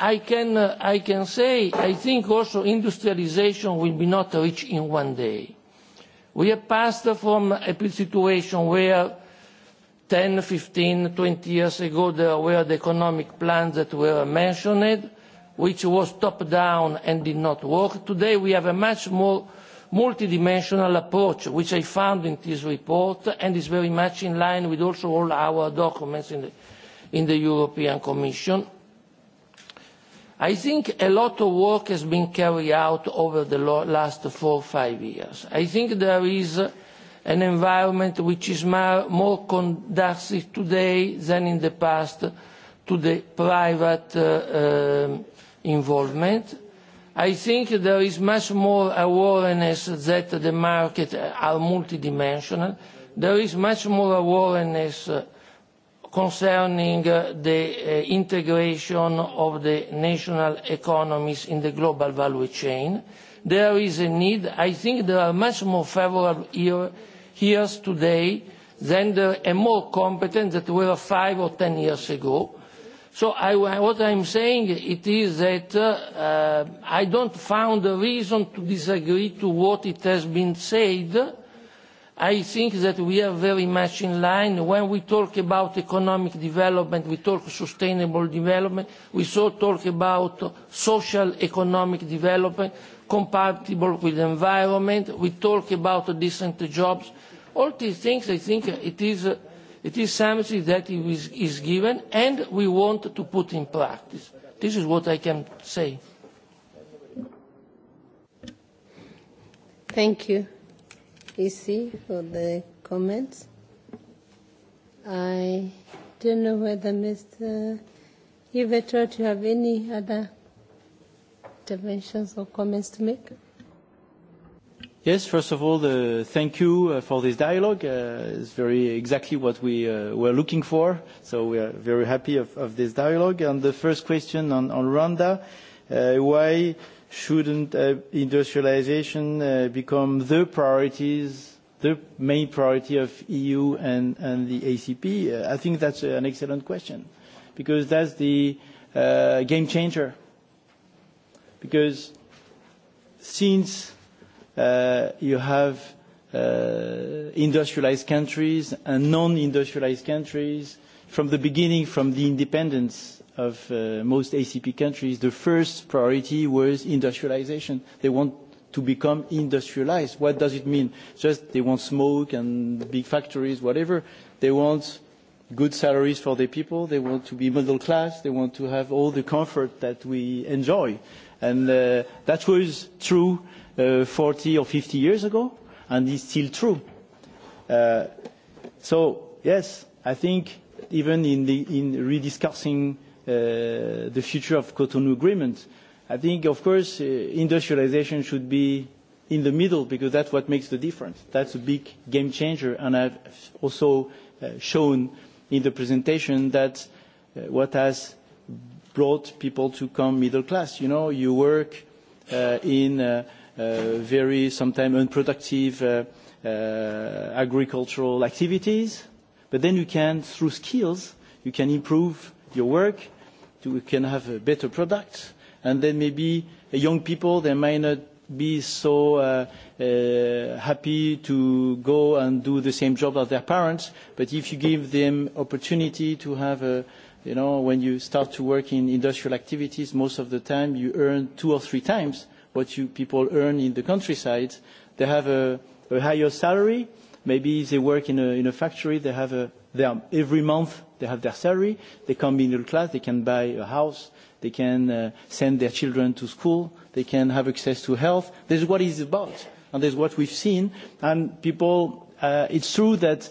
I can say I think also industrialization will be not reached in one day. We have passed from a situation where 10, 15, 20 years ago there were the economic plans that were mentioned, which was top down and did not work. Today we have a much more multidimensional approach, which I found in this report and is very much in line with also all our documents in the European Commission I think a lot of work has been carried out over the last four or five years. I think there is an environment which is more conducive today than in the past to the private involvement. I think there is much more awareness that the markets are multidimensional. There is much more awareness concerning the integration of the national economies in the global value chain. There is a need. I think there are much more favorable years today than there more competent that were five or ten years ago. So what I'm saying it is that I don't find a reason to disagree to what it has been said I think that we are very much in line. When we talk about economic development, we talk sustainable development, we also talk about social economic development compatible with the environment, we talk about decent jobs. All these things, I think it is something that is given and we want to put in practice. This is what I can say.
Thank you. EC for the comments. I don't know whether Mr. do you have any other interventions or comments to make?
Yes, first of all, the thank you for this dialogue. It's very exactly what we were looking for, so we are very happy of this dialogue. And the first question on on Rwanda, why shouldn't industrialization become the priorities, the main priority of EU and the ACP? I think that's an excellent question because that's the game changer. Because since you have industrialized countries and non-industrialized countries from the beginning, from the independence, of most ACP countries, the first priority was industrialization. They want to become industrialized. What does it mean? Just they want smoke and big factories, whatever. They want good salaries for their people. They want to be middle class. They want to have all the comfort that we enjoy. And that was true 40 or 50 years ago, and is still true. So, yes, I think even in rediscussing the future of Cotonou Agreement. I think, of course, industrialization should be in the middle because that's what makes the difference. That's a big game changer. And I've also shown in the presentation that what has brought people to come middle class. You know, you work in very sometimes unproductive agricultural activities, but then you can, through skills, you can improve your work, you can have a better product and then maybe young people, they may not be so happy to go and do the same job as their parents, but if you give them opportunity to have a you know, when you start to work in industrial activities, most of the time you earn two or three times what you people earn in the countryside. They have a, higher salary. Maybe they work in a, in a factory, they have a, they are every month They have their salary. They come middle class. They can buy a house. They can send their children to school. They can have access to health. This is what it is about. And this is what we've seen. And people, it's true that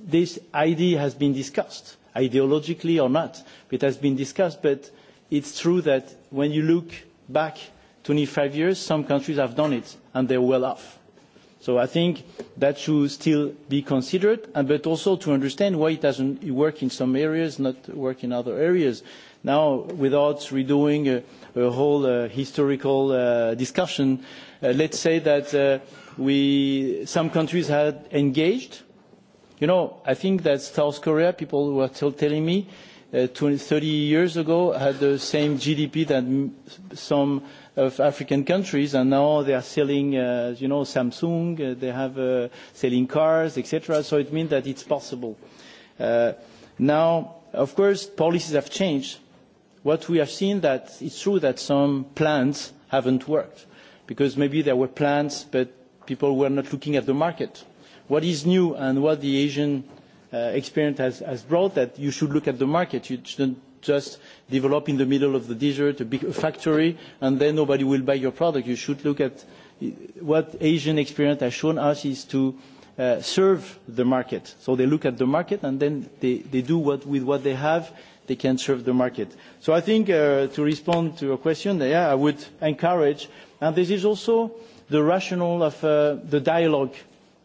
this idea has been discussed, ideologically or not. It has been discussed, but it's true that when you look back 25 years, some countries have done it, and they're well off So I think that should still be considered, but also to understand why it doesn't work in some areas, not work in other areas. Now, without redoing a whole historical discussion, let's say that some countries had engaged. You know, I think that South Korea, people were still telling me, 30 years ago had the same GDP that some of African countries, and now they are selling, you know, Samsung, they have selling cars, etc. So it means that it's possible. Now, of course, policies have changed. What we have seen that it's true that some plans haven't worked, because maybe there were plans, but people were not looking at the market. What is new and what the Asian experience has brought that you should look at the market. You shouldn't just develop in the middle of the desert a big factory and then nobody will buy your product. You should look at what Asian experience has shown us is to serve the market. So they look at the market and then they do what with what they have they can serve the market. So I think to respond to your question, yeah, I would encourage, and this is also the rationale of the dialogue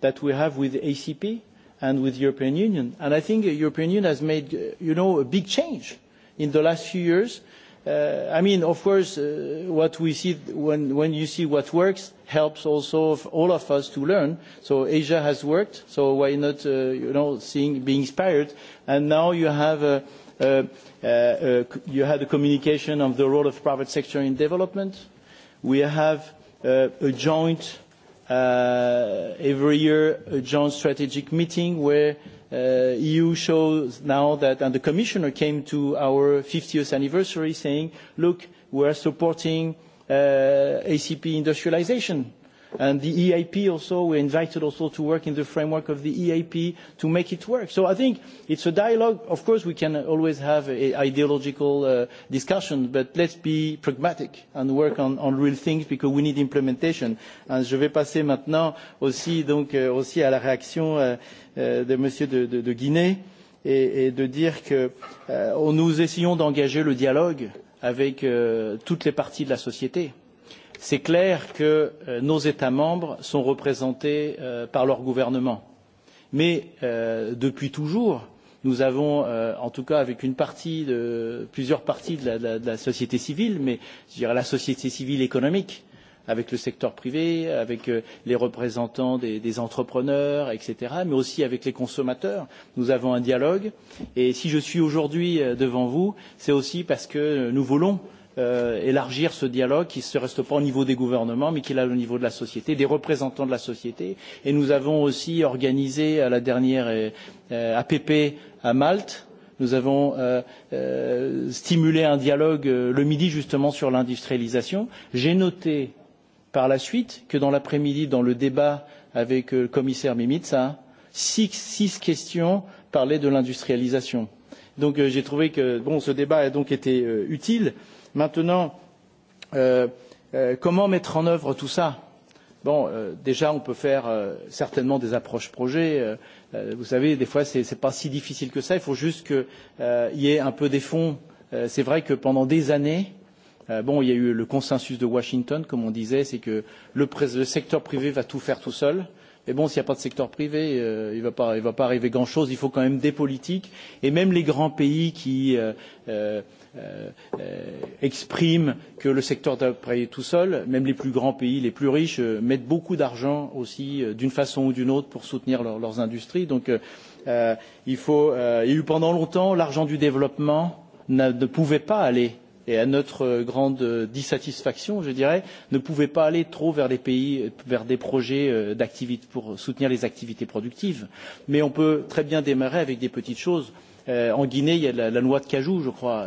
that we have with ACP and with the European Union. And I think the European Union has made, you know, a big change in the last few years. I mean, of course, what we see when you see what works helps also all of us to learn. So Asia has worked, so why not, you know, seeing being inspired? And now you have you had a communication of the role of private sector in development. We have a joint every year a joint strategic meeting where EU shows now that, and the Commissioner came to our 50th anniversary saying, look, we are supporting ACP industrialization. And the EIP also, were invited also to work in the framework of the EIP to make it work. So I think it's a dialogue. Of course, we can always have an ideological discussion, but let's be pragmatic and work on real things because we need implementation. And je vais passer maintenant aussi, donc, aussi à la réaction de monsieur de Guinée et de dire que nous essayons d'engager le dialogue avec toutes les parties de la société. C'est clair que nos États membres sont représentés par leur gouvernement. Mais depuis toujours, nous avons, en tout cas avec une partie de plusieurs parties de la société civile, mais je dirais la société civile économique, avec le secteur privé, avec les représentants des entrepreneurs, etc., mais aussi avec les consommateurs. Nous avons un dialogue. Et si je suis aujourd'hui devant vous, c'est aussi parce que nous voulons élargir ce dialogue qui ne se reste pas au niveau des gouvernements, mais qui est là au niveau de la société, des représentants de la société. Et nous avons aussi organisé à la dernière APP à Malte, Nous avons stimulé un dialogue le midi justement sur l'industrialisation. J'ai noté par la suite que dans l'après-midi, dans le débat avec le commissaire Mimica, six questions parlaient de l'industrialisation. Donc j'ai trouvé que ce débat a donc été utile. Maintenant, comment mettre en œuvre tout ça Bon, déjà, on peut faire certainement des approches projets. Vous savez, des fois, ce n'est pas si difficile que ça. Il faut juste qu'il y ait un peu des fonds. C'est vrai que pendant des années, Bon, il y a eu le consensus de Washington, comme on disait, c'est que le secteur privé va tout faire tout seul. Mais bon, s'il n'y a pas de secteur privé, il ne va pas arriver grand-chose. Il faut quand même des politiques. Et même les grands pays qui expriment que le secteur doit travailler tout seul, même les plus grands pays, les plus riches, mettent beaucoup d'argent aussi, d'une façon ou d'une autre, pour soutenir leurs industries. Donc, il y a eu pendant longtemps l'argent du développement ne pouvait pas aller et à notre grande dissatisfaction, je dirais, ne pouvait pas aller trop vers des pays, vers des projets d'activités pour soutenir les activités productives. Mais on peut très bien démarrer avec des petites choses. En Guinée, il y a la noix de cajou, je crois.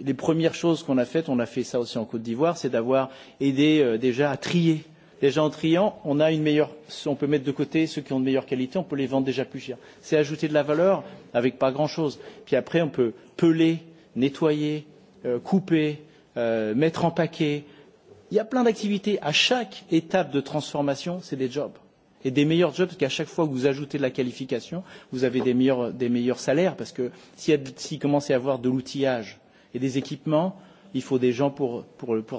Les premières choses qu'on a faites, on a fait ça aussi en Côte d'Ivoire, c'est d'avoir aidé déjà à trier. Déjà en triant, on a une meilleure, on peut mettre de côté ceux qui ont de meilleure qualité, on peut les vendre déjà plus cher. C'est ajouter de la valeur avec pas grand chose. Puis après, on peut peler, nettoyer, couper, mettre en paquet. Il y a plein d'activités. À chaque étape de transformation, c'est des jobs. Et des meilleurs jobs, parce qu'à chaque fois que vous ajoutez de la qualification, vous avez des meilleurs salaires. Parce que s'il commence à y avoir de l'outillage et des équipements, il faut des gens pour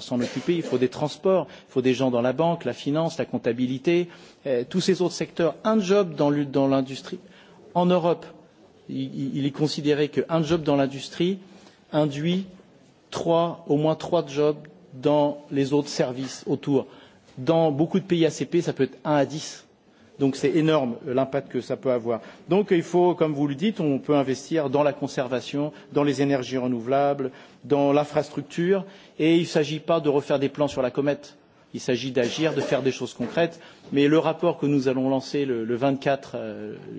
s'en occuper, il faut des transports, il faut des gens dans la banque, la finance, la comptabilité, tous ces autres secteurs. Un job dans l'industrie. En Europe, il est considéré qu'un job dans l'industrie induit trois, au moins trois jobs dans les autres services autour. Dans beaucoup de pays ACP, ça peut être 1 à 10. Donc c'est énorme l'impact que ça peut avoir. Donc il faut, comme vous le dites, on peut investir dans la conservation, dans les énergies renouvelables, dans l'infrastructure. Et il ne s'agit pas de refaire des plans sur la comète. Il s'agit d'agir, de faire des choses concrètes. Mais le rapport que nous allons lancer le 24,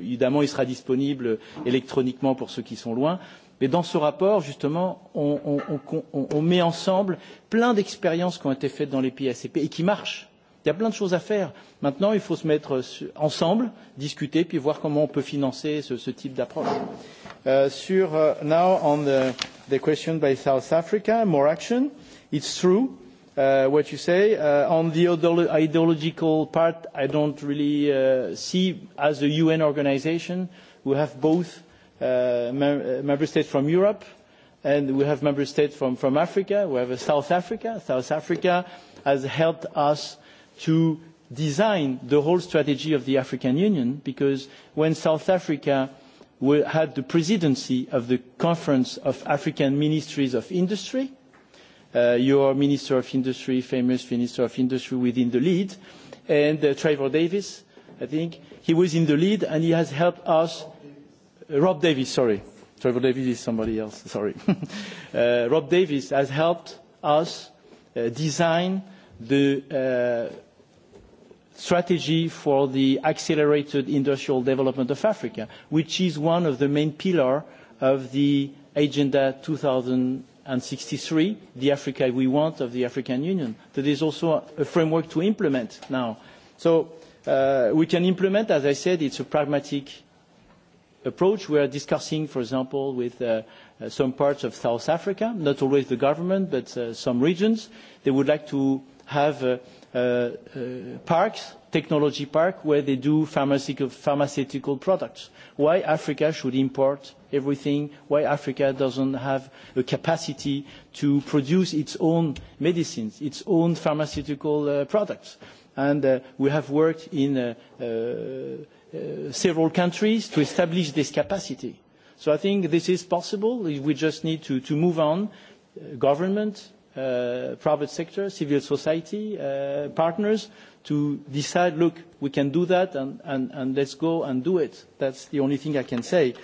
évidemment, il sera disponible électroniquement pour ceux qui sont loin. Mais dans ce rapport, justement, on met ensemble plein d'expériences qui ont été faites dans les pays ACP et qui marchent. Il y a plein de choses à faire. Maintenant, il faut se mettre ensemble, discuter, puis voir comment on peut financer ce type d'approche. Sur now on the question by South Africa, more action. It's true what you say. On the ideological part, I don't really see as a UN organization, we have both member states from Europe, and we have member states from from Africa. We have South Africa. South Africa has helped us to design the whole strategy of the African Union, because when South Africa had the presidency of the Conference of African Ministries of Industry, your Minister of Industry, famous Minister of Industry within the lead, and Trevor Davis, I think, he was in the lead and he has helped us Rob Davies, sorry. Trevor Davies is somebody else, sorry. Rob Davies has helped us design the strategy for the accelerated industrial development of Africa, which is one of the main pillars of the Agenda 2063, the Africa we want of the African Union. That is also a framework to implement now. So we can implement, as I said, it's a pragmatic approach. We are discussing, for example, with some parts of South Africa, not always the government, but some regions. They would like to have parks, technology parks where they do pharmaceutical products. Why Africa should import everything? Why Africa doesn't have the capacity to produce its own medicines, its own pharmaceutical products? And we have worked in several countries to establish this capacity. So I think this is possible. We just need to move on. Government, private sector, civil society, partners, to decide, look, we can do that and let's go and do it. That's the only thing I can say.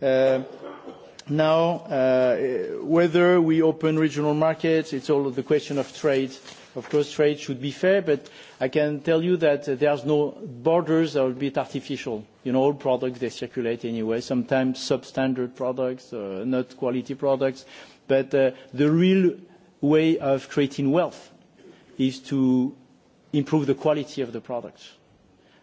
Now, whether we open regional markets, it's all the question of trade Of course, trade should be fair, but I can tell you that there are no borders that are a bit artificial. You know, all products, they circulate anyway, sometimes substandard products, not quality products. But the real way of creating wealth is to improve the quality of the products.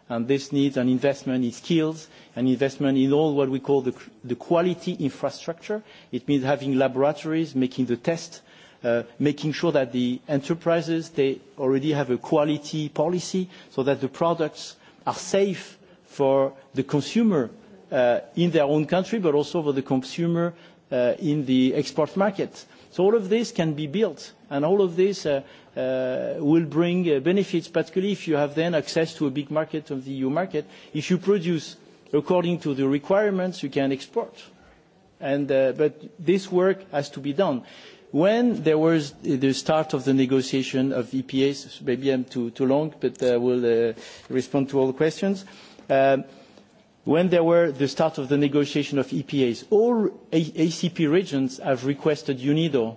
And this needs an investment in skills, an investment in all what we call the quality infrastructure. It means having laboratories, making the tests making sure that the enterprises, they already have a quality policy so that the products are safe for the consumer in their own country, but also for the consumer in the export market. So all of this can be built, and all of this will bring benefits, particularly if you have then access to a big market of the EU market. If you produce according to the requirements, you can export. But this work has to be done. When there was the start of the negotiation of EPAs, maybe I'm too long, but I will respond to all the questions. When there were the start of the negotiation of EPAs, all ACP regions have requested UNIDO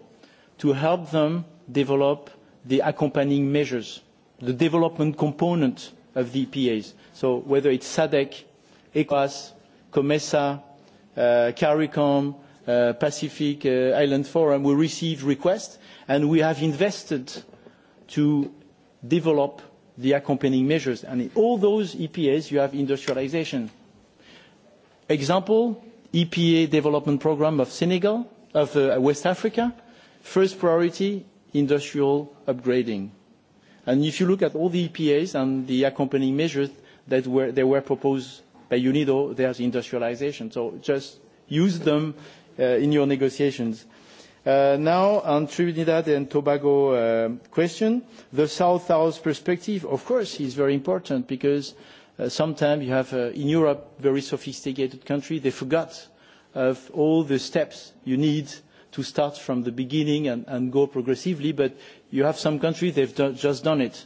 to help them develop the accompanying measures, the development component of the EPAs. So whether it's SADC, ECOWAS, COMESA, CARICOM, Pacific Island Forum, we received requests and we have invested to develop the accompanying measures. And in all those EPAs, you have industrialization. Example, EPA development program of Senegal, of West Africa, first priority, industrial upgrading. And if you look at all the EPAs and the accompanying measures that were proposed by UNIDO, there's industrialization. So just use them in your negotiations. Now, on Trinidad and Tobago question, the South-South perspective, of course, is very important because sometimes you have, in Europe, very sophisticated country. They forgot of all the steps you need to start from the beginning and go progressively, but you have some countries, they've just done it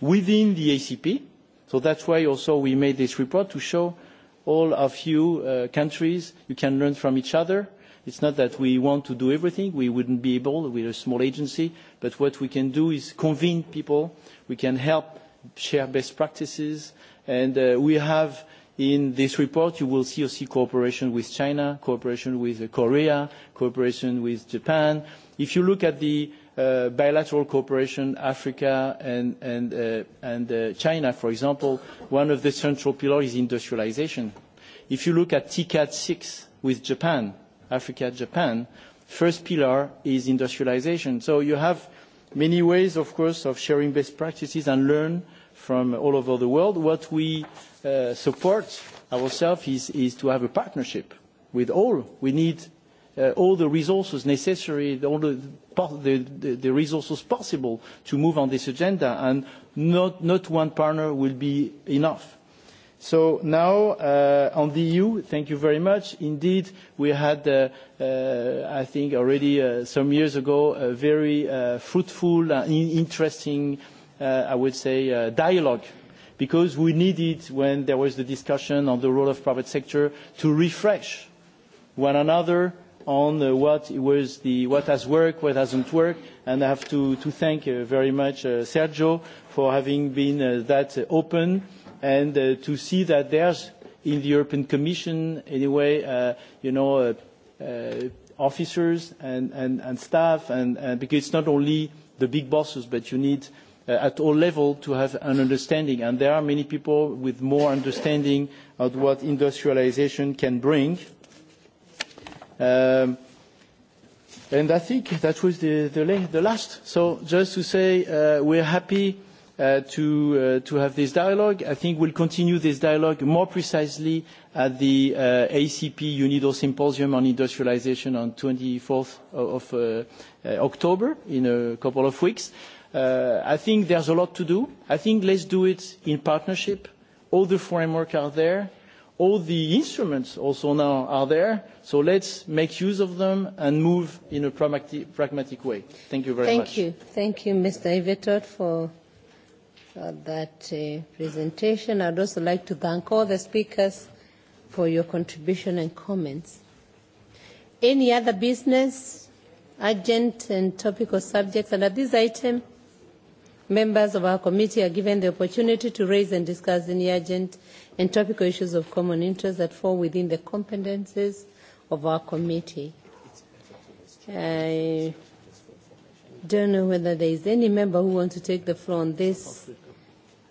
within the ACP. So that's why also we made this report to show all of you countries, you can learn from each other It's not that we want to do everything. We wouldn't be able. We're a small agency. But what we can do is convene people. We can help share best practices. And we have in this report, you will see also cooperation with China, cooperation with Korea, cooperation with Japan. If you look at the bilateral cooperation, Africa and China, for example, one of the central pillars is industrialization. If you look at TCAT 6 with Japan, Africa, Japan. First pillar is industrialization. So you have many ways, of course, of sharing best practices and learn from all over the world. What we support ourselves is to have a partnership with all. We need all the resources necessary, all the resources possible to move on this agenda, and not one partner will be enough So now on the EU, thank you very much. Indeed, we had, I think, already some years ago, a very fruitful and interesting, I would say, dialogue, because we needed, when there was the discussion on the role of private sector, to refresh one another on what was the what has worked, what hasn't worked, and I have to thank very much Sergio for having been that open and to see that there's in the European Commission anyway, you know, officers and staff, and because it's not only the big bosses, but you need at all level to have an understanding. And there are many people with more understanding of what industrialization can bring. And I think that was the last. So just to say we're happy to have this dialogue. I think we'll continue this dialogue more precisely at the ACP UNIDO Symposium on Industrialization on 24th of October in a couple of weeks. I think there's a lot to do. I think let's do it in partnership. All the framework are there. All the instruments also now are there, so let's make use of them and move in a pragmatic way. Thank you
very much. Thank you.
Thank you, Mr. Ivetot, for for that presentation. I'd also like to thank all the speakers for your contribution and comments. Any other business, urgent and topical subjects under this item, members of our committee are given the opportunity to raise and discuss any urgent and topical issues of common interest that fall within the competences of our committee. I don't know whether there is any member who wants to take the floor on this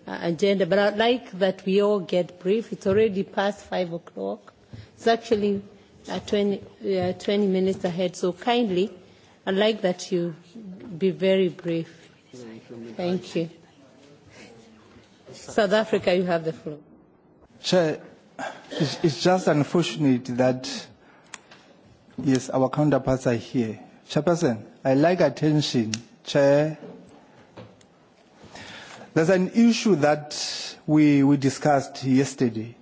agenda, but I'd like that we all get brief. It's already past five o'clock. It's actually 20 minutes ahead, so kindly, I'd like that you be very brief. Thank you. South Africa, you have the floor.
Chair, it's just unfortunate that, yes, our counterparts are here. Chairperson, I like attention. Chair, There's an issue that we we discussed yesterday.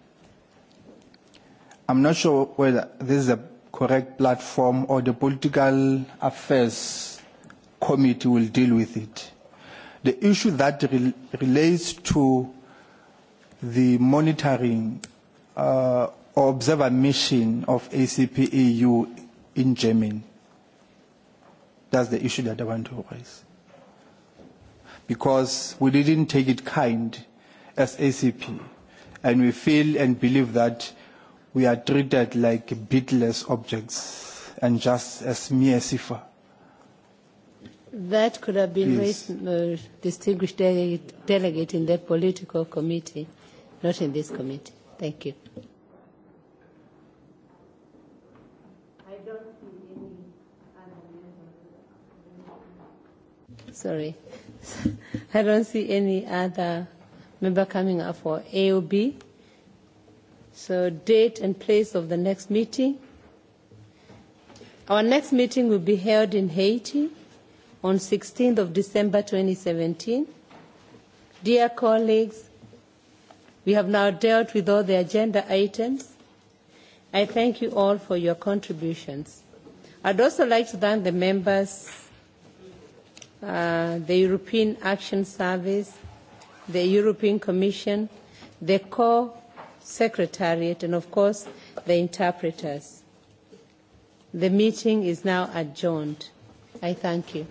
I'm not sure whether this is a correct platform or the Political Affairs Committee will deal with it. The issue that relates to the monitoring or observer mission of ACP EU in Germany. That's the issue that I want to raise because we didn't take it kind as ACP and we feel and believe that we are treated like bitless objects and just as mere cipher.
That could have been raised, distinguished delegate, in the political committee, not in this committee. Thank you.
I don't see any
Sorry. I don't see any other member coming up for AOB. So date and place of the next meeting. Our next meeting will be held in Haiti on 16th of December 2017. Dear colleagues, we have now dealt with all the agenda items. I thank you all for your contributions. I'd also like to thank the members the European Action Service, the European Commission, the co secretariat, and of course, the interpreters. The meeting is now adjourned. I thank you.